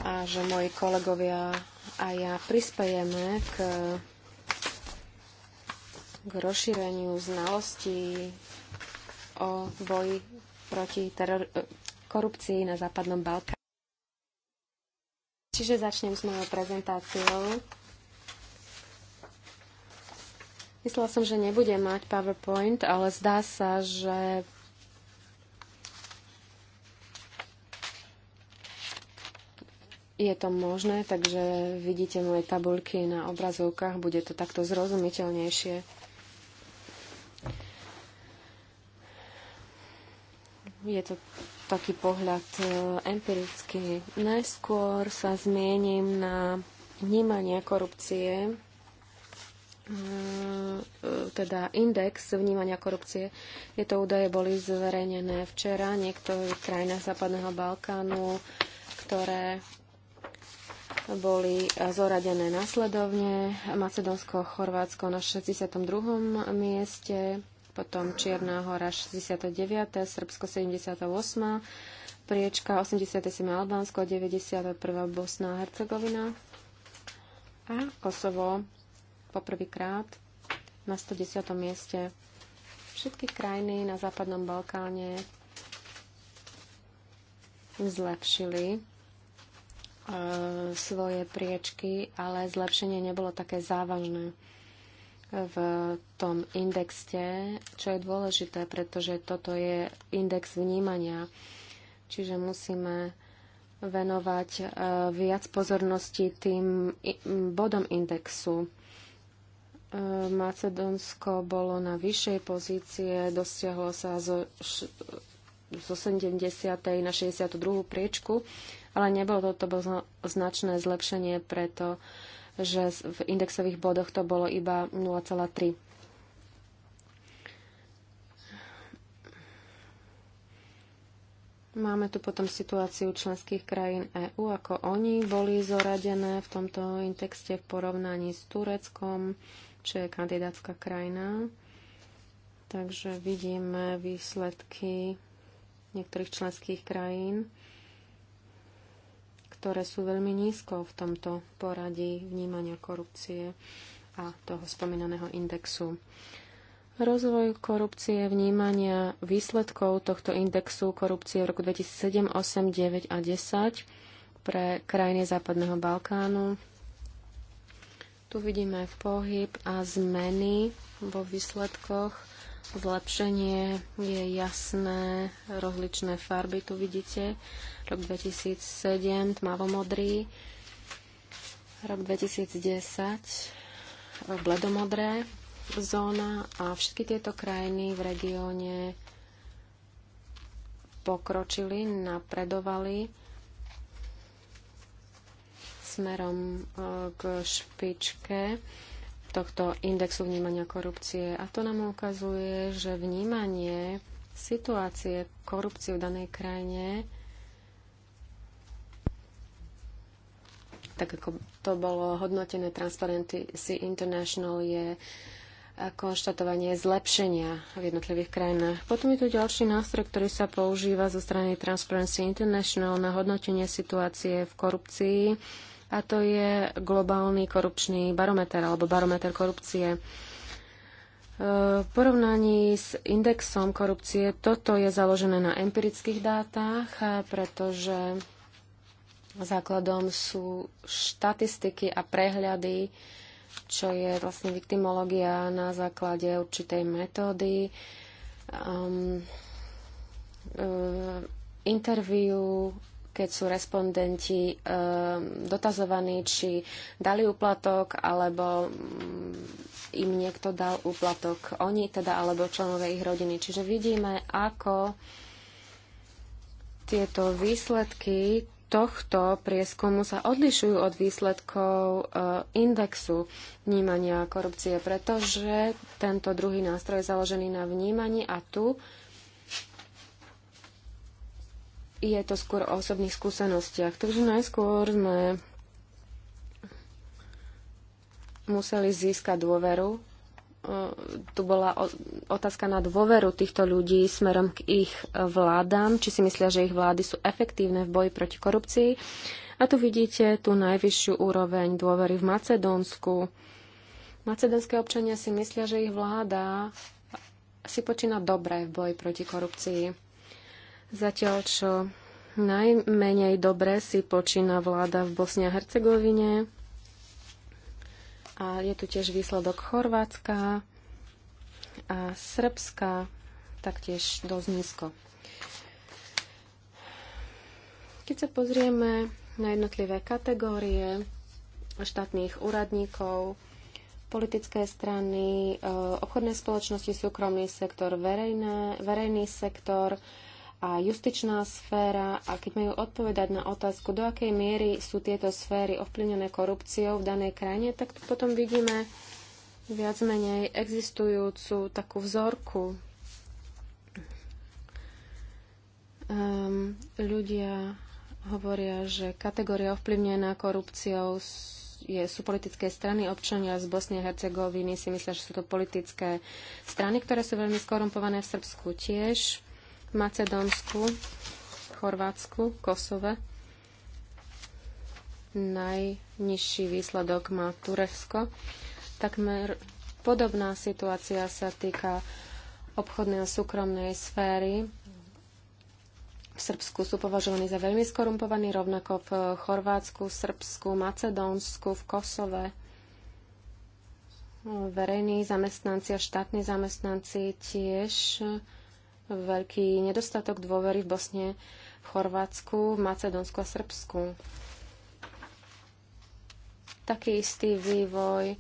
a že moji kolegovia a ja prispejeme k, k rozšíreniu znalostí o boji proti teror- korupcii na Západnom Balkáne. Čiže začnem s mojou prezentáciou. Myslela som, že nebudem mať PowerPoint, ale zdá sa, že je to možné, takže vidíte moje tabulky na obrazovkách, bude to takto zrozumiteľnejšie. Je to taký pohľad e, empirický. Najskôr sa zmienim na vnímanie korupcie, e, e, teda index vnímania korupcie. Tieto údaje boli zverejnené včera v niektorých krajinách Západného Balkánu, ktoré boli zoradené následovne. Macedónsko, Chorvátsko na 62. mieste, potom Čierna hora 69., Srbsko 78., Priečka 87. Albánsko, 91. Bosna a Hercegovina a Kosovo poprvýkrát na 110. mieste. Všetky krajiny na Západnom Balkáne zlepšili e, svoje priečky, ale zlepšenie nebolo také závažné v tom indexte, čo je dôležité, pretože toto je index vnímania. Čiže musíme venovať e, viac pozornosti tým bodom indexu. E, Macedónsko bolo na vyššej pozície, dosiahlo sa zo, z 80. na 62. priečku, ale nebolo toto značné zlepšenie, preto že v indexových bodoch to bolo iba 0,3. Máme tu potom situáciu členských krajín EÚ, ako oni boli zoradené v tomto intexte v porovnaní s Tureckom, čo je kandidátska krajina. Takže vidíme výsledky niektorých členských krajín ktoré sú veľmi nízko v tomto poradí vnímania korupcie a toho spomínaného indexu. Rozvoj korupcie, vnímania výsledkov tohto indexu korupcie v roku 2007, 8, 9 a 10 pre krajiny Západného Balkánu. Tu vidíme pohyb a zmeny vo výsledkoch zlepšenie je jasné, rozličné farby tu vidíte. Rok 2007 tmavomodrý, rok 2010 bledomodré zóna a všetky tieto krajiny v regióne pokročili, napredovali smerom e, k špičke tohto indexu vnímania korupcie. A to nám ukazuje, že vnímanie situácie korupcie v danej krajine, tak ako to bolo hodnotené Transparency International, je eh, konštatovanie zlepšenia v jednotlivých krajinách. Potom je tu ďalší nástroj, ktorý sa používa zo strany Transparency International na hodnotenie situácie v korupcii a to je globálny korupčný barometer alebo barometer korupcie. E, v porovnaní s indexom korupcie toto je založené na empirických dátach, pretože základom sú štatistiky a prehľady, čo je vlastne viktimológia na základe určitej metódy. Um, interviu keď sú respondenti eh, dotazovaní, či dali úplatok, alebo mm, im niekto dal úplatok. Oni teda, alebo členové ich rodiny. Čiže vidíme, ako tieto výsledky tohto prieskumu sa odlišujú od výsledkov eh, indexu vnímania korupcie, pretože tento druhý nástroj je založený na vnímaní a tu je to skôr o osobných skúsenostiach. Takže najskôr sme museli získať dôveru. E, tu bola otázka na dôveru týchto ľudí smerom k ich vládám, či si myslia, že ich vlády sú efektívne v boji proti korupcii. A tu vidíte tú najvyššiu úroveň dôvery v Macedónsku. Macedónske občania si myslia, že ich vláda si počína dobre v boji proti korupcii. Zatiaľ čo najmenej dobre si počína vláda v Bosne a Hercegovine. A je tu tiež výsledok Chorvátska a Srbska, taktiež dosť nízko. Keď sa pozrieme na jednotlivé kategórie štátnych úradníkov, politické strany, e, obchodné spoločnosti, súkromný sektor, verejné, verejný sektor, a justičná sféra a keď majú odpovedať na otázku, do akej miery sú tieto sféry ovplyvnené korupciou v danej krajine, tak tu potom vidíme viac menej existujúcu takú vzorku. Um, ľudia hovoria, že kategória ovplyvnená korupciou je, sú politické strany. Občania z Bosnie a Hercegoviny si myslia, že sú to politické strany, ktoré sú veľmi skorumpované v Srbsku tiež Macedónsku, Chorvátsku, Kosove. Najnižší výsledok má Turecko. Takmer podobná situácia sa týka obchodnej a súkromnej sféry. V Srbsku sú považovaní za veľmi skorumpovaní, rovnako v Chorvátsku, Srbsku, Macedónsku, v Kosove. Verejní zamestnanci a štátni zamestnanci tiež veľký nedostatok dôvery v Bosne, v Chorvátsku, v Macedónsku a Srbsku. Taký istý vývoj e,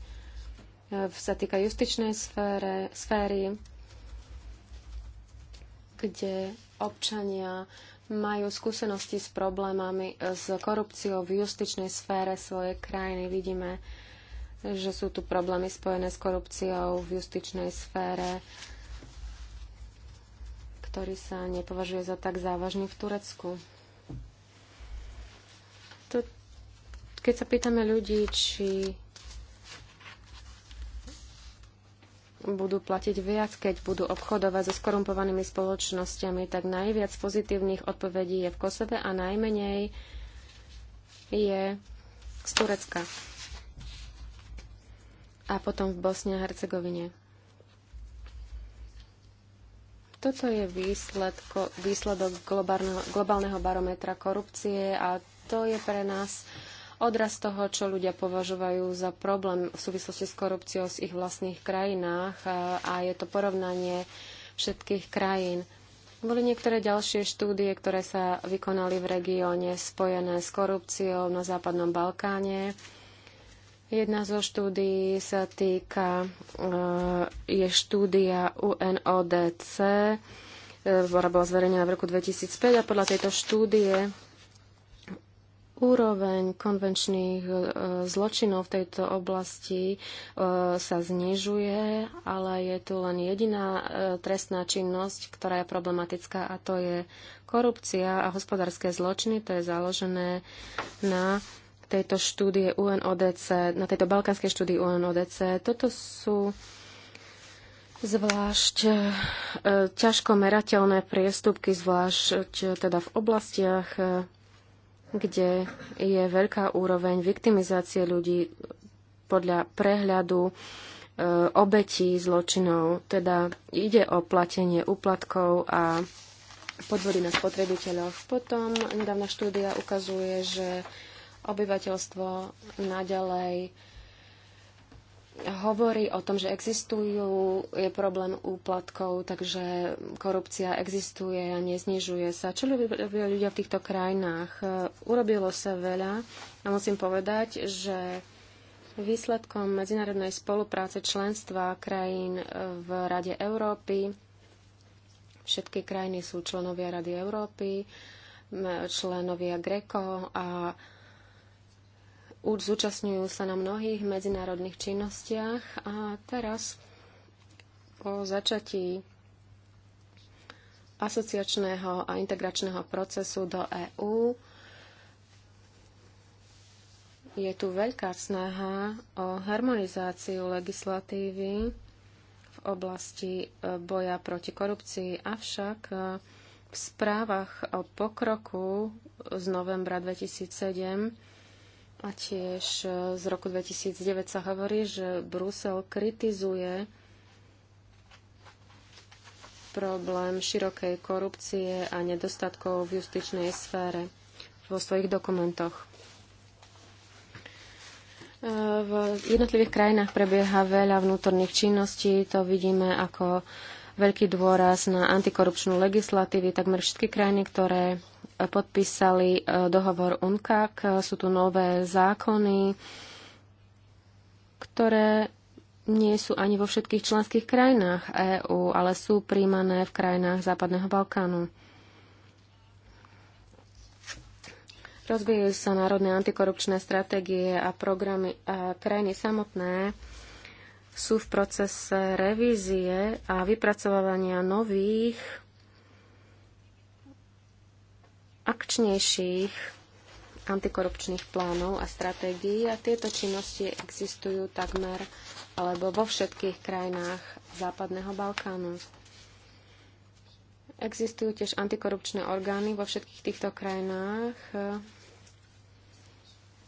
sa týka justičnej sfére, sféry, kde občania majú skúsenosti s problémami e, s korupciou v justičnej sfére svojej krajiny. Vidíme, že sú tu problémy spojené s korupciou v justičnej sfére ktorý sa nepovažuje za tak závažný v Turecku. To, keď sa pýtame ľudí, či budú platiť viac, keď budú obchodovať so skorumpovanými spoločnosťami, tak najviac pozitívnych odpovedí je v Kosove a najmenej je z Turecka. A potom v Bosne a Hercegovine. Toto je výsledko, výsledok globálneho, globálneho barometra korupcie a to je pre nás odraz toho, čo ľudia považujú za problém v súvislosti s korupciou v ich vlastných krajinách a, a je to porovnanie všetkých krajín. Boli niektoré ďalšie štúdie, ktoré sa vykonali v regióne spojené s korupciou na Západnom Balkáne. Jedna zo štúdií sa týka, e, je štúdia UNODC, e, ktorá bola zverejnená v roku 2005 a podľa tejto štúdie úroveň konvenčných e, zločinov v tejto oblasti sa znižuje, ale je tu len jediná trestná činnosť, ktorá je problematická a to je korupcia a hospodárske zločiny. To je založené na tejto štúdie UNODC, na tejto balkánskej štúdii UNODC. Toto sú zvlášť e, ťažko merateľné priestupky, zvlášť e, teda v oblastiach, e, kde je veľká úroveň viktimizácie ľudí podľa prehľadu e, obetí zločinov. Teda ide o platenie úplatkov a podvody na spotrebiteľov. Potom nedávna štúdia ukazuje, že obyvateľstvo naďalej hovorí o tom, že existujú, je problém úplatkov, takže korupcia existuje a neznižuje sa. Čo robia ľudia v týchto krajinách? E, urobilo sa veľa a musím povedať, že výsledkom medzinárodnej spolupráce členstva krajín e, v Rade Európy, všetky krajiny sú členovia Rady Európy, členovia GRECO a už zúčastňujú sa na mnohých medzinárodných činnostiach a teraz po začatí asociačného a integračného procesu do EÚ je tu veľká snaha o harmonizáciu legislatívy v oblasti e, boja proti korupcii, avšak e, v správach o pokroku z novembra 2007 a tiež e, z roku 2009 sa hovorí, že Brusel kritizuje problém širokej korupcie a nedostatkov v justičnej sfére vo svojich dokumentoch. E, v jednotlivých krajinách prebieha veľa vnútorných činností. To vidíme ako veľký dôraz na antikorupčnú legislatívu. Takmer všetky krajiny, ktoré podpísali e, dohovor UNCAC. E, sú tu nové zákony, ktoré nie sú ani vo všetkých členských krajinách EÚ, ale sú príjmané v krajinách Západného Balkánu. Rozvíjajú sa národné antikorupčné stratégie a programy a krajiny samotné sú v procese revízie a vypracovávania nových akčnejších antikorupčných plánov a stratégií a tieto činnosti existujú takmer alebo vo všetkých krajinách Západného Balkánu. Existujú tiež antikorupčné orgány vo všetkých týchto krajinách.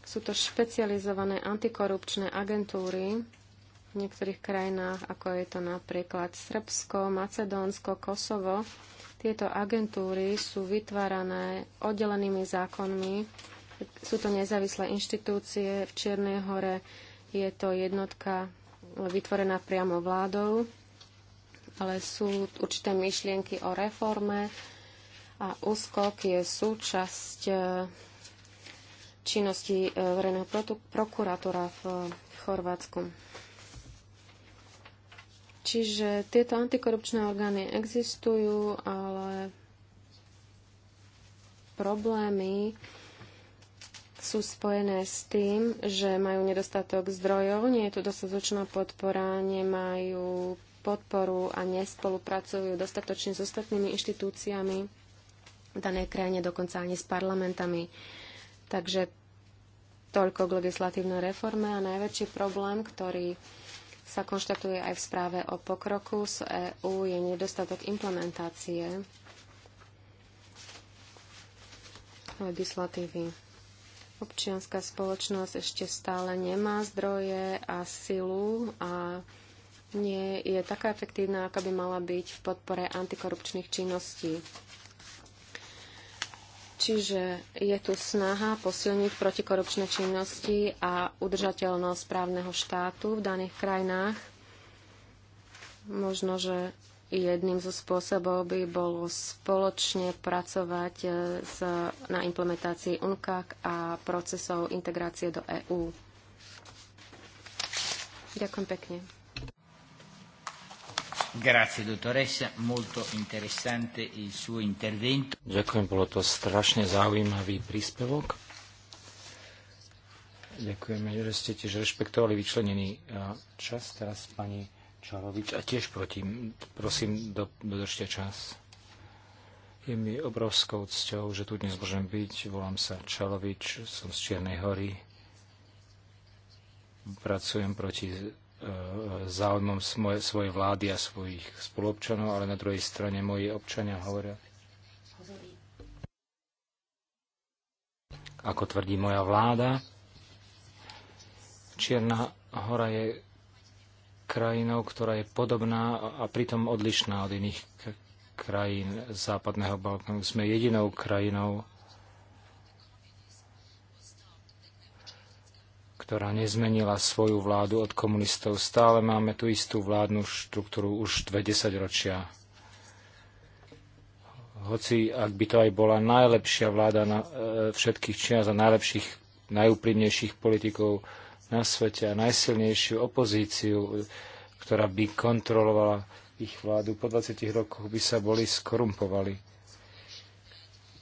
Sú to špecializované antikorupčné agentúry v niektorých krajinách, ako je to napríklad Srbsko, Macedónsko, Kosovo, tieto agentúry sú vytvárané oddelenými zákonmi. Sú to nezávislé inštitúcie. V Čiernej hore je to jednotka vytvorená priamo vládou, ale sú určité myšlienky o reforme a úskok je súčasť e, činnosti e, verejného prokurátora v Chorvátsku. Čiže tieto antikorupčné orgány existujú, ale problémy sú spojené s tým, že majú nedostatok zdrojov, nie je tu dostatočná podpora, nemajú podporu a nespolupracujú dostatočne s ostatnými inštitúciami v danej krajine, dokonca ani s parlamentami. Takže toľko k legislatívnej reforme a najväčší problém, ktorý sa konštatuje aj v správe o pokroku z EÚ, je nedostatok implementácie legislatívy. Občianská spoločnosť ešte stále nemá zdroje a silu a nie je taká efektívna, ako by mala byť v podpore antikorupčných činností. Čiže je tu snaha posilniť protikorupčné činnosti a udržateľnosť právneho štátu v daných krajinách. Možno, že jedným zo spôsobov by bolo spoločne pracovať e, s, na implementácii UNCAC a procesov integrácie do EÚ. Ďakujem pekne. Grazie, dottoressa. Molto interessante il suo intervento. Ďakujem, bolo to strašne zaujímavý príspevok. Ďakujeme, že ste tiež rešpektovali vyčlenený e, čas. Teraz pani Čalovič a tiež proti. Prosím, do, dodržte čas. Je mi obrovskou cťou, že tu dnes môžem byť. Volám sa Čalovič, som z Čiernej hory. Pracujem proti Eh, záujmom svojej vlády a svojich spolupčanov, ale na druhej strane moji občania hovoria, ako tvrdí moja vláda. Čierna hora je krajinou, ktorá je podobná a pritom odlišná od iných krajín Západného Balkánu. Sme jedinou krajinou ktorá nezmenila svoju vládu od komunistov. Stále máme tú istú vládnu štruktúru už 20 ročia. Hoci ak by to aj bola najlepšia vláda na, e, všetkých čia a najlepších, najúprimnejších politikov na svete a najsilnejšiu opozíciu, ktorá by kontrolovala ich vládu, po 20 rokoch by sa boli skorumpovali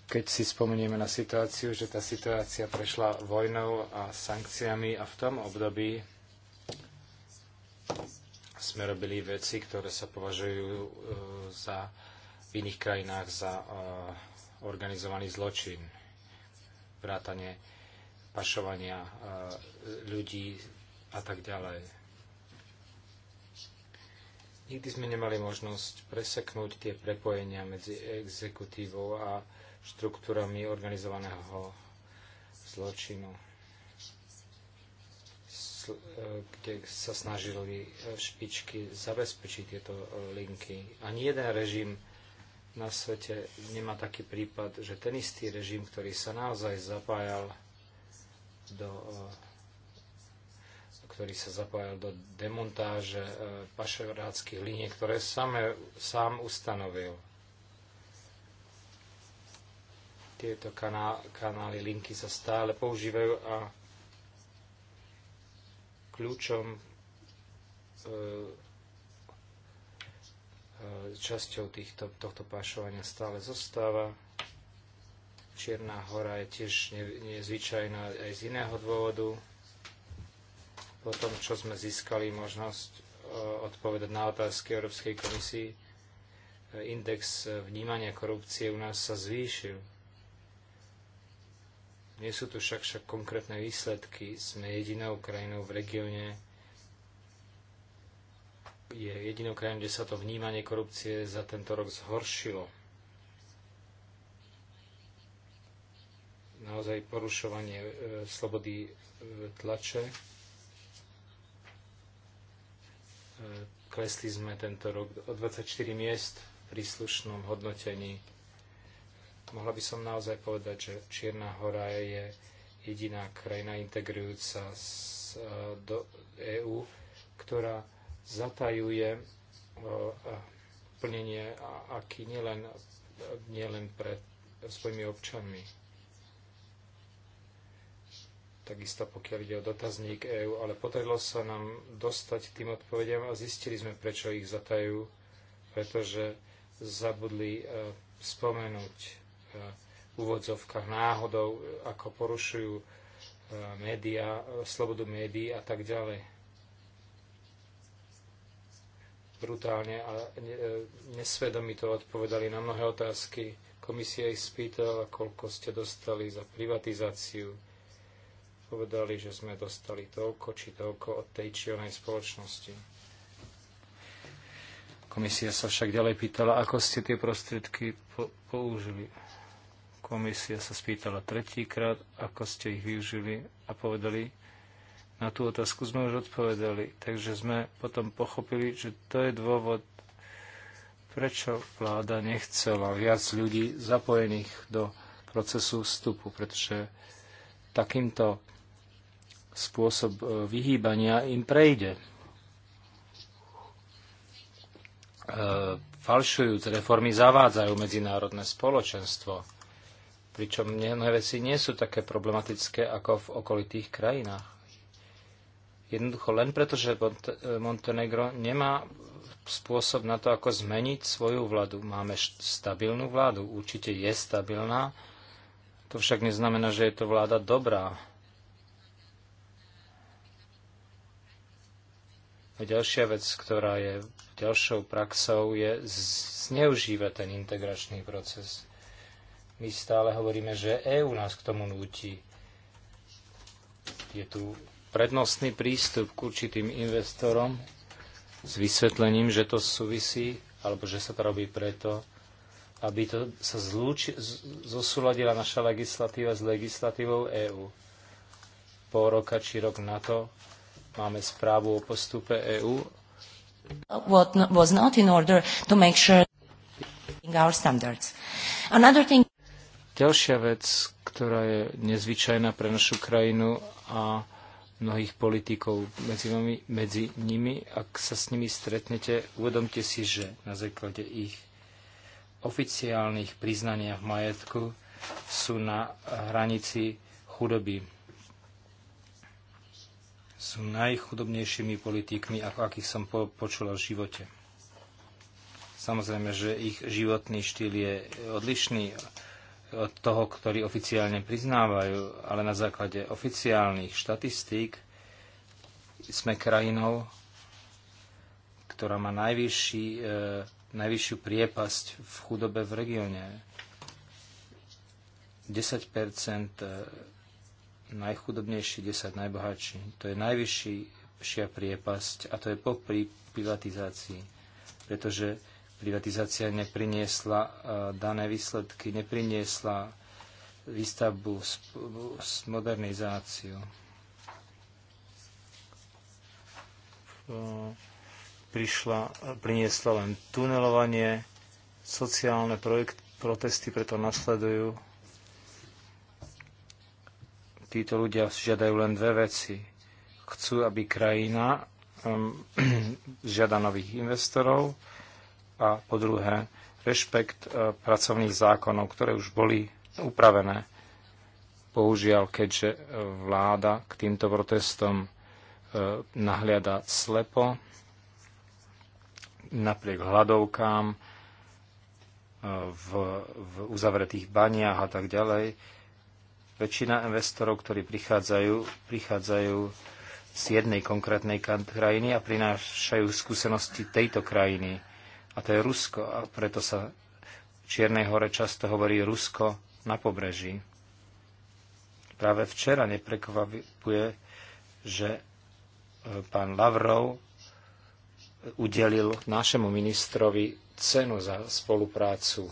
keď si spomenieme na situáciu, že tá situácia prešla vojnou a sankciami a v tom období sme robili veci, ktoré sa považujú e, za, v iných krajinách za e, organizovaný zločin. Vrátanie pašovania e, ľudí a tak ďalej. Nikdy sme nemali možnosť preseknúť tie prepojenia medzi exekutívou a štruktúrami organizovaného zločinu, eh, kde sa snažili eh, špičky zabezpečiť tieto eh, linky. Ani jeden režim na svete nemá taký prípad, že ten istý režim, ktorý sa naozaj zapájal do ktorý sa zapájal do demontáže pašeráckých liniek, ktoré same, sám ustanovil tieto kanály, linky sa stále používajú a kľúčom e, e, časťou týchto, tohto pášovania stále zostáva. Čierna hora je tiež nezvyčajná aj z iného dôvodu. Po tom, čo sme získali možnosť e, odpovedať na otázky Európskej komisii, index vnímania korupcie u nás sa zvýšil. Nie sú tu však, však konkrétne výsledky. Sme jedinou krajinou v regióne, je jedinou krajinou, kde sa to vnímanie korupcie za tento rok zhoršilo. Naozaj porušovanie e, slobody e, tlače. E, klesli sme tento rok o 24 miest v príslušnom hodnotení mohla by som naozaj povedať, že Čierna hora je jediná krajina integrujúca s, e, do EÚ, ktorá zatajuje e, plnenie aký nielen, nielen pred svojimi občanmi. Takisto pokiaľ ide o dotazník EÚ, ale podarilo sa nám dostať tým odpovediam a zistili sme, prečo ich zatajú, pretože zabudli e, spomenúť v úvodzovkách náhodou, ako porušujú e, média, slobodu médií a tak ďalej. Brutálne a e, nesvedomí to odpovedali na mnohé otázky. Komisia ich spýtala, koľko ste dostali za privatizáciu. Povedali, že sme dostali toľko či toľko od tej či onej spoločnosti. Komisia sa však ďalej pýtala, ako ste tie prostriedky po- použili. Komisia sa spýtala tretíkrát, ako ste ich využili a povedali, na tú otázku sme už odpovedali. Takže sme potom pochopili, že to je dôvod, prečo vláda nechcela viac ľudí zapojených do procesu vstupu, pretože takýmto spôsob e, vyhýbania im prejde. E, falšujúc reformy zavádzajú medzinárodné spoločenstvo Pričom mnohé veci nie sú také problematické ako v okolitých krajinách. Jednoducho len preto, že Montenegro nemá spôsob na to, ako zmeniť svoju vládu. Máme stabilnú vládu, určite je stabilná, to však neznamená, že je to vláda dobrá. A ďalšia vec, ktorá je ďalšou praxou, je zneužívať ten integračný proces. My stále hovoríme, že EÚ nás k tomu núti. Je tu prednostný prístup k určitým investorom s vysvetlením, že to súvisí, alebo že sa to robí preto, aby to sa zlúči, z, zosúladila naša legislatíva s legislatívou EÚ. Po roka či rok na to máme správu o postupe EÚ. What was not in order to make sure our standards. Another thing Ďalšia vec, ktorá je nezvyčajná pre našu krajinu a mnohých politikov medzi, nami, medzi nimi, ak sa s nimi stretnete, uvedomte si, že na základe ich oficiálnych priznania v majetku sú na hranici chudoby. Sú najchudobnejšími politikmi, ako akých som po, počula v živote. Samozrejme, že ich životný štýl je odlišný toho, ktorý oficiálne priznávajú, ale na základe oficiálnych štatistík sme krajinou, ktorá má najvyšší, e, najvyššiu priepasť v chudobe v regióne. 10 e, najchudobnejší, 10 najbohatší. To je najvyššia priepasť a to je po privatizácii, pretože privatizácia nepriniesla e, dané výsledky, nepriniesla výstavbu, s modernizáciu. E, prišla, priniesla len tunelovanie, sociálne projekt, protesty preto nasledujú. Títo ľudia žiadajú len dve veci. Chcú, aby krajina um, žiada nových investorov, a po druhé rešpekt e, pracovných zákonov, ktoré už boli upravené. Bohužiaľ, keďže e, vláda k týmto protestom e, nahliada slepo, napriek hladovkám, v, v uzavretých baniach a tak ďalej, väčšina investorov, ktorí prichádzajú, prichádzajú z jednej konkrétnej krajiny a prinášajú skúsenosti tejto krajiny a to je Rusko. A preto sa v Čiernej hore často hovorí Rusko na pobreží. Práve včera neprekvapuje, že e, pán Lavrov udelil našemu ministrovi cenu za spoluprácu.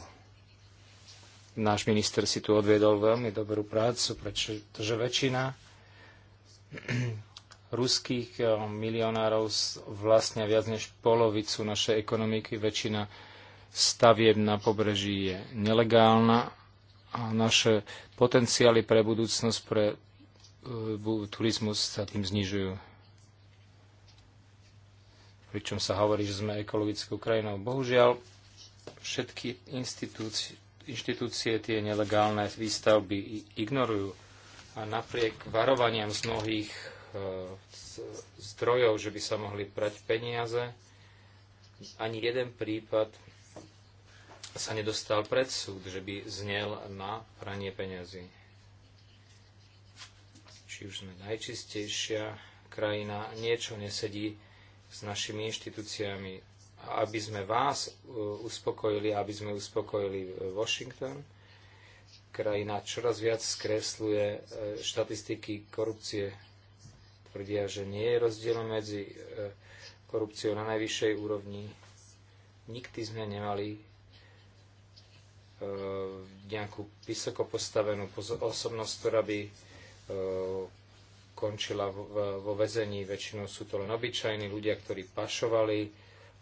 Náš minister si tu odviedol veľmi dobrú prácu, pretože väčšina ruských eh, milionárov vlastne viac než polovicu našej ekonomiky. Väčšina stavieb na pobreží je nelegálna a naše potenciály pre budúcnosť, pre eh, turizmus sa tým znižujú. Pričom sa hovorí, že sme ekologickou krajinou. Bohužiaľ, všetky inštitúcie, inštitúcie tie nelegálne výstavby ignorujú a napriek varovaniam z mnohých E, zdrojov, že by sa mohli prať peniaze. Ani jeden prípad sa nedostal pred súd, že by znel na pranie peniazy. Či už sme najčistejšia krajina, niečo nesedí s našimi inštitúciami. Aby sme vás e, uspokojili, aby sme uspokojili e, Washington, krajina čoraz viac skresluje štatistiky korupcie tvrdia, že nie je rozdiel medzi e, korupciou na najvyššej úrovni. Nikdy sme nemali e, nejakú vysoko postavenú osobnosť, ktorá by e, končila vo väzení. Väčšinou sú to len obyčajní ľudia, ktorí pašovali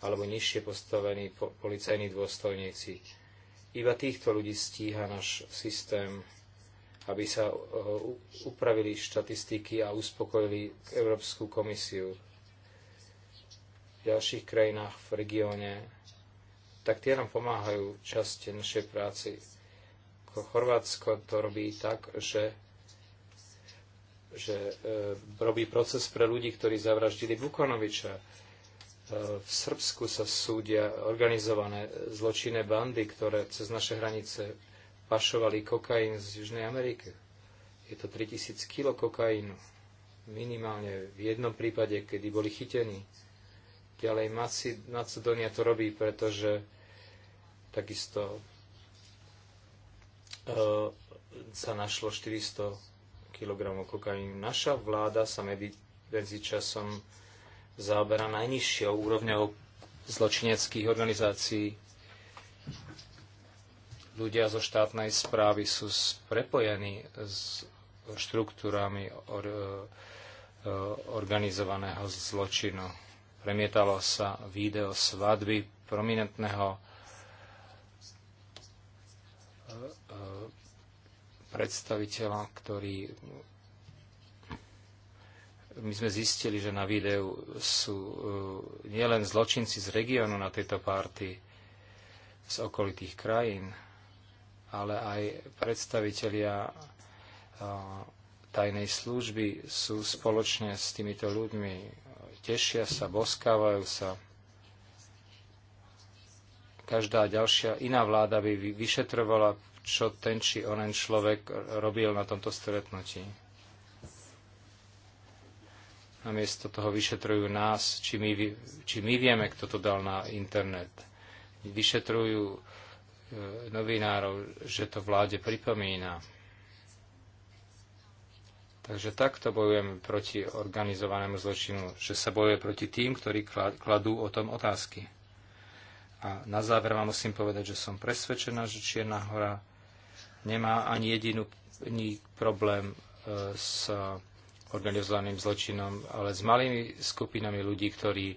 alebo nižšie postavení policajní dôstojníci. Iba týchto ľudí stíha náš systém aby sa e, upravili štatistiky a uspokojili Európsku komisiu v ďalších krajinách v regióne, tak tie nám pomáhajú časť našej práci. Chorvátsko to robí tak, že, že e, robí proces pre ľudí, ktorí zavraždili Vukonoviča. E, v Srbsku sa súdia organizované zločinné bandy, ktoré cez naše hranice pašovali kokain z Južnej Ameriky. Je to 3000 kg kokainu. Minimálne v jednom prípade, kedy boli chytení. Ďalej Macedónia to robí, pretože takisto e, sa našlo 400 kg kokainu. Naša vláda sa medzi, medzi časom zaoberá najnižšou úrovňou zločineckých organizácií ľudia zo štátnej správy sú prepojení s štruktúrami or, e, e, organizovaného zločinu. Premietalo sa video svadby prominentného e, predstaviteľa, ktorý my sme zistili, že na videu sú nielen zločinci z regiónu na tejto párty, z okolitých krajín, ale aj predstavitelia tajnej služby sú spoločne s týmito ľuďmi. Tešia sa, boskávajú sa. Každá ďalšia iná vláda by vyšetrovala, čo ten či onen človek robil na tomto stretnutí. Namiesto toho vyšetrujú nás, či my, či my vieme, kto to dal na internet. Vyšetrujú E, novinárov, že to vláde pripomína. Takže takto bojujeme proti organizovanému zločinu, že sa bojuje proti tým, ktorí kladú o tom otázky. A na záver vám musím povedať, že som presvedčená, že Čierna hora nemá ani jedinú ani problém e, s organizovaným zločinom, ale s malými skupinami ľudí, ktorí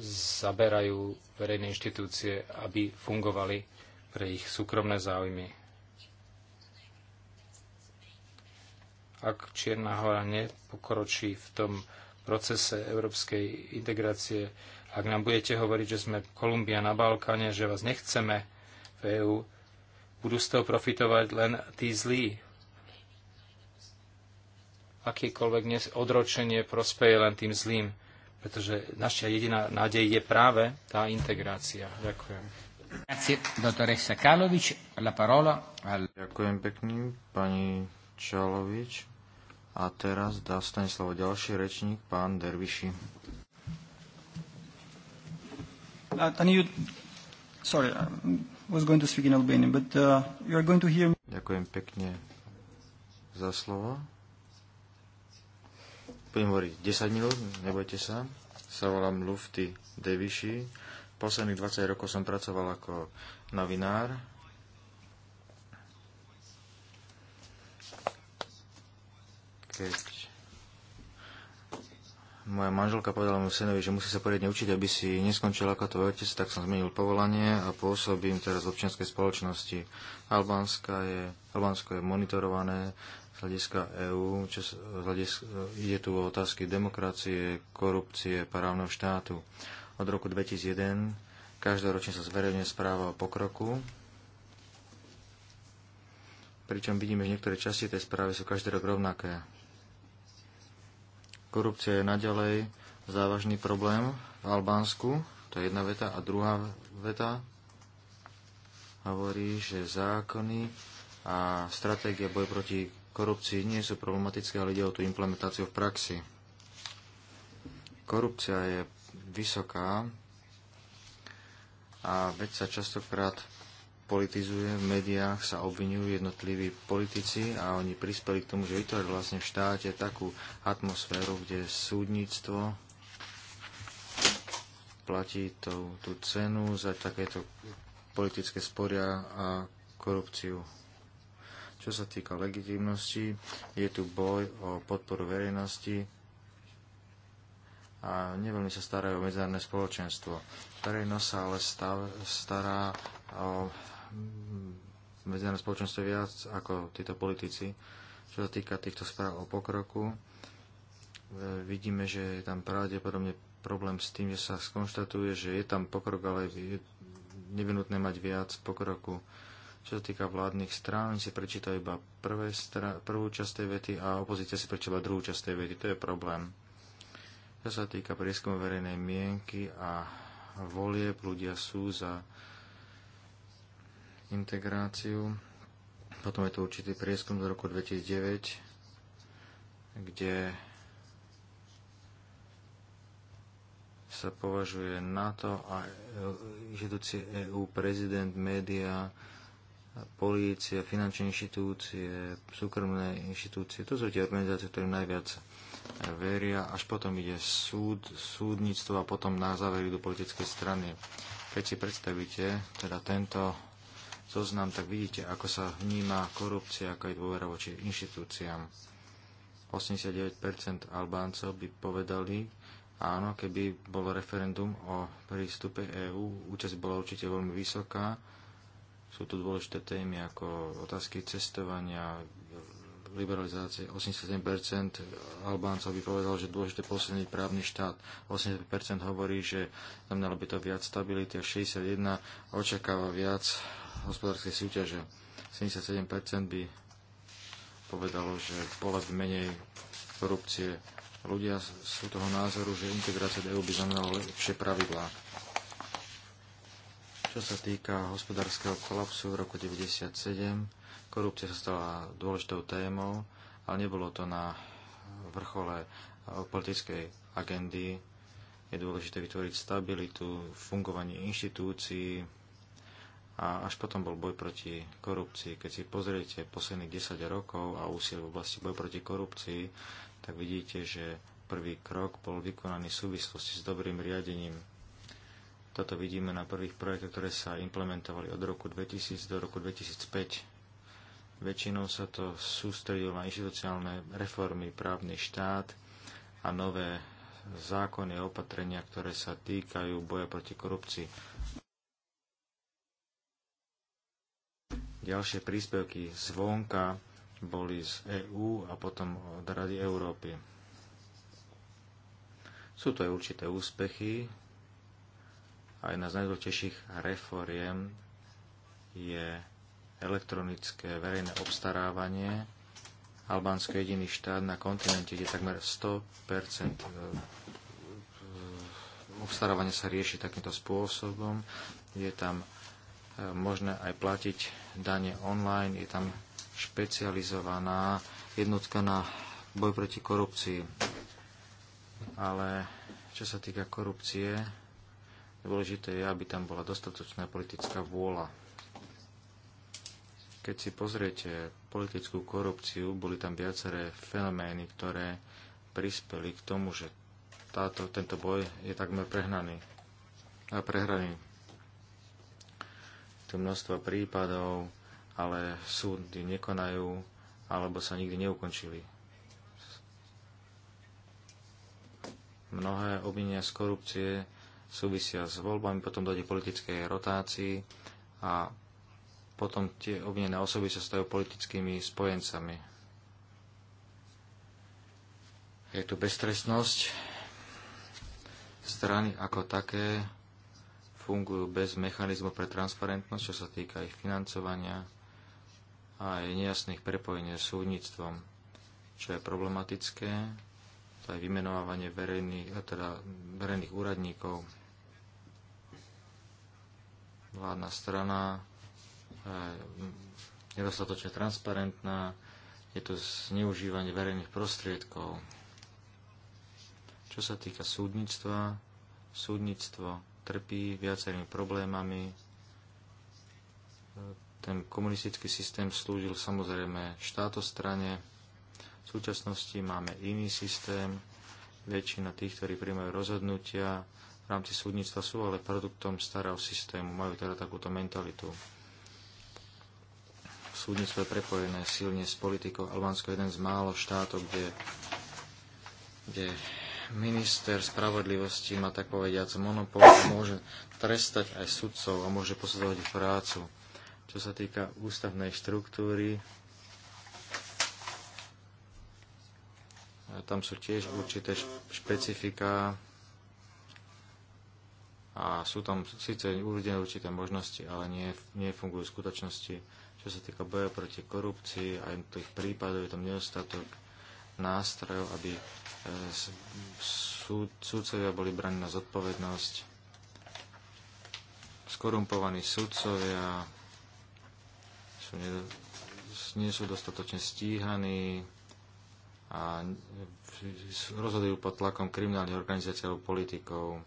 zaberajú verejné inštitúcie, aby fungovali pre ich súkromné záujmy. Ak Čierna hora nepokročí v tom procese európskej integrácie, ak nám budete hovoriť, že sme Kolumbia na Balkáne, že vás nechceme v EÚ, budú z toho profitovať len tí zlí. Akýkoľvek odročenie prospeje len tým zlým pretože naša jediná nádej je práve tá integrácia. Ďakujem. Ďakujem pekne, pani Čalovič. A teraz dostane slovo ďalší rečník, pán Derviši. Uh, uh, Ďakujem pekne za slovo. Budem hovoriť 10 minút, nebojte sa. Sa volám Lufty Deviši. Posledných 20 rokov som pracoval ako novinár. Keď moja manželka povedala mu synovi, že musí sa poriadne učiť, aby si neskončil ako tvoj otec, tak som zmenil povolanie a pôsobím teraz v občianskej spoločnosti. Albánska je, Albánsko je monitorované hľadiska EÚ, čo hľadiska, ide tu o otázky demokracie, korupcie, právneho štátu. Od roku 2001 každoročne sa zverejne správa o pokroku, pričom vidíme, že niektoré časti tej správy sú každý rok rovnaké. Korupcia je naďalej závažný problém v Albánsku, to je jedna veta, a druhá veta hovorí, že zákony a stratégia boj proti korupcii nie sú problematické, ale ide o tú implementáciu v praxi. Korupcia je vysoká a veď sa častokrát politizuje, v médiách sa obvinujú jednotliví politici a oni prispeli k tomu, že vytvorili vlastne v štáte takú atmosféru, kde súdnictvo platí tú, tú cenu za takéto politické sporia a korupciu. Čo sa týka legitimnosti, je tu boj o podporu verejnosti a neveľmi sa starajú o medzinárodné spoločenstvo. Verejnosť sa ale stav, stará o medzárne spoločenstvo viac ako títo politici. Čo sa týka týchto správ o pokroku, e, vidíme, že je tam pravdepodobne problém s tým, že sa skonštatuje, že je tam pokrok, ale je nevinutné mať viac pokroku. Čo sa týka vládnych strán, si prečítajú iba prvé stra- prvú časť tej vety a opozícia si prečíta druhú časť tej vety. To je problém. Čo sa týka prieskumu verejnej mienky a volieb, ľudia sú za integráciu. Potom je to určitý prieskum z roku 2009, kde sa považuje NATO a židúci e, EU, prezident, média, polícia, finančné inštitúcie, súkromné inštitúcie. To sú tie organizácie, ktoré najviac veria. Až potom ide súd, súdnictvo a potom na záver idú politické strany. Keď si predstavíte teda tento zoznam, tak vidíte, ako sa vníma korupcia, ako je dôvera voči inštitúciám. 89% Albáncov by povedali, áno, keby bolo referendum o prístupe EÚ, účasť bola určite veľmi vysoká, sú tu dôležité témy ako otázky cestovania, liberalizácie. 87% Albáncov by povedal, že dôležité posledný právny štát. 80% hovorí, že znamenalo by to viac stability a 61% očakáva viac hospodárskej súťaže. 77% by povedalo, že bola by menej korupcie. Ľudia sú toho názoru, že integrácia do EU by znamenala lepšie pravidlá. Čo sa týka hospodárskeho kolapsu v roku 1997, korupcia sa stala dôležitou témou, ale nebolo to na vrchole eh, politickej agendy. Je dôležité vytvoriť stabilitu, fungovanie inštitúcií a až potom bol boj proti korupcii. Keď si pozriete posledných 10 rokov a úsilie v oblasti boj proti korupcii, tak vidíte, že prvý krok bol vykonaný v súvislosti s dobrým riadením toto vidíme na prvých projektoch, ktoré sa implementovali od roku 2000 do roku 2005. Väčšinou sa to sústredilo na inštitucionálne reformy, právny štát a nové zákony a opatrenia, ktoré sa týkajú boja proti korupcii. Ďalšie príspevky zvonka boli z EÚ a potom od Rady Európy. Sú to aj určité úspechy, a jedna z najdôležitejších reforiem je elektronické verejné obstarávanie. Albánsko je jediný štát na kontinente, kde takmer 100% e, e, obstarávanie sa rieši takýmto spôsobom. Je tam e, možné aj platiť dane online, je tam špecializovaná jednotka na boj proti korupcii. Ale čo sa týka korupcie, Dôležité je, aby tam bola dostatočná politická vôľa. Keď si pozriete politickú korupciu, boli tam viaceré fenomény, ktoré prispeli k tomu, že táto, tento boj je takmer prehnaný. A prehraný. Tu množstvo prípadov, ale súdy nekonajú, alebo sa nikdy neukončili. Mnohé obvinenia z korupcie súvisia s voľbami, potom dojde politickej rotácii a potom tie obvinené osoby sa stajú politickými spojencami. Je tu beztrestnosť. Strany ako také fungujú bez mechanizmu pre transparentnosť, čo sa týka ich financovania a aj nejasných prepojení s súdnictvom, čo je problematické, to je vymenovávanie verejných, teda verejných úradníkov vládna strana e, nedostatočne transparentná, je to zneužívanie verejných prostriedkov. Čo sa týka súdnictva, súdnictvo trpí viacerými problémami. E, ten komunistický systém slúžil samozrejme štátostrane. V súčasnosti máme iný systém. Väčšina tých, ktorí príjmajú rozhodnutia, rámci súdnictva sú ale produktom starého systému, majú teda takúto mentalitu. Súdnictvo je prepojené silne s politikou. Albánsko je jeden z málo štátov, kde, kde minister spravodlivosti má tak povediac monopol a môže trestať aj sudcov a môže posudzovať ich prácu. Čo sa týka ústavnej štruktúry, tam sú tiež určité špecifiká a sú tam síce uvedené určité možnosti, ale nie, nefungujú v skutočnosti. Čo sa týka boja proti korupcii a tých prípadov, je tam nedostatok nástrojov, aby e, súd, súdcovia boli braní na zodpovednosť. Skorumpovaní súdcovia sú nedo, nie sú dostatočne stíhaní a rozhodujú pod tlakom kriminálnych organizácií alebo politikov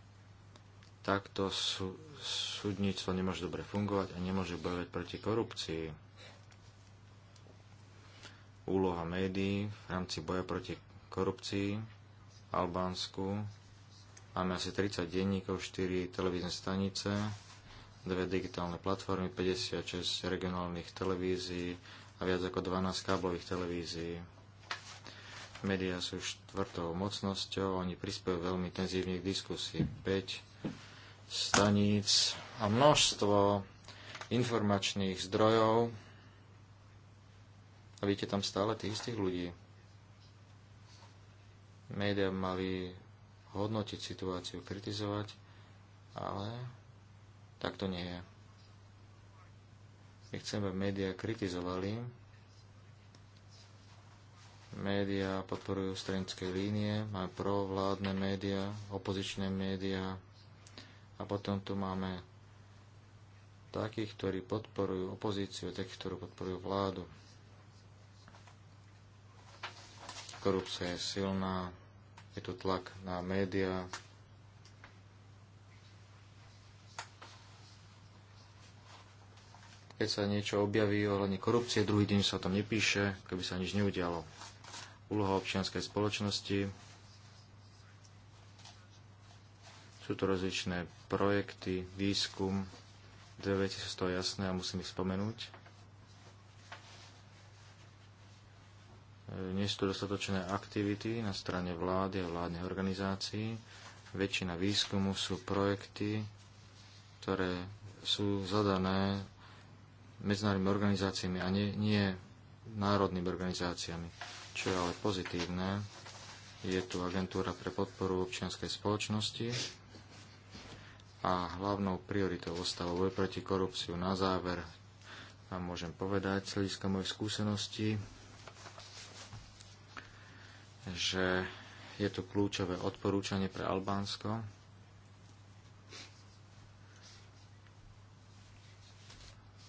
takto sú, súdnictvo nemôže dobre fungovať a nemôže bojovať proti korupcii. Úloha médií v rámci boja proti korupcii v Albánsku. Máme asi 30 denníkov, 4 televízne stanice, 2 digitálne platformy, 56 regionálnych televízií a viac ako 12 káblových televízií. Média sú štvrtou mocnosťou, oni prispievajú veľmi intenzívne k diskusii. 5 staníc a množstvo informačných zdrojov a vidíte tam stále tých istých ľudí. Média mali hodnotiť situáciu, kritizovať, ale tak to nie je. My chceme, aby médiá kritizovali. Média podporujú stranické línie, majú provládne médiá, opozičné médiá, a potom tu máme takých, ktorí podporujú opozíciu, takých, ktorí podporujú vládu. Korupcia je silná, je tu tlak na médiá, keď sa niečo objaví ohľadne korupcie, druhý deň sa tom nepíše, keby sa nič neudialo. Úloha občianskej spoločnosti Sú to rozličné projekty, výskum, dve veci sú z toho jasné a musím ich spomenúť. E, nie sú to dostatočné aktivity na strane vlády a vládnych organizácií. Väčšina výskumu sú projekty, ktoré sú zadané medzinárodnými organizáciami a nie, nie národnými organizáciami. Čo je ale pozitívne, je tu agentúra pre podporu občianskej spoločnosti, a hlavnou prioritou ostalo boj proti korupciu. Na záver vám môžem povedať z hľadiska mojej skúsenosti, že je tu kľúčové odporúčanie pre Albánsko.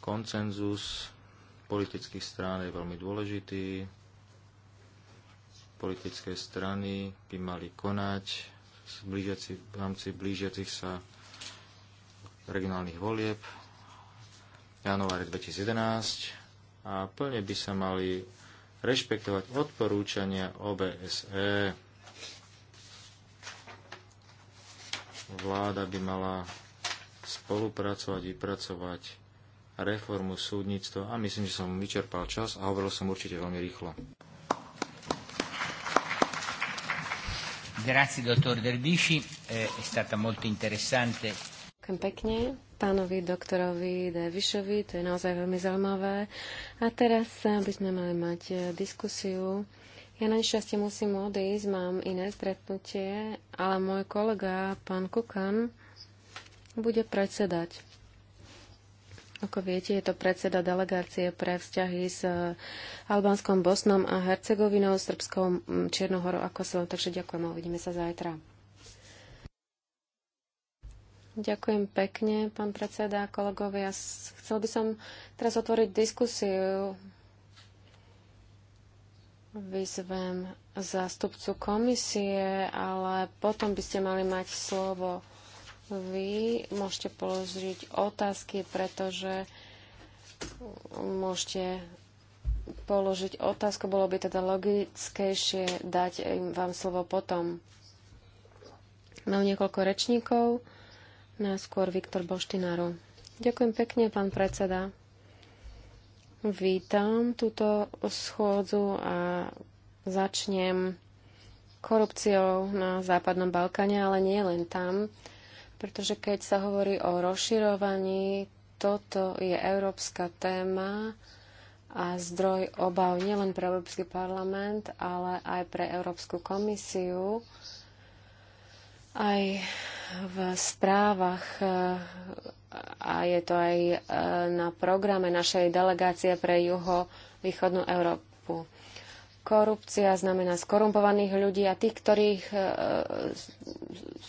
Koncenzus politických strán je veľmi dôležitý. Politické strany by mali konať v rámci blížiacich sa regionálnych volieb v januári 2011 a plne by sa mali rešpektovať odporúčania OBSE. Vláda by mala spolupracovať, vypracovať reformu súdnictva a myslím, že som vyčerpal čas a hovoril som určite veľmi rýchlo. Grazie dottor Derbici, eh, è stata molto interessante Ďakujem pekne pánovi doktorovi Devišovi, to je naozaj veľmi zaujímavé. A teraz eh, by sme mali mať eh, diskusiu. Ja na nešťastie musím odísť, mám iné stretnutie, ale môj kolega, pán Kukan, bude predsedať. Ako viete, je to predseda delegácie pre vzťahy s eh, Albánskom, Bosnom a Hercegovinou, Srbskou, mm, Černohorou a Kosovom. Takže ďakujem a uvidíme sa zajtra. Ďakujem pekne, pán predseda, kolegovia. Chcel by som teraz otvoriť diskusiu. Vyzvem zástupcu komisie, ale potom by ste mali mať slovo vy. Môžete položiť otázky, pretože môžete položiť otázku. Bolo by teda logickejšie dať vám slovo potom. Mám niekoľko rečníkov. Najskôr Viktor Boštinárov. Ďakujem pekne, pán predseda. Vítam túto schôdzu a začnem korupciou na Západnom Balkáne, ale nie len tam, pretože keď sa hovorí o rozširovaní, toto je európska téma a zdroj obav nielen pre Európsky parlament, ale aj pre Európsku komisiu aj v správach e, a je to aj e, na programe našej delegácie pre juho-východnú Európu. Korupcia znamená skorumpovaných ľudí a tých, ktorých e,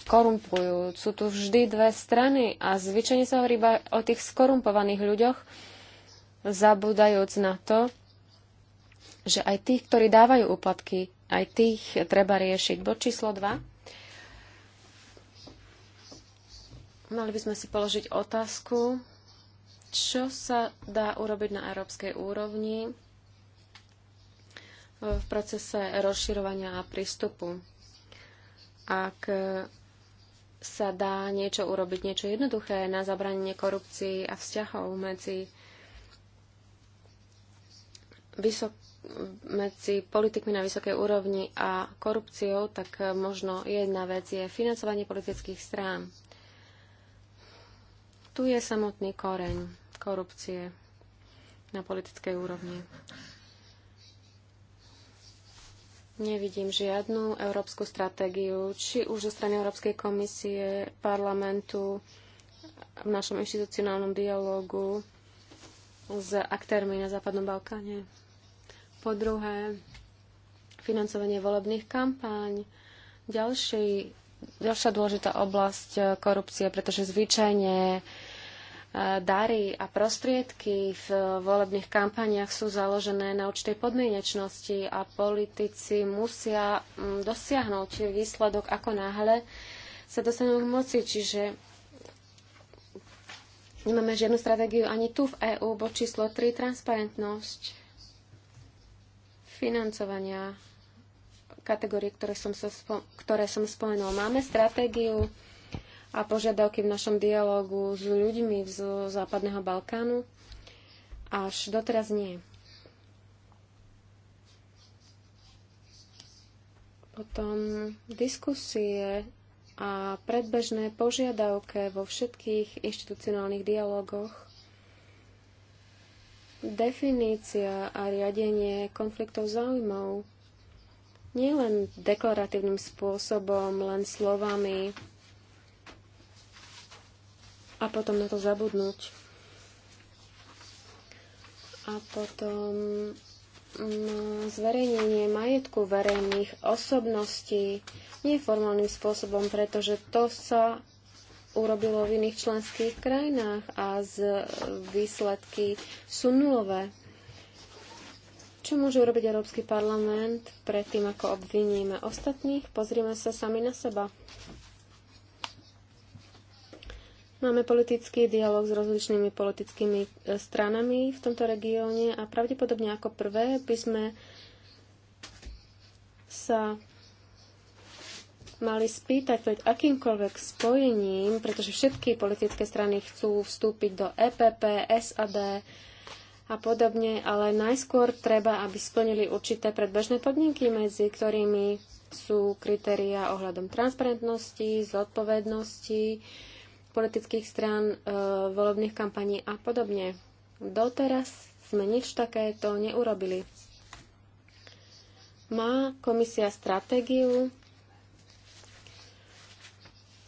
skorumpujú. Sú tu vždy dve strany a zvyčajne sa hovorí iba o tých skorumpovaných ľuďoch, zabúdajúc na to, že aj tých, ktorí dávajú úplatky, aj tých treba riešiť. Bod číslo 2. Mali by sme si položiť otázku, čo sa dá urobiť na európskej úrovni e, v procese rozširovania a prístupu. Ak e, sa dá niečo urobiť, niečo jednoduché na zabranenie korupcii a vzťahov medzi, vysok, medzi politikmi na vysokej úrovni a korupciou, tak e, možno jedna vec je financovanie politických strán. Tu je samotný koreň korupcie na politickej úrovni. Nevidím žiadnu európsku stratégiu, či už zo strany Európskej komisie, parlamentu, v našom inštitucionálnom dialogu s aktérmi na Západnom Balkáne. Po druhé, financovanie volebných kampaň. Ďalší, ďalšia dôležitá oblasť korupcie, pretože zvyčajne E, dary a prostriedky v volebných kampaniach sú založené na určitej podmienečnosti a politici musia mm, dosiahnuť výsledok ako náhle sa dostanú k moci. Čiže nemáme žiadnu stratégiu ani tu v EÚ, bo číslo 3, transparentnosť financovania kategórie, ktoré som, ktoré som spomenul. Máme stratégiu a požiadavky v našom dialogu s ľuďmi z Západného Balkánu. Až doteraz nie. Potom diskusie a predbežné požiadavke vo všetkých inštitucionálnych dialogoch, definícia a riadenie konfliktov záujmov, nielen deklaratívnym spôsobom, len slovami, a potom na to zabudnúť. A potom zverejnenie majetku verejných osobností neformálnym spôsobom, pretože to sa urobilo v iných členských krajinách a z výsledky sú nulové. Čo môže urobiť Európsky parlament predtým, ako obviníme ostatných? Pozrime sa sami na seba. Máme politický dialog s rozličnými politickými e, stranami v tomto regióne a pravdepodobne ako prvé by sme sa mali spýtať pred akýmkoľvek spojením, pretože všetky politické strany chcú vstúpiť do EPP, SAD a podobne, ale najskôr treba, aby splnili určité predbežné podmienky, medzi ktorými sú kritéria ohľadom transparentnosti, zodpovednosti, politických strán, e, volebných kampaní a podobne. Doteraz sme nič takéto neurobili. Má komisia stratégiu,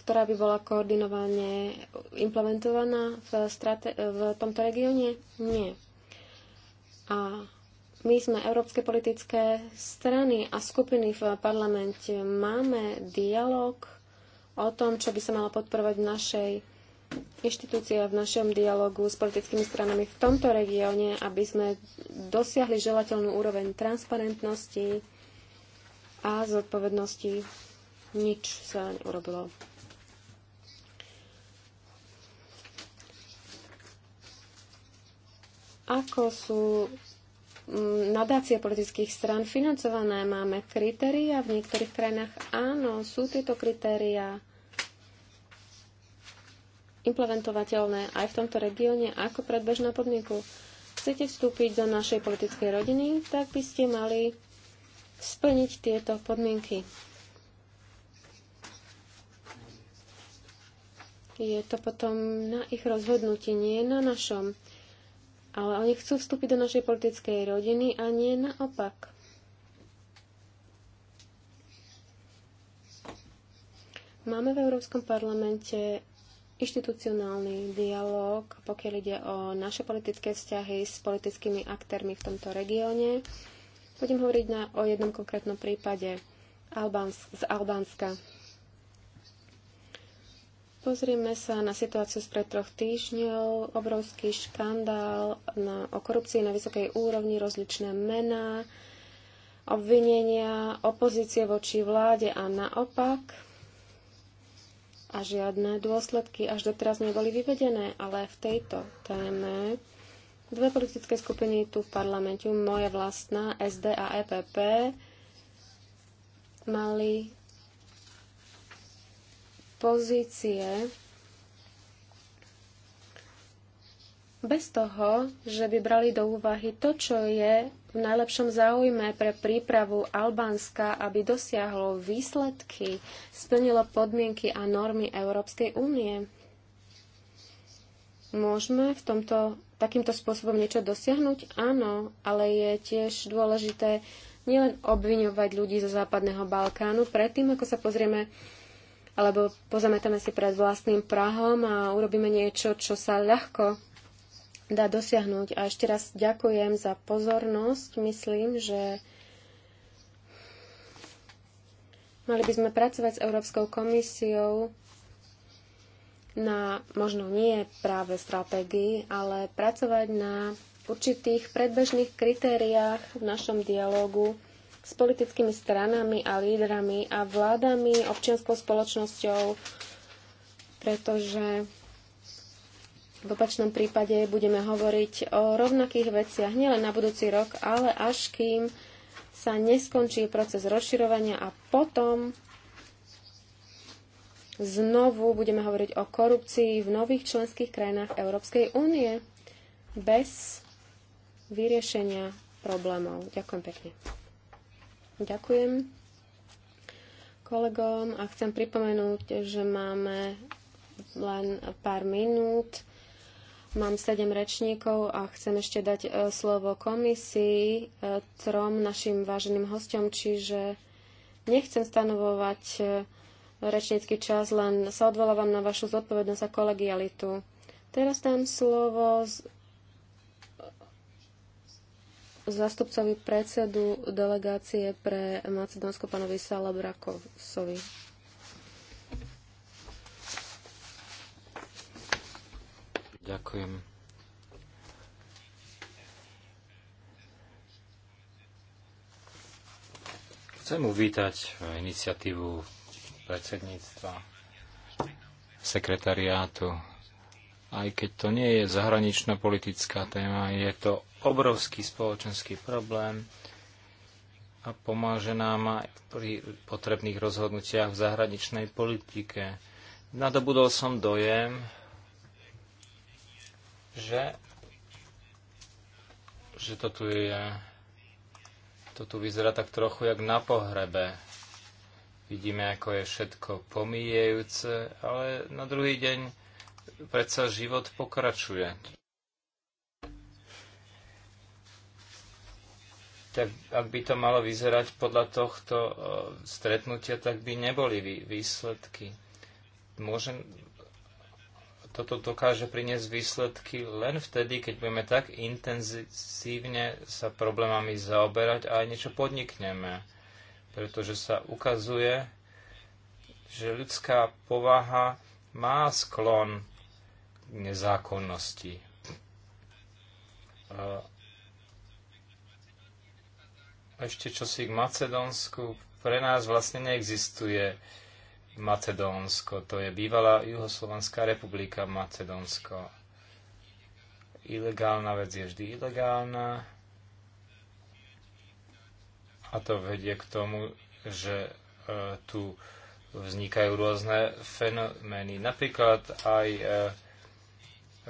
ktorá by bola koordinovane implementovaná v, v tomto regióne? Nie. A my sme európske politické strany a skupiny v parlamente. Máme dialog o tom, čo by sa malo podporovať v našej inštitúcii a v našom dialogu s politickými stranami v tomto regióne, aby sme dosiahli želateľnú úroveň transparentnosti a zodpovednosti. Nič sa neurobilo. Ako sú mm, nadácie politických stran financované? Máme kritéria v niektorých krajinách? Áno, sú tieto kritéria implementovateľné aj v tomto regióne ako predbežná podmienku. Chcete vstúpiť do našej politickej rodiny, tak by ste mali splniť tieto podmienky. Je to potom na ich rozhodnutí, nie na našom. Ale oni chcú vstúpiť do našej politickej rodiny a nie naopak. Máme v Európskom parlamente inštitucionálny dialog, pokiaľ ide o naše politické vzťahy s politickými aktérmi v tomto regióne. Budem hovoriť na, o jednom konkrétnom prípade Albánsk, z Albánska. Pozrieme sa na situáciu spred troch týždňov, obrovský škandál na, o korupcii na vysokej úrovni, rozličné mená, obvinenia opozície voči vláde a naopak a žiadne dôsledky až doteraz neboli vyvedené, ale v tejto téme dve politické skupiny tu v parlamente, moja vlastná SD a EPP, mali pozície bez toho, že by brali do úvahy to, čo je v najlepšom záujme pre prípravu Albánska, aby dosiahlo výsledky, splnilo podmienky a normy Európskej únie. Môžeme v tomto, takýmto spôsobom niečo dosiahnuť? Áno, ale je tiež dôležité nielen obviňovať ľudí zo Západného Balkánu, predtým ako sa pozrieme alebo pozametame si pred vlastným prahom a urobíme niečo, čo sa ľahko dá dosiahnuť. A ešte raz ďakujem za pozornosť. Myslím, že mali by sme pracovať s Európskou komisiou na možno nie práve stratégii, ale pracovať na určitých predbežných kritériách v našom dialogu s politickými stranami a lídrami a vládami, občianskou spoločnosťou, pretože v opačnom prípade budeme hovoriť o rovnakých veciach nielen na budúci rok, ale až kým sa neskončí proces rozširovania a potom znovu budeme hovoriť o korupcii v nových členských krajinách Európskej únie bez vyriešenia problémov. Ďakujem pekne. Ďakujem kolegom a chcem pripomenúť, že máme len pár minút Mám sedem rečníkov a chcem ešte dať e, slovo komisii, e, trom našim váženým hostom, čiže nechcem stanovovať e, rečnícky čas, len sa odvolávam na vašu zodpovednosť a kolegialitu. Teraz dám slovo z... zastupcovi predsedu delegácie pre Macedónsko, pánovi Salabrakovsovi. Ďakujem. Chcem uvítať iniciatívu predsedníctva sekretariátu. Aj keď to nie je zahraničná politická téma, je to obrovský spoločenský problém a pomáže nám aj pri potrebných rozhodnutiach v zahraničnej politike. Nadobudol som dojem, že, že to tu je to tu vyzerá tak trochu jak na pohrebe. Vidíme, ako je všetko pomíjajúce, ale na druhý deň predsa život pokračuje. Tak ak by to malo vyzerať podľa tohto e, stretnutia, tak by neboli výsledky. Môžem toto dokáže priniesť výsledky len vtedy, keď budeme tak intenzívne sa problémami zaoberať a aj niečo podnikneme. Pretože sa ukazuje, že ľudská povaha má sklon k nezákonnosti. Ešte čosi k Macedónsku pre nás vlastne neexistuje Macedónsko. To je bývalá Juhoslovanská republika Macedónsko. Ilegálna vec je vždy ilegálna a to vedie k tomu, že e, tu vznikajú rôzne fenomény. Napríklad aj e,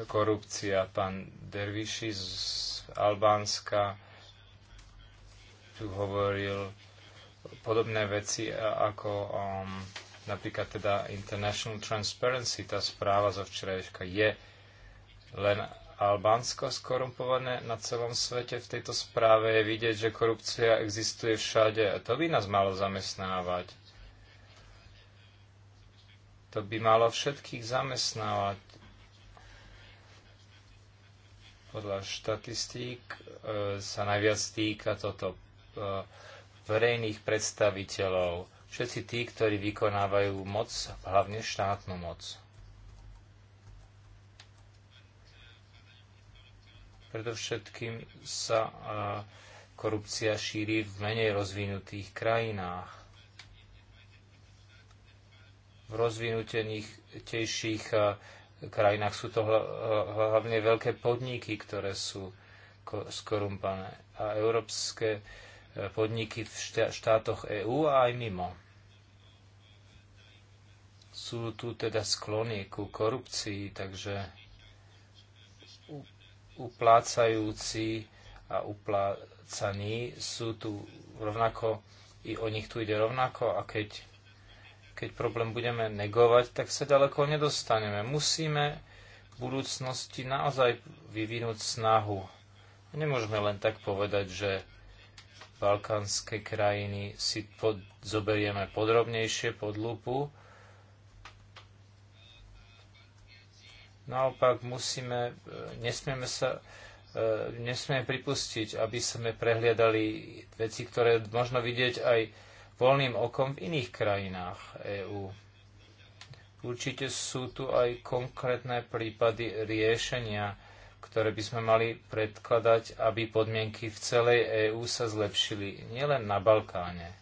korupcia. Pán Derviši z Albánska tu hovoril podobné veci ako um, Napríklad teda International Transparency, tá správa zo včerajška je len Albánsko skorumpované na celom svete. V tejto správe je vidieť, že korupcia existuje všade a to by nás malo zamestnávať. To by malo všetkých zamestnávať. Podľa štatistík e, sa najviac týka toto e, verejných predstaviteľov, všetci tí, ktorí vykonávajú moc, hlavne štátnu moc. Predovšetkým sa korupcia šíri v menej rozvinutých krajinách. V rozvinutejších krajinách sú to hlavne veľké podniky, ktoré sú skorumpané. A európske podniky v štátoch EÚ a aj mimo. Sú tu teda sklony ku korupcii, takže uplácajúci a uplácaní sú tu rovnako, i o nich tu ide rovnako a keď, keď problém budeme negovať, tak sa ďaleko nedostaneme. Musíme v budúcnosti naozaj vyvinúť snahu. Nemôžeme len tak povedať, že balkánske krajiny si pod, zoberieme podrobnejšie pod lupu. Naopak musíme, e, nesmieme sa e, nesmieme pripustiť, aby sme prehliadali veci, ktoré možno vidieť aj voľným okom v iných krajinách EÚ. Určite sú tu aj konkrétne prípady riešenia ktoré by sme mali predkladať, aby podmienky v celej EÚ sa zlepšili, nielen na Balkáne.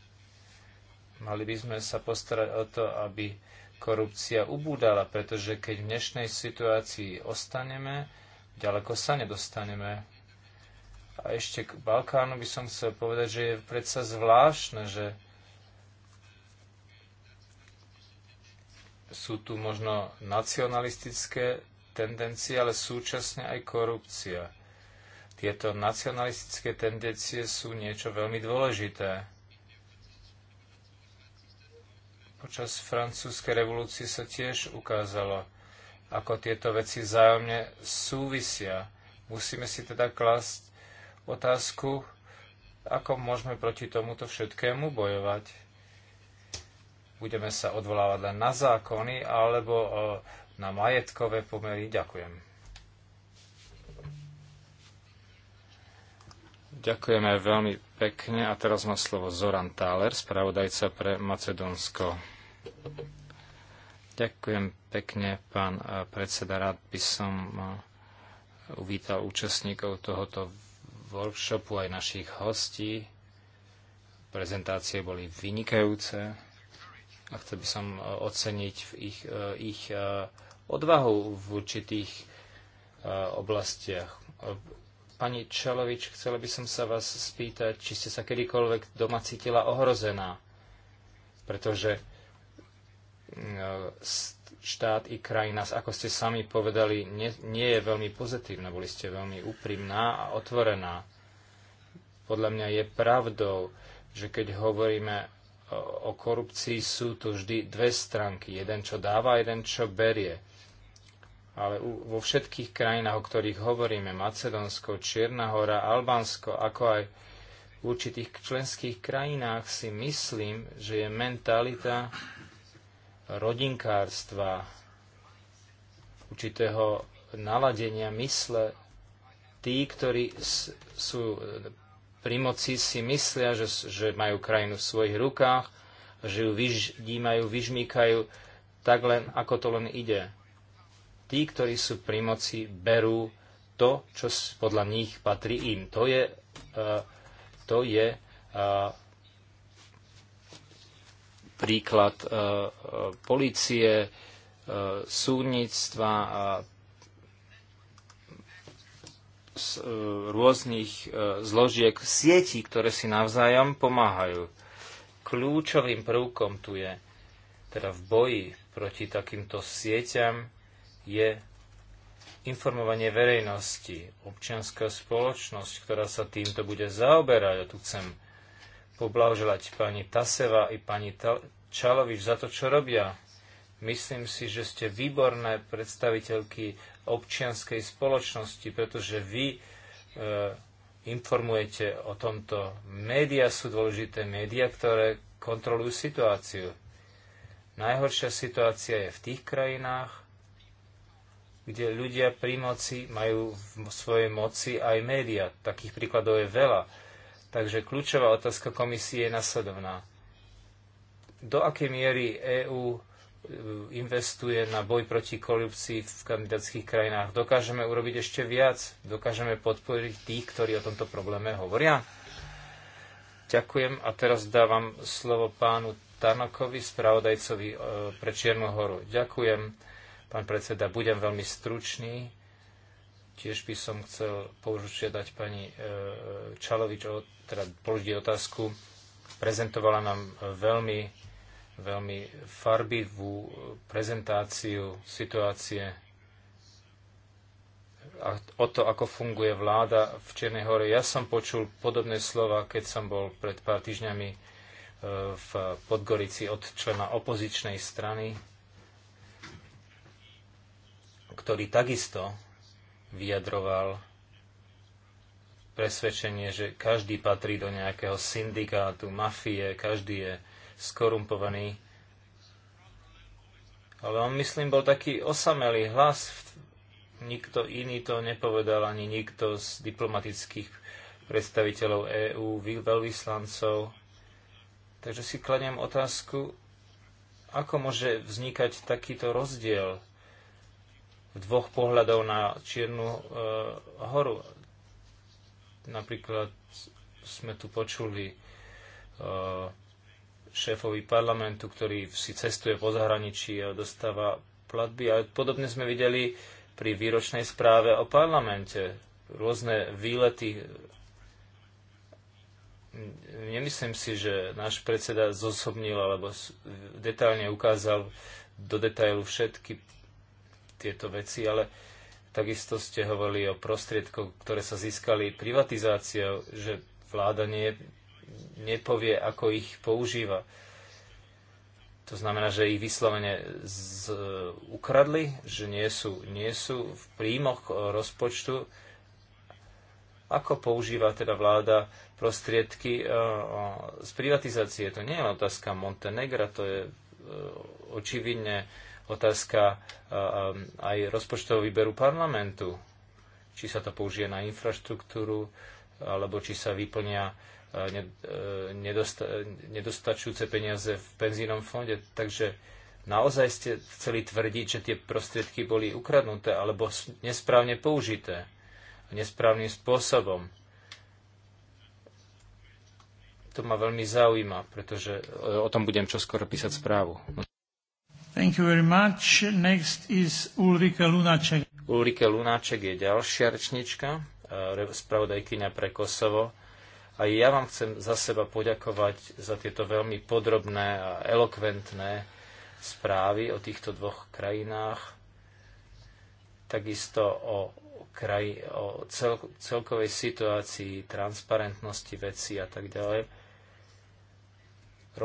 Mali by sme sa postarať o to, aby korupcia ubúdala, pretože keď v dnešnej situácii ostaneme, ďaleko sa nedostaneme. A ešte k Balkánu by som chcel povedať, že je predsa zvláštne, že sú tu možno nacionalistické tendencie, ale súčasne aj korupcia. Tieto nacionalistické tendencie sú niečo veľmi dôležité. Počas francúzskej revolúcie sa tiež ukázalo, ako tieto veci vzájomne súvisia. Musíme si teda klásť otázku, ako môžeme proti tomuto všetkému bojovať. Budeme sa odvolávať len na zákony, alebo na majetkové pomery. Ďakujem. Ďakujeme veľmi pekne a teraz má slovo Zoran Táler, spravodajca pre Macedónsko. Ďakujem pekne, pán predseda. Rád by som uvítal účastníkov tohoto workshopu aj našich hostí. Prezentácie boli vynikajúce a chcel by som oceniť ich, e, ich e, odvahu v určitých e, oblastiach. Pani Čelovič, chcela by som sa vás spýtať, či ste sa kedykoľvek doma cítila ohrozená, pretože e, štát i krajina, ako ste sami povedali, nie, nie je veľmi pozitívna. Boli ste veľmi úprimná a otvorená. Podľa mňa je pravdou, že keď hovoríme o korupcii, sú tu vždy dve stránky. Jeden, čo dáva, jeden, čo berie ale vo všetkých krajinách, o ktorých hovoríme, Macedónsko, Čierna hora, Albánsko, ako aj v určitých členských krajinách si myslím, že je mentalita rodinkárstva, určitého naladenia mysle. Tí, ktorí sú pri moci, si myslia, že, že majú krajinu v svojich rukách, že ju vyždímajú, vyžmýkajú, tak len ako to len ide. Tí, ktorí sú pri moci, berú to, čo podľa nich patrí im. To je, e, to je e, príklad e, policie, súdnictva, rôznych zložiek sietí, ktoré si navzájom pomáhajú. Kľúčovým prvkom tu je, teda v boji proti takýmto sieťam, je informovanie verejnosti, občianská spoločnosť, ktorá sa týmto bude zaoberať. A ja tu chcem poblahoželať pani Taseva i pani Čalovič za to, čo robia. Myslím si, že ste výborné predstaviteľky občianskej spoločnosti, pretože vy e, informujete o tomto. Média sú dôležité, média, ktoré kontrolujú situáciu. Najhoršia situácia je v tých krajinách, kde ľudia pri moci majú v svojej moci aj média. Takých príkladov je veľa. Takže kľúčová otázka komisie je nasledovná. Do akej miery EÚ e, investuje na boj proti korupcii v kandidátskych krajinách. Dokážeme urobiť ešte viac? Dokážeme podporiť tých, ktorí o tomto probléme hovoria? Ďakujem a teraz dávam slovo pánu Tarnakovi spravodajcovi e, pre Čiernu horu. Ďakujem. Pán predseda, budem veľmi stručný. Tiež by som chcel požiadať pani e, Čalovič, o, teda položiť otázku. Prezentovala nám veľmi, veľmi farbivú prezentáciu situácie a o to, ako funguje vláda v Čiernej hore. Ja som počul podobné slova, keď som bol pred pár týždňami e, v Podgorici od člena opozičnej strany ktorý takisto vyjadroval presvedčenie, že každý patrí do nejakého syndikátu, mafie, každý je skorumpovaný. Ale on, myslím, bol taký osamelý hlas. Nikto iný to nepovedal, ani nikto z diplomatických predstaviteľov EÚ, veľvyslancov. Takže si kladiem otázku, ako môže vznikať takýto rozdiel dvoch pohľadov na Čiernu e, horu. Napríklad sme tu počuli e, šéfovi parlamentu, ktorý si cestuje po zahraničí a dostáva platby. A podobne sme videli pri výročnej správe o parlamente. Rôzne výlety. Nemyslím si, že náš predseda zosobnil alebo detailne ukázal do detailu všetky tieto veci, ale takisto ste hovorili o prostriedkoch, ktoré sa získali privatizáciou, že vláda nie, nepovie, ako ich používa. To znamená, že ich vyslovene z, ukradli, že nie sú, nie sú v príjmoch eh, rozpočtu. Ako používa teda vláda prostriedky eh, z privatizácie? To nie je otázka Montenegra, to je eh, očividne otázka aj rozpočtového výberu parlamentu. Či sa to použije na infraštruktúru, alebo či sa vyplnia e, nedostačujúce peniaze v penzínom fonde. Takže naozaj ste chceli tvrdiť, že tie prostriedky boli ukradnuté alebo nesprávne použité nesprávnym spôsobom. To ma veľmi zaujíma, pretože e, o tom budem čoskoro písať správu. Thank you very much. Next is Ulrike Lunáček. Ulrike Lunáček je ďalšia rečnička, eh, spravodajkyňa pre Kosovo. A ja vám chcem za seba poďakovať za tieto veľmi podrobné a elokventné správy o týchto dvoch krajinách, takisto o, kraj, o cel, celkovej situácii, transparentnosti veci a tak ďalej.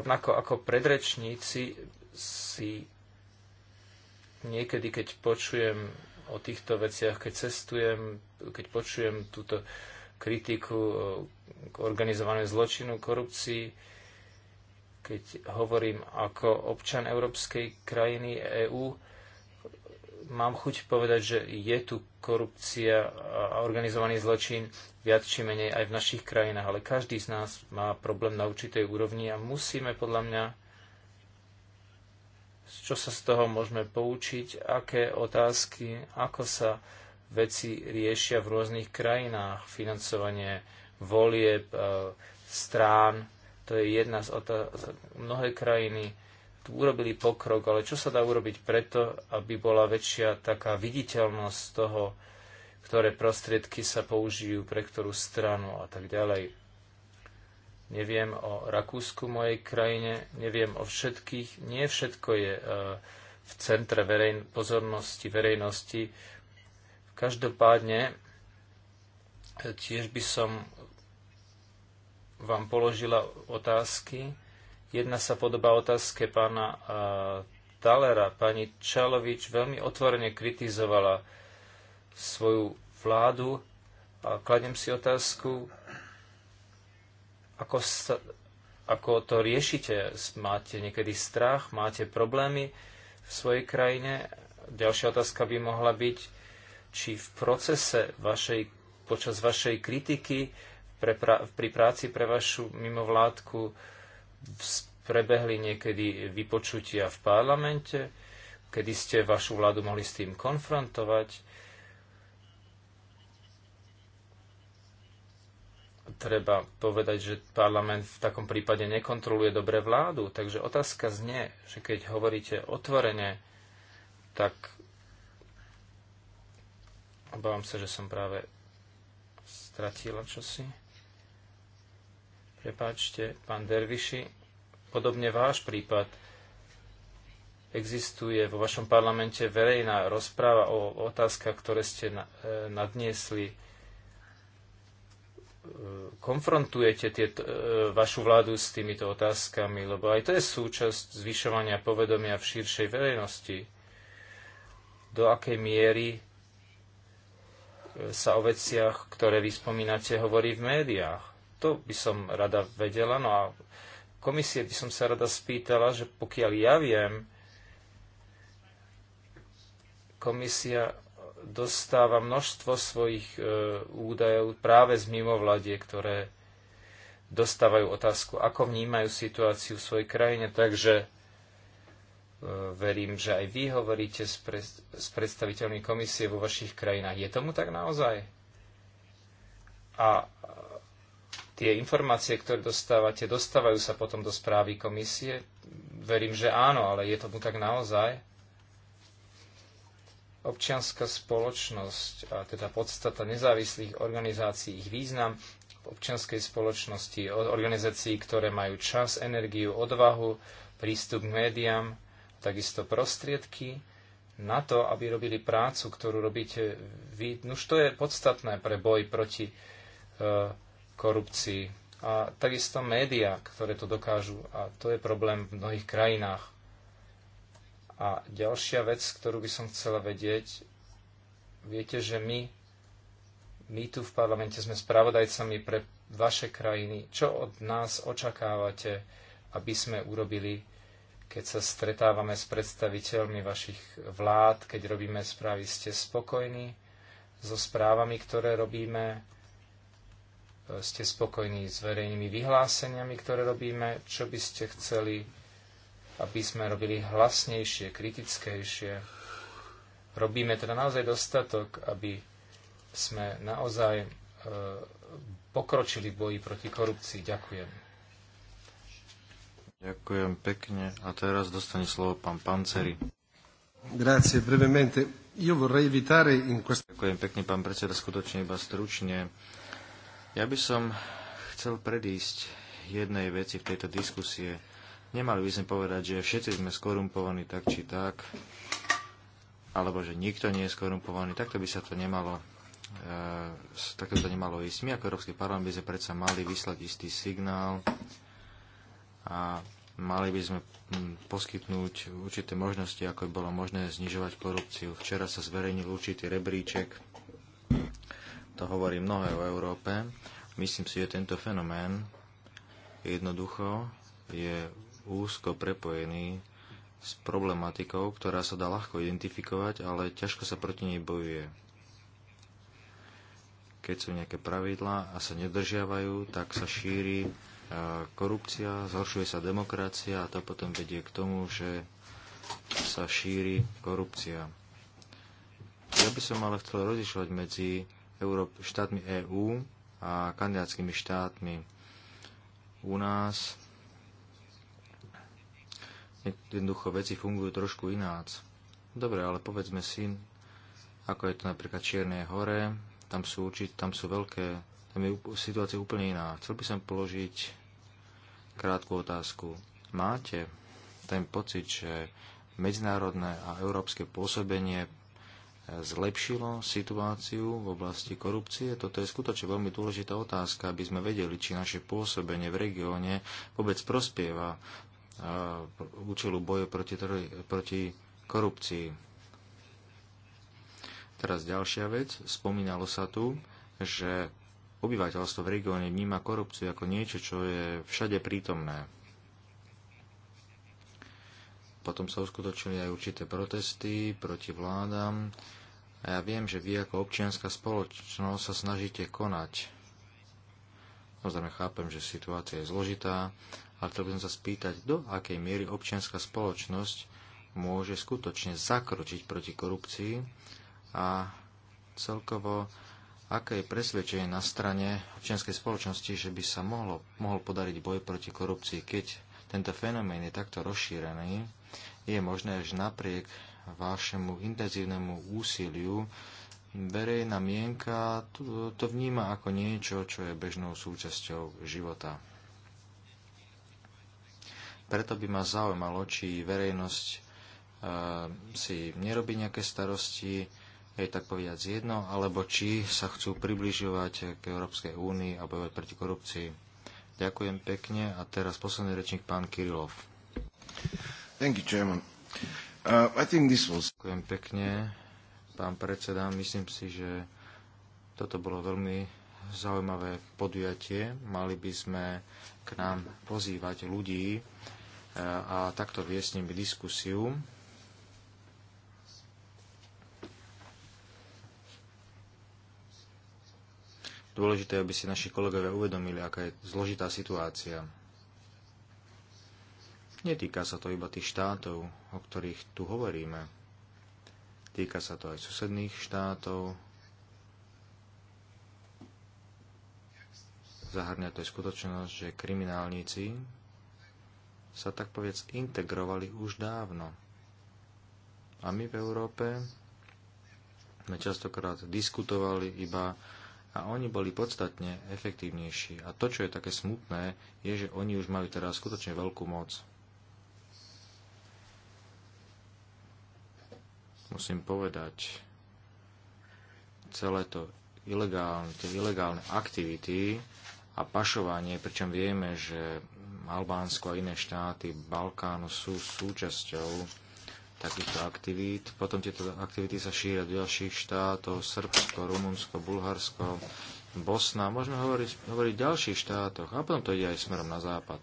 Rovnako ako predrečníci si Niekedy, keď počujem o týchto veciach, keď cestujem, keď počujem túto kritiku k organizovanému zločinu, korupcii, keď hovorím ako občan európskej krajiny EÚ, mám chuť povedať, že je tu korupcia a organizovaný zločin viac či menej aj v našich krajinách, ale každý z nás má problém na určitej úrovni a musíme podľa mňa čo sa z toho môžeme poučiť, aké otázky, ako sa veci riešia v rôznych krajinách, financovanie volieb, e, strán, to je jedna z otázok. Mnohé krajiny tu urobili pokrok, ale čo sa dá urobiť preto, aby bola väčšia taká viditeľnosť toho, ktoré prostriedky sa použijú pre ktorú stranu a tak ďalej neviem o Rakúsku, mojej krajine, neviem o všetkých. Nie všetko je e, v centre verejn- pozornosti verejnosti. Každopádne e, tiež by som vám položila otázky. Jedna sa podobá otázke pána e, Talera. Pani Čalovič veľmi otvorene kritizovala svoju vládu a kladem si otázku, ako, sa, ako to riešite? Máte niekedy strach? Máte problémy v svojej krajine? Ďalšia otázka by mohla byť, či v procese vašej, počas vašej kritiky pre, pri práci pre vašu mimovládku prebehli niekedy vypočutia v parlamente, kedy ste vašu vládu mohli s tým konfrontovať treba povedať, že parlament v takom prípade nekontroluje dobre vládu. Takže otázka znie, že keď hovoríte otvorene, tak obávam sa, že som práve stratila čosi. Prepáčte, pán Derviši, podobne váš prípad existuje vo vašom parlamente verejná rozpráva o otázkach, ktoré ste e, nadniesli konfrontujete tieto, e, vašu vládu s týmito otázkami, lebo aj to je súčasť zvyšovania povedomia v širšej verejnosti. Do akej miery e, sa o veciach, ktoré vy spomínate, hovorí v médiách. To by som rada vedela. No a komisie by som sa rada spýtala, že pokiaľ ja viem, komisia dostáva množstvo svojich e, údajov práve z mimovladie, ktoré dostávajú otázku, ako vnímajú situáciu v svojej krajine. Takže e, verím, že aj vy hovoríte s, pre, s predstaviteľmi komisie vo vašich krajinách. Je tomu tak naozaj? A tie informácie, ktoré dostávate, dostávajú sa potom do správy komisie? Verím, že áno, ale je tomu tak naozaj? Občianská spoločnosť, a teda podstata nezávislých organizácií, ich význam v občianskej spoločnosti, organizácií, ktoré majú čas, energiu, odvahu, prístup k médiám, takisto prostriedky na to, aby robili prácu, ktorú robíte vy. Už to je podstatné pre boj proti e, korupcii. A takisto médiá, ktoré to dokážu. A to je problém v mnohých krajinách. A ďalšia vec, ktorú by som chcela vedieť, viete, že my, my tu v parlamente sme spravodajcami pre vaše krajiny. Čo od nás očakávate, aby sme urobili, keď sa stretávame s predstaviteľmi vašich vlád, keď robíme správy, ste spokojní so správami, ktoré robíme, ste spokojní s verejnými vyhláseniami, ktoré robíme, čo by ste chceli aby sme robili hlasnejšie, kritickejšie. Robíme teda naozaj dostatok, aby sme naozaj e, pokročili v boji proti korupcii. Ďakujem. Ďakujem pekne. A teraz dostane slovo pán Panceri. Grazie, brevemente. Io vorrei evitare in questo... Ďakujem pekne, pán predseda, skutočne iba stručne. Ja by som chcel predísť jednej veci v tejto diskusie. Nemali by sme povedať, že všetci sme skorumpovaní tak či tak, alebo že nikto nie je skorumpovaný, takto by sa to nemalo e, takto to nemalo ísť. My ako Európsky parlament by sme predsa mali vyslať istý signál a mali by sme poskytnúť určité možnosti, ako by bolo možné znižovať korupciu. Včera sa zverejnil určitý rebríček, to hovorí mnohé o Európe. Myslím si, že tento fenomén jednoducho je úzko prepojený s problematikou, ktorá sa dá ľahko identifikovať, ale ťažko sa proti nej bojuje. Keď sú nejaké pravidlá a sa nedržiavajú, tak sa šíri e, korupcia, zhoršuje sa demokracia a to potom vedie k tomu, že sa šíri korupcia. Ja by som ale chcel rozlišovať medzi štátmi EÚ a kandidátskymi štátmi. U nás jednoducho veci fungujú trošku ináč. Dobre, ale povedzme si, ako je to napríklad Čierne hore, tam sú, určite, tam sú veľké, tam je situácia úplne iná. Chcel by som položiť krátku otázku. Máte ten pocit, že medzinárodné a európske pôsobenie e, zlepšilo situáciu v oblasti korupcie? Toto je skutočne veľmi dôležitá otázka, aby sme vedeli, či naše pôsobenie v regióne vôbec prospieva účelu boju proti, proti korupcii. Teraz ďalšia vec. Spomínalo sa tu, že obyvateľstvo v regióne vníma korupciu ako niečo, čo je všade prítomné. Potom sa uskutočnili aj určité protesty proti vládam. A ja viem, že vy ako občianská spoločnosť sa snažíte konať. Samozrejme chápem, že situácia je zložitá, ale chcel by som sa spýtať, do akej miery občianská spoločnosť môže skutočne zakročiť proti korupcii a celkovo aké je presvedčenie na strane občianskej spoločnosti, že by sa mohlo, mohol podariť boj proti korupcii, keď tento fenomén je takto rozšírený, je možné, že napriek vašemu intenzívnemu úsiliu verejná mienka to, to vníma ako niečo, čo je bežnou súčasťou života. Preto by ma zaujímalo, či verejnosť e, si nerobí nejaké starosti, je tak povedať jedno, alebo či sa chcú približovať k Európskej únii a bojovať proti korupcii. Ďakujem pekne a teraz posledný rečník pán Kirilov. Thank you, Chairman. Uh, I think this was... Ďakujem pekne, pán predseda. Myslím si, že toto bolo veľmi zaujímavé podujatie. Mali by sme k nám pozývať ľudí, a takto viesť s nimi diskusiu. Dôležité, aby si naši kolegovia uvedomili, aká je zložitá situácia. Netýka sa to iba tých štátov, o ktorých tu hovoríme. Týka sa to aj susedných štátov. Zahrňa to aj skutočnosť, že kriminálníci, sa tak povedz integrovali už dávno. A my v Európe sme častokrát diskutovali iba a oni boli podstatne efektívnejší. A to, čo je také smutné, je, že oni už majú teraz skutočne veľkú moc. Musím povedať, celé to ilegálne, tie ilegálne aktivity a pašovanie, pričom vieme, že Albánsko a iné štáty Balkánu sú súčasťou takýchto aktivít. Potom tieto aktivity sa šíria do ďalších štátov, Srbsko, Rumunsko, Bulharsko, Bosna, môžeme hovoriť, hovoriť v ďalších štátoch a potom to ide aj smerom na západ.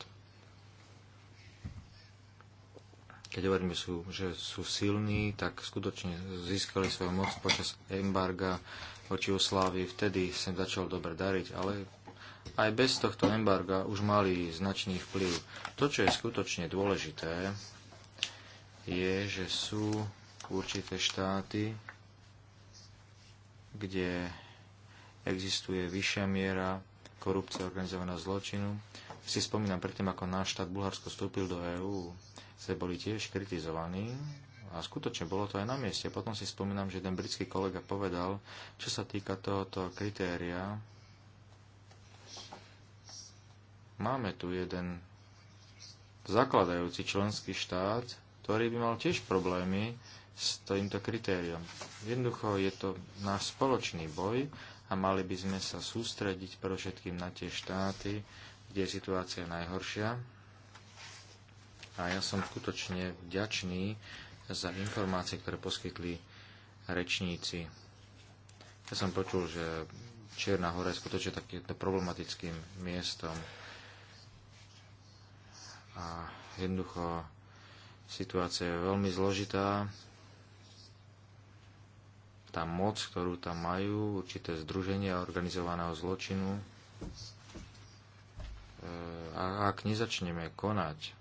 Keď hovoríme, sú, že sú silní, tak skutočne získali svoju moc počas embarga voči Oslávii. Vtedy sem začal dobre dariť, ale aj bez tohto embarga už mali značný vplyv. To, čo je skutočne dôležité, je, že sú určité štáty, kde existuje vyššia miera korupcie organizovaného zločinu. Si spomínam predtým, ako náš štát Bulharsko vstúpil do EÚ, sme boli tiež kritizovaní a skutočne bolo to aj na mieste. Potom si spomínam, že ten britský kolega povedal, čo sa týka tohoto kritéria, Máme tu jeden zakladajúci členský štát, ktorý by mal tiež problémy s týmto kritériom. Jednoducho je to náš spoločný boj a mali by sme sa sústrediť pro všetkým na tie štáty, kde je situácia najhoršia. A ja som skutočne vďačný za informácie, ktoré poskytli rečníci. Ja som počul, že Čierna hora je skutočne takýmto problematickým miestom a jednoducho situácia je veľmi zložitá. Tá moc, ktorú tam majú, určité združenia organizovaného zločinu. E, a ak nezačneme konať,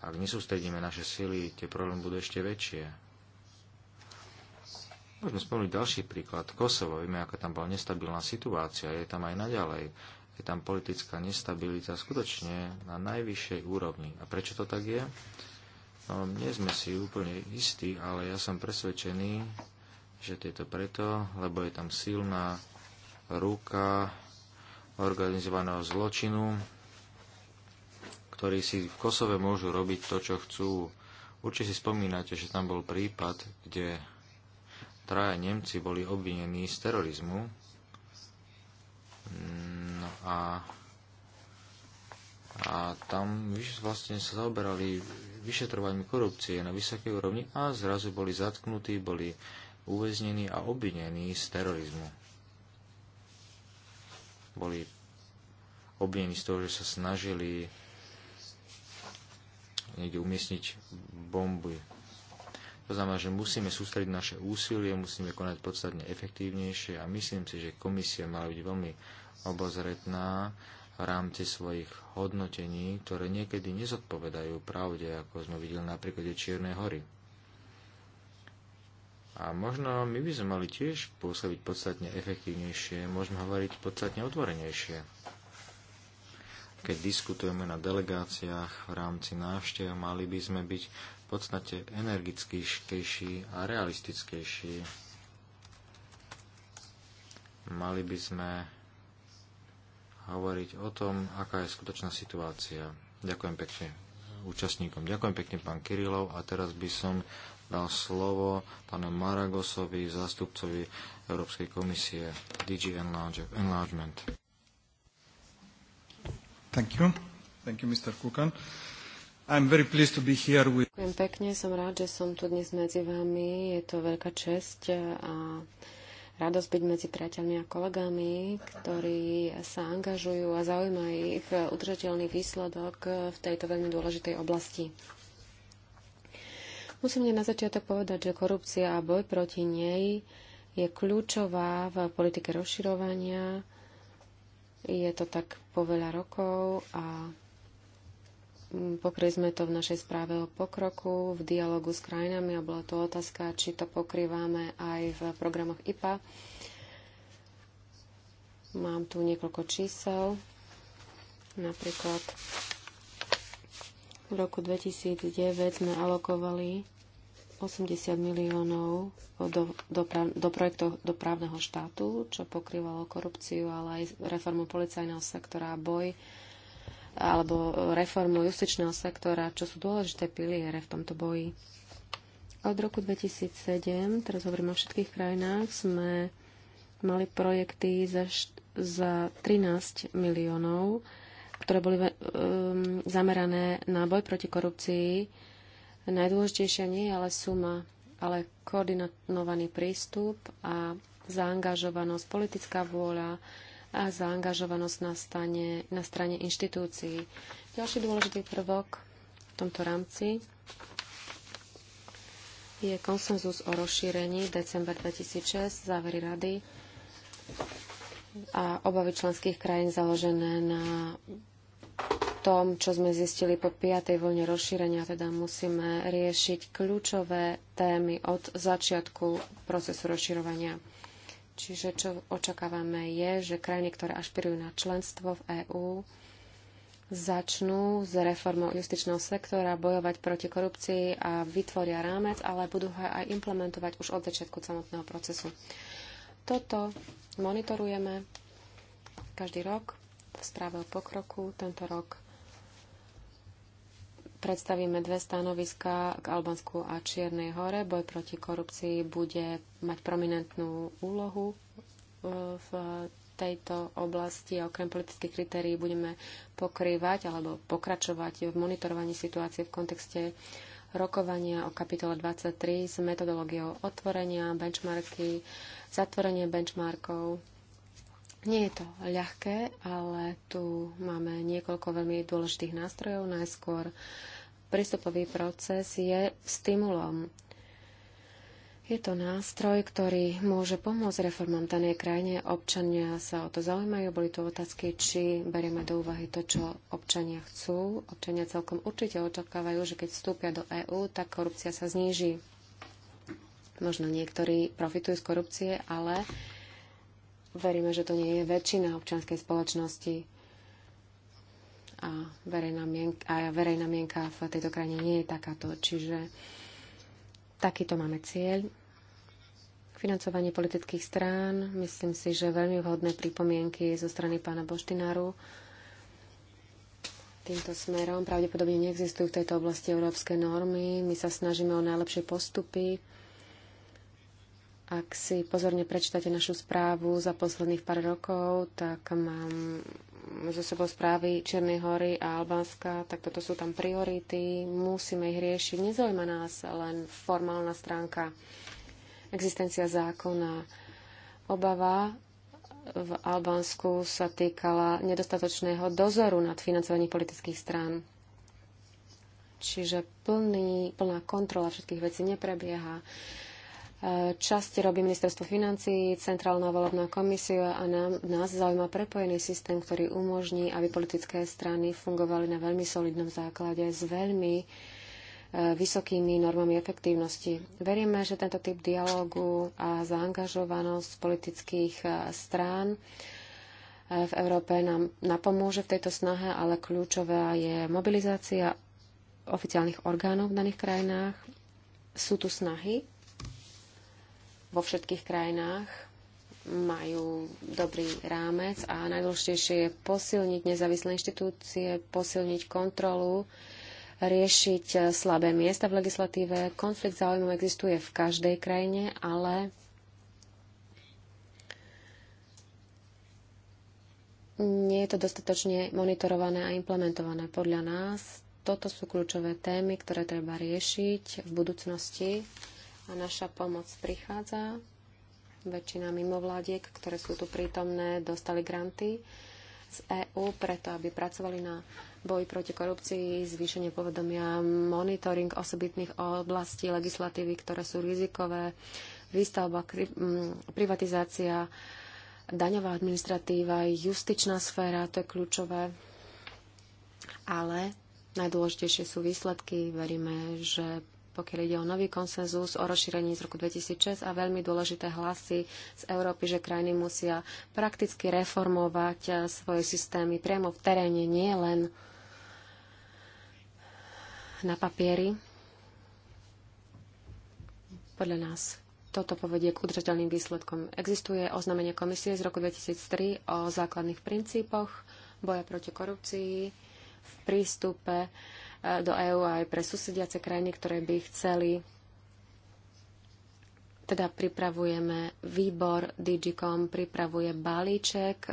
ak nesústredíme naše sily, tie problémy budú ešte väčšie. Môžeme spomenúť ďalší príklad. Kosovo, vieme, aká tam bola nestabilná situácia, je tam aj naďalej je tam politická nestabilita skutočne na najvyššej úrovni. A prečo to tak je? No, nie sme si úplne istí, ale ja som presvedčený, že je to preto, lebo je tam silná ruka organizovaného zločinu, ktorí si v Kosove môžu robiť to, čo chcú. Určite si spomínate, že tam bol prípad, kde traja Nemci boli obvinení z terorizmu. Mm, a, a tam vlastne sa zaoberali vyšetrovaním korupcie na vysokej úrovni a zrazu boli zatknutí, boli uväznení a obvinení z terorizmu. Boli obvinení z toho, že sa snažili niekde umiestniť bomby. To znamená, že musíme sústrediť naše úsilie, musíme konať podstatne efektívnejšie a myslím si, že komisia mala byť veľmi obozretná v rámci svojich hodnotení, ktoré niekedy nezodpovedajú pravde, ako sme videli napríklad Čiernej hory. A možno my by sme mali tiež pôsobiť podstatne efektívnejšie, môžeme hovoriť podstatne otvorenejšie. Keď diskutujeme na delegáciách v rámci návštev, mali by sme byť v podstate energickejší a realistickejší. Mali by sme hovoriť o tom, aká je skutočná situácia. Ďakujem pekne účastníkom. Ďakujem pekne pán Kirilov a teraz by som dal slovo pánu Maragosovi, zástupcovi Európskej komisie DG Enlargement. Thank you. Thank you, Mr. Kukan. I'm very pleased to be here with... Ďakujem pekne, som rád, že som tu dnes medzi vami. Je to veľká česť a radosť byť medzi priateľmi a kolegami, ktorí sa angažujú a zaujímajú ich udržateľný výsledok v tejto veľmi dôležitej oblasti. Musím na začiatok povedať, že korupcia a boj proti nej je kľúčová v politike rozširovania. Je to tak po veľa rokov a Pokryli sme to v našej správe o pokroku, v dialogu s krajinami a bola to otázka, či to pokrývame aj v programoch IPA. Mám tu niekoľko čísel. Napríklad v roku 2009 sme alokovali 80 miliónov do, do, do projektov dopravného štátu, čo pokrývalo korupciu, ale aj reformu policajného sektora a boj alebo reformu justičného sektora, čo sú dôležité piliere v tomto boji. Od roku 2007, teraz hovorím o všetkých krajinách, sme mali projekty za, za 13 miliónov, ktoré boli um, zamerané na boj proti korupcii. Najdôležitejšia nie je ale suma, ale koordinovaný prístup a zaangažovanosť, politická vôľa, a zaangažovanosť na, stane, na strane inštitúcií. Ďalší dôležitý prvok v tomto rámci je konsenzus o rozšírení december 2006, závery rady a obavy členských krajín založené na tom, čo sme zistili po piatej voľne rozšírenia, teda musíme riešiť kľúčové témy od začiatku procesu rozširovania. Čiže čo očakávame je, že krajiny, ktoré ašpirujú na členstvo v EÚ, začnú s reformou justičného sektora bojovať proti korupcii a vytvoria rámec, ale budú ho aj implementovať už od začiatku samotného procesu. Toto monitorujeme každý rok v správe o pokroku. Tento rok predstavíme dve stanoviska k Albansku a Čiernej hore. Boj proti korupcii bude mať prominentnú úlohu e, v tejto oblasti a okrem politických kritérií budeme pokrývať alebo pokračovať v monitorovaní situácie v kontexte rokovania o kapitole 23 s metodológiou otvorenia, benchmarky, zatvorenie benchmarkov nie je to ľahké, ale tu máme niekoľko veľmi dôležitých nástrojov. Najskôr prístupový proces je stimulom. Je to nástroj, ktorý môže pomôcť reformám danej krajine. Občania sa o to zaujímajú. Boli tu otázky, či berieme do úvahy to, čo občania chcú. Občania celkom určite očakávajú, že keď vstúpia do EÚ, tak korupcia sa zníži. Možno niektorí profitujú z korupcie, ale veríme, že to nie je väčšina občianskej spoločnosti a verejná mienka, a verejná mienka v tejto krajine nie je takáto. Čiže takýto máme cieľ. Financovanie politických strán, myslím si, že veľmi vhodné pripomienky zo strany pána Boštináru týmto smerom. Pravdepodobne neexistujú v tejto oblasti európske normy. My sa snažíme o najlepšie postupy ak si pozorne prečítate našu správu za posledných pár rokov, tak mám zo sebou správy Černej hory a Albánska, tak toto sú tam priority, musíme ich riešiť. Nezaujíma nás len formálna stránka, existencia zákona. Obava v Albánsku sa týkala nedostatočného dozoru nad financovaním politických strán. Čiže plný, plná kontrola všetkých vecí neprebieha Časť robí Ministerstvo financí, Centrálna volebná komisia a nám, nás zaujíma prepojený systém, ktorý umožní, aby politické strany fungovali na veľmi solidnom základe s veľmi e, vysokými normami efektívnosti. Veríme, že tento typ dialogu a zaangažovanosť politických e, strán e, v Európe nám napomôže v tejto snahe, ale kľúčová je mobilizácia oficiálnych orgánov v daných krajinách. Sú tu snahy vo všetkých krajinách majú dobrý rámec a najdôležitejšie je posilniť nezávislé inštitúcie, posilniť kontrolu, riešiť eh, slabé miesta v legislatíve. Konflikt záujmov existuje v každej krajine, ale nie je to dostatočne monitorované a implementované. Podľa nás toto sú kľúčové témy, ktoré treba riešiť v budúcnosti a naša pomoc prichádza. Väčšina mimovládiek, ktoré sú tu prítomné, dostali granty z EÚ preto, aby pracovali na boji proti korupcii, zvýšenie povedomia, monitoring osobitných oblastí legislatívy, ktoré sú rizikové, výstavba, privatizácia, daňová administratíva, justičná sféra, to je kľúčové. Ale najdôležitejšie sú výsledky. Veríme, že pokiaľ ide o nový konsenzus o rozšírení z roku 2006 a veľmi dôležité hlasy z Európy, že krajiny musia prakticky reformovať eh, svoje systémy priamo v teréne, nie len na papieri. Podľa nás toto povedie k udržateľným výsledkom. Existuje oznámenie komisie z roku 2003 o základných princípoch boja proti korupcii v prístupe do EÚ a aj pre susediace krajiny, ktoré by chceli. Teda pripravujeme výbor, Digicom pripravuje balíček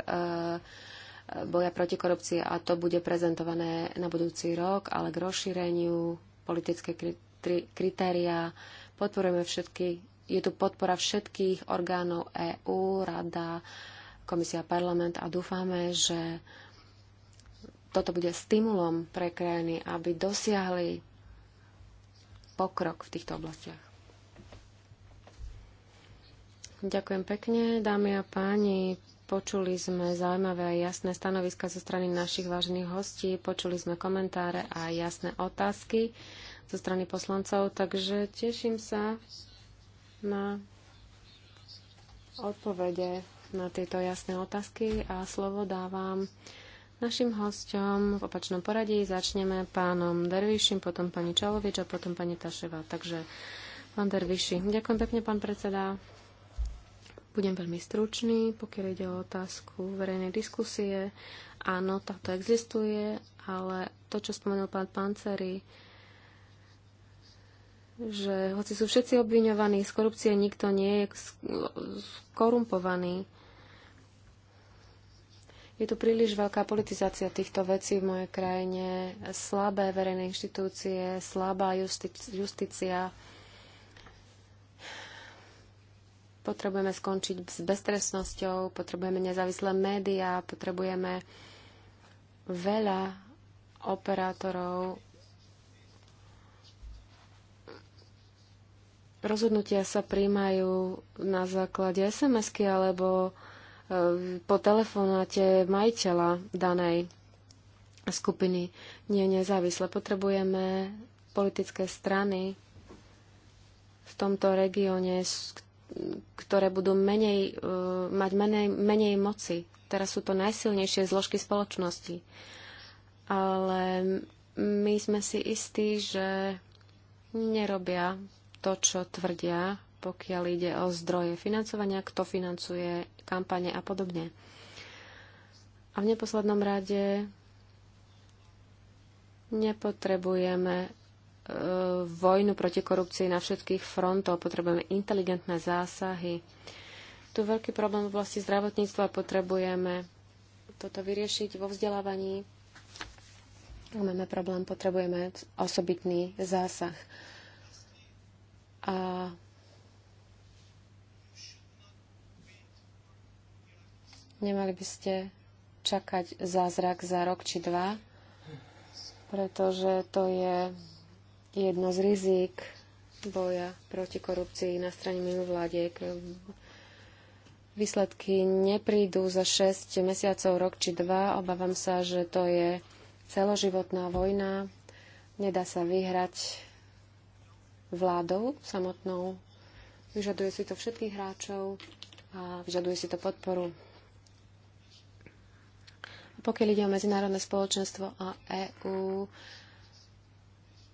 e, e, boja proti korupcii a to bude prezentované na budúci rok, ale k rozšíreniu politické kritériá podporujeme všetky je tu podpora všetkých orgánov EÚ, Rada, Komisia, Parlament a dúfame, že toto bude stimulom pre krajiny, aby dosiahli pokrok v týchto oblastiach. Ďakujem pekne, dámy a páni. Počuli sme zaujímavé a jasné stanoviska zo strany našich vážnych hostí, počuli sme komentáre a jasné otázky zo strany poslancov, takže teším sa na odpovede na tieto jasné otázky a slovo dávam našim hostom v opačnom poradí. Začneme pánom Dervišim, potom pani Čalovič a potom pani Taševa. Takže pán Derviši, ďakujem pekne, pán predseda. Budem veľmi stručný, pokiaľ ide o otázku verejnej diskusie. Áno, táto existuje, ale to, čo spomenul pán Panceri, že hoci sú všetci obviňovaní z korupcie, nikto nie je skorumpovaný. Je tu príliš veľká politizácia týchto vecí v mojej krajine, slabé verejné inštitúcie, slabá justícia. Potrebujeme skončiť s beztresnosťou, potrebujeme nezávislé médiá, potrebujeme veľa operátorov. Rozhodnutia sa príjmajú na základe SMS-ky alebo Eh, po telefonáte majiteľa danej skupiny. Nie nezávisle. Potrebujeme politické strany v tomto regióne, ktoré budú menej, eh, mať menej, menej moci. Teraz sú to najsilnejšie zložky spoločnosti. Ale my sme si istí, že nerobia to, čo tvrdia pokiaľ ide o zdroje financovania, kto financuje kampane a podobne. A v neposlednom rade nepotrebujeme e, vojnu proti korupcii na všetkých frontoch, potrebujeme inteligentné zásahy. Tu veľký problém v oblasti zdravotníctva potrebujeme toto vyriešiť vo vzdelávaní. Ak máme problém, potrebujeme osobitný zásah. A Nemali by ste čakať zázrak za rok či dva, pretože to je jedno z rizik boja proti korupcii na strane mimovládiek. Výsledky neprídu za 6 mesiacov, rok či dva. Obávam sa, že to je celoživotná vojna. Nedá sa vyhrať vládou samotnou. Vyžaduje si to všetkých hráčov a vyžaduje si to podporu pokiaľ ide o medzinárodné spoločenstvo a EÚ,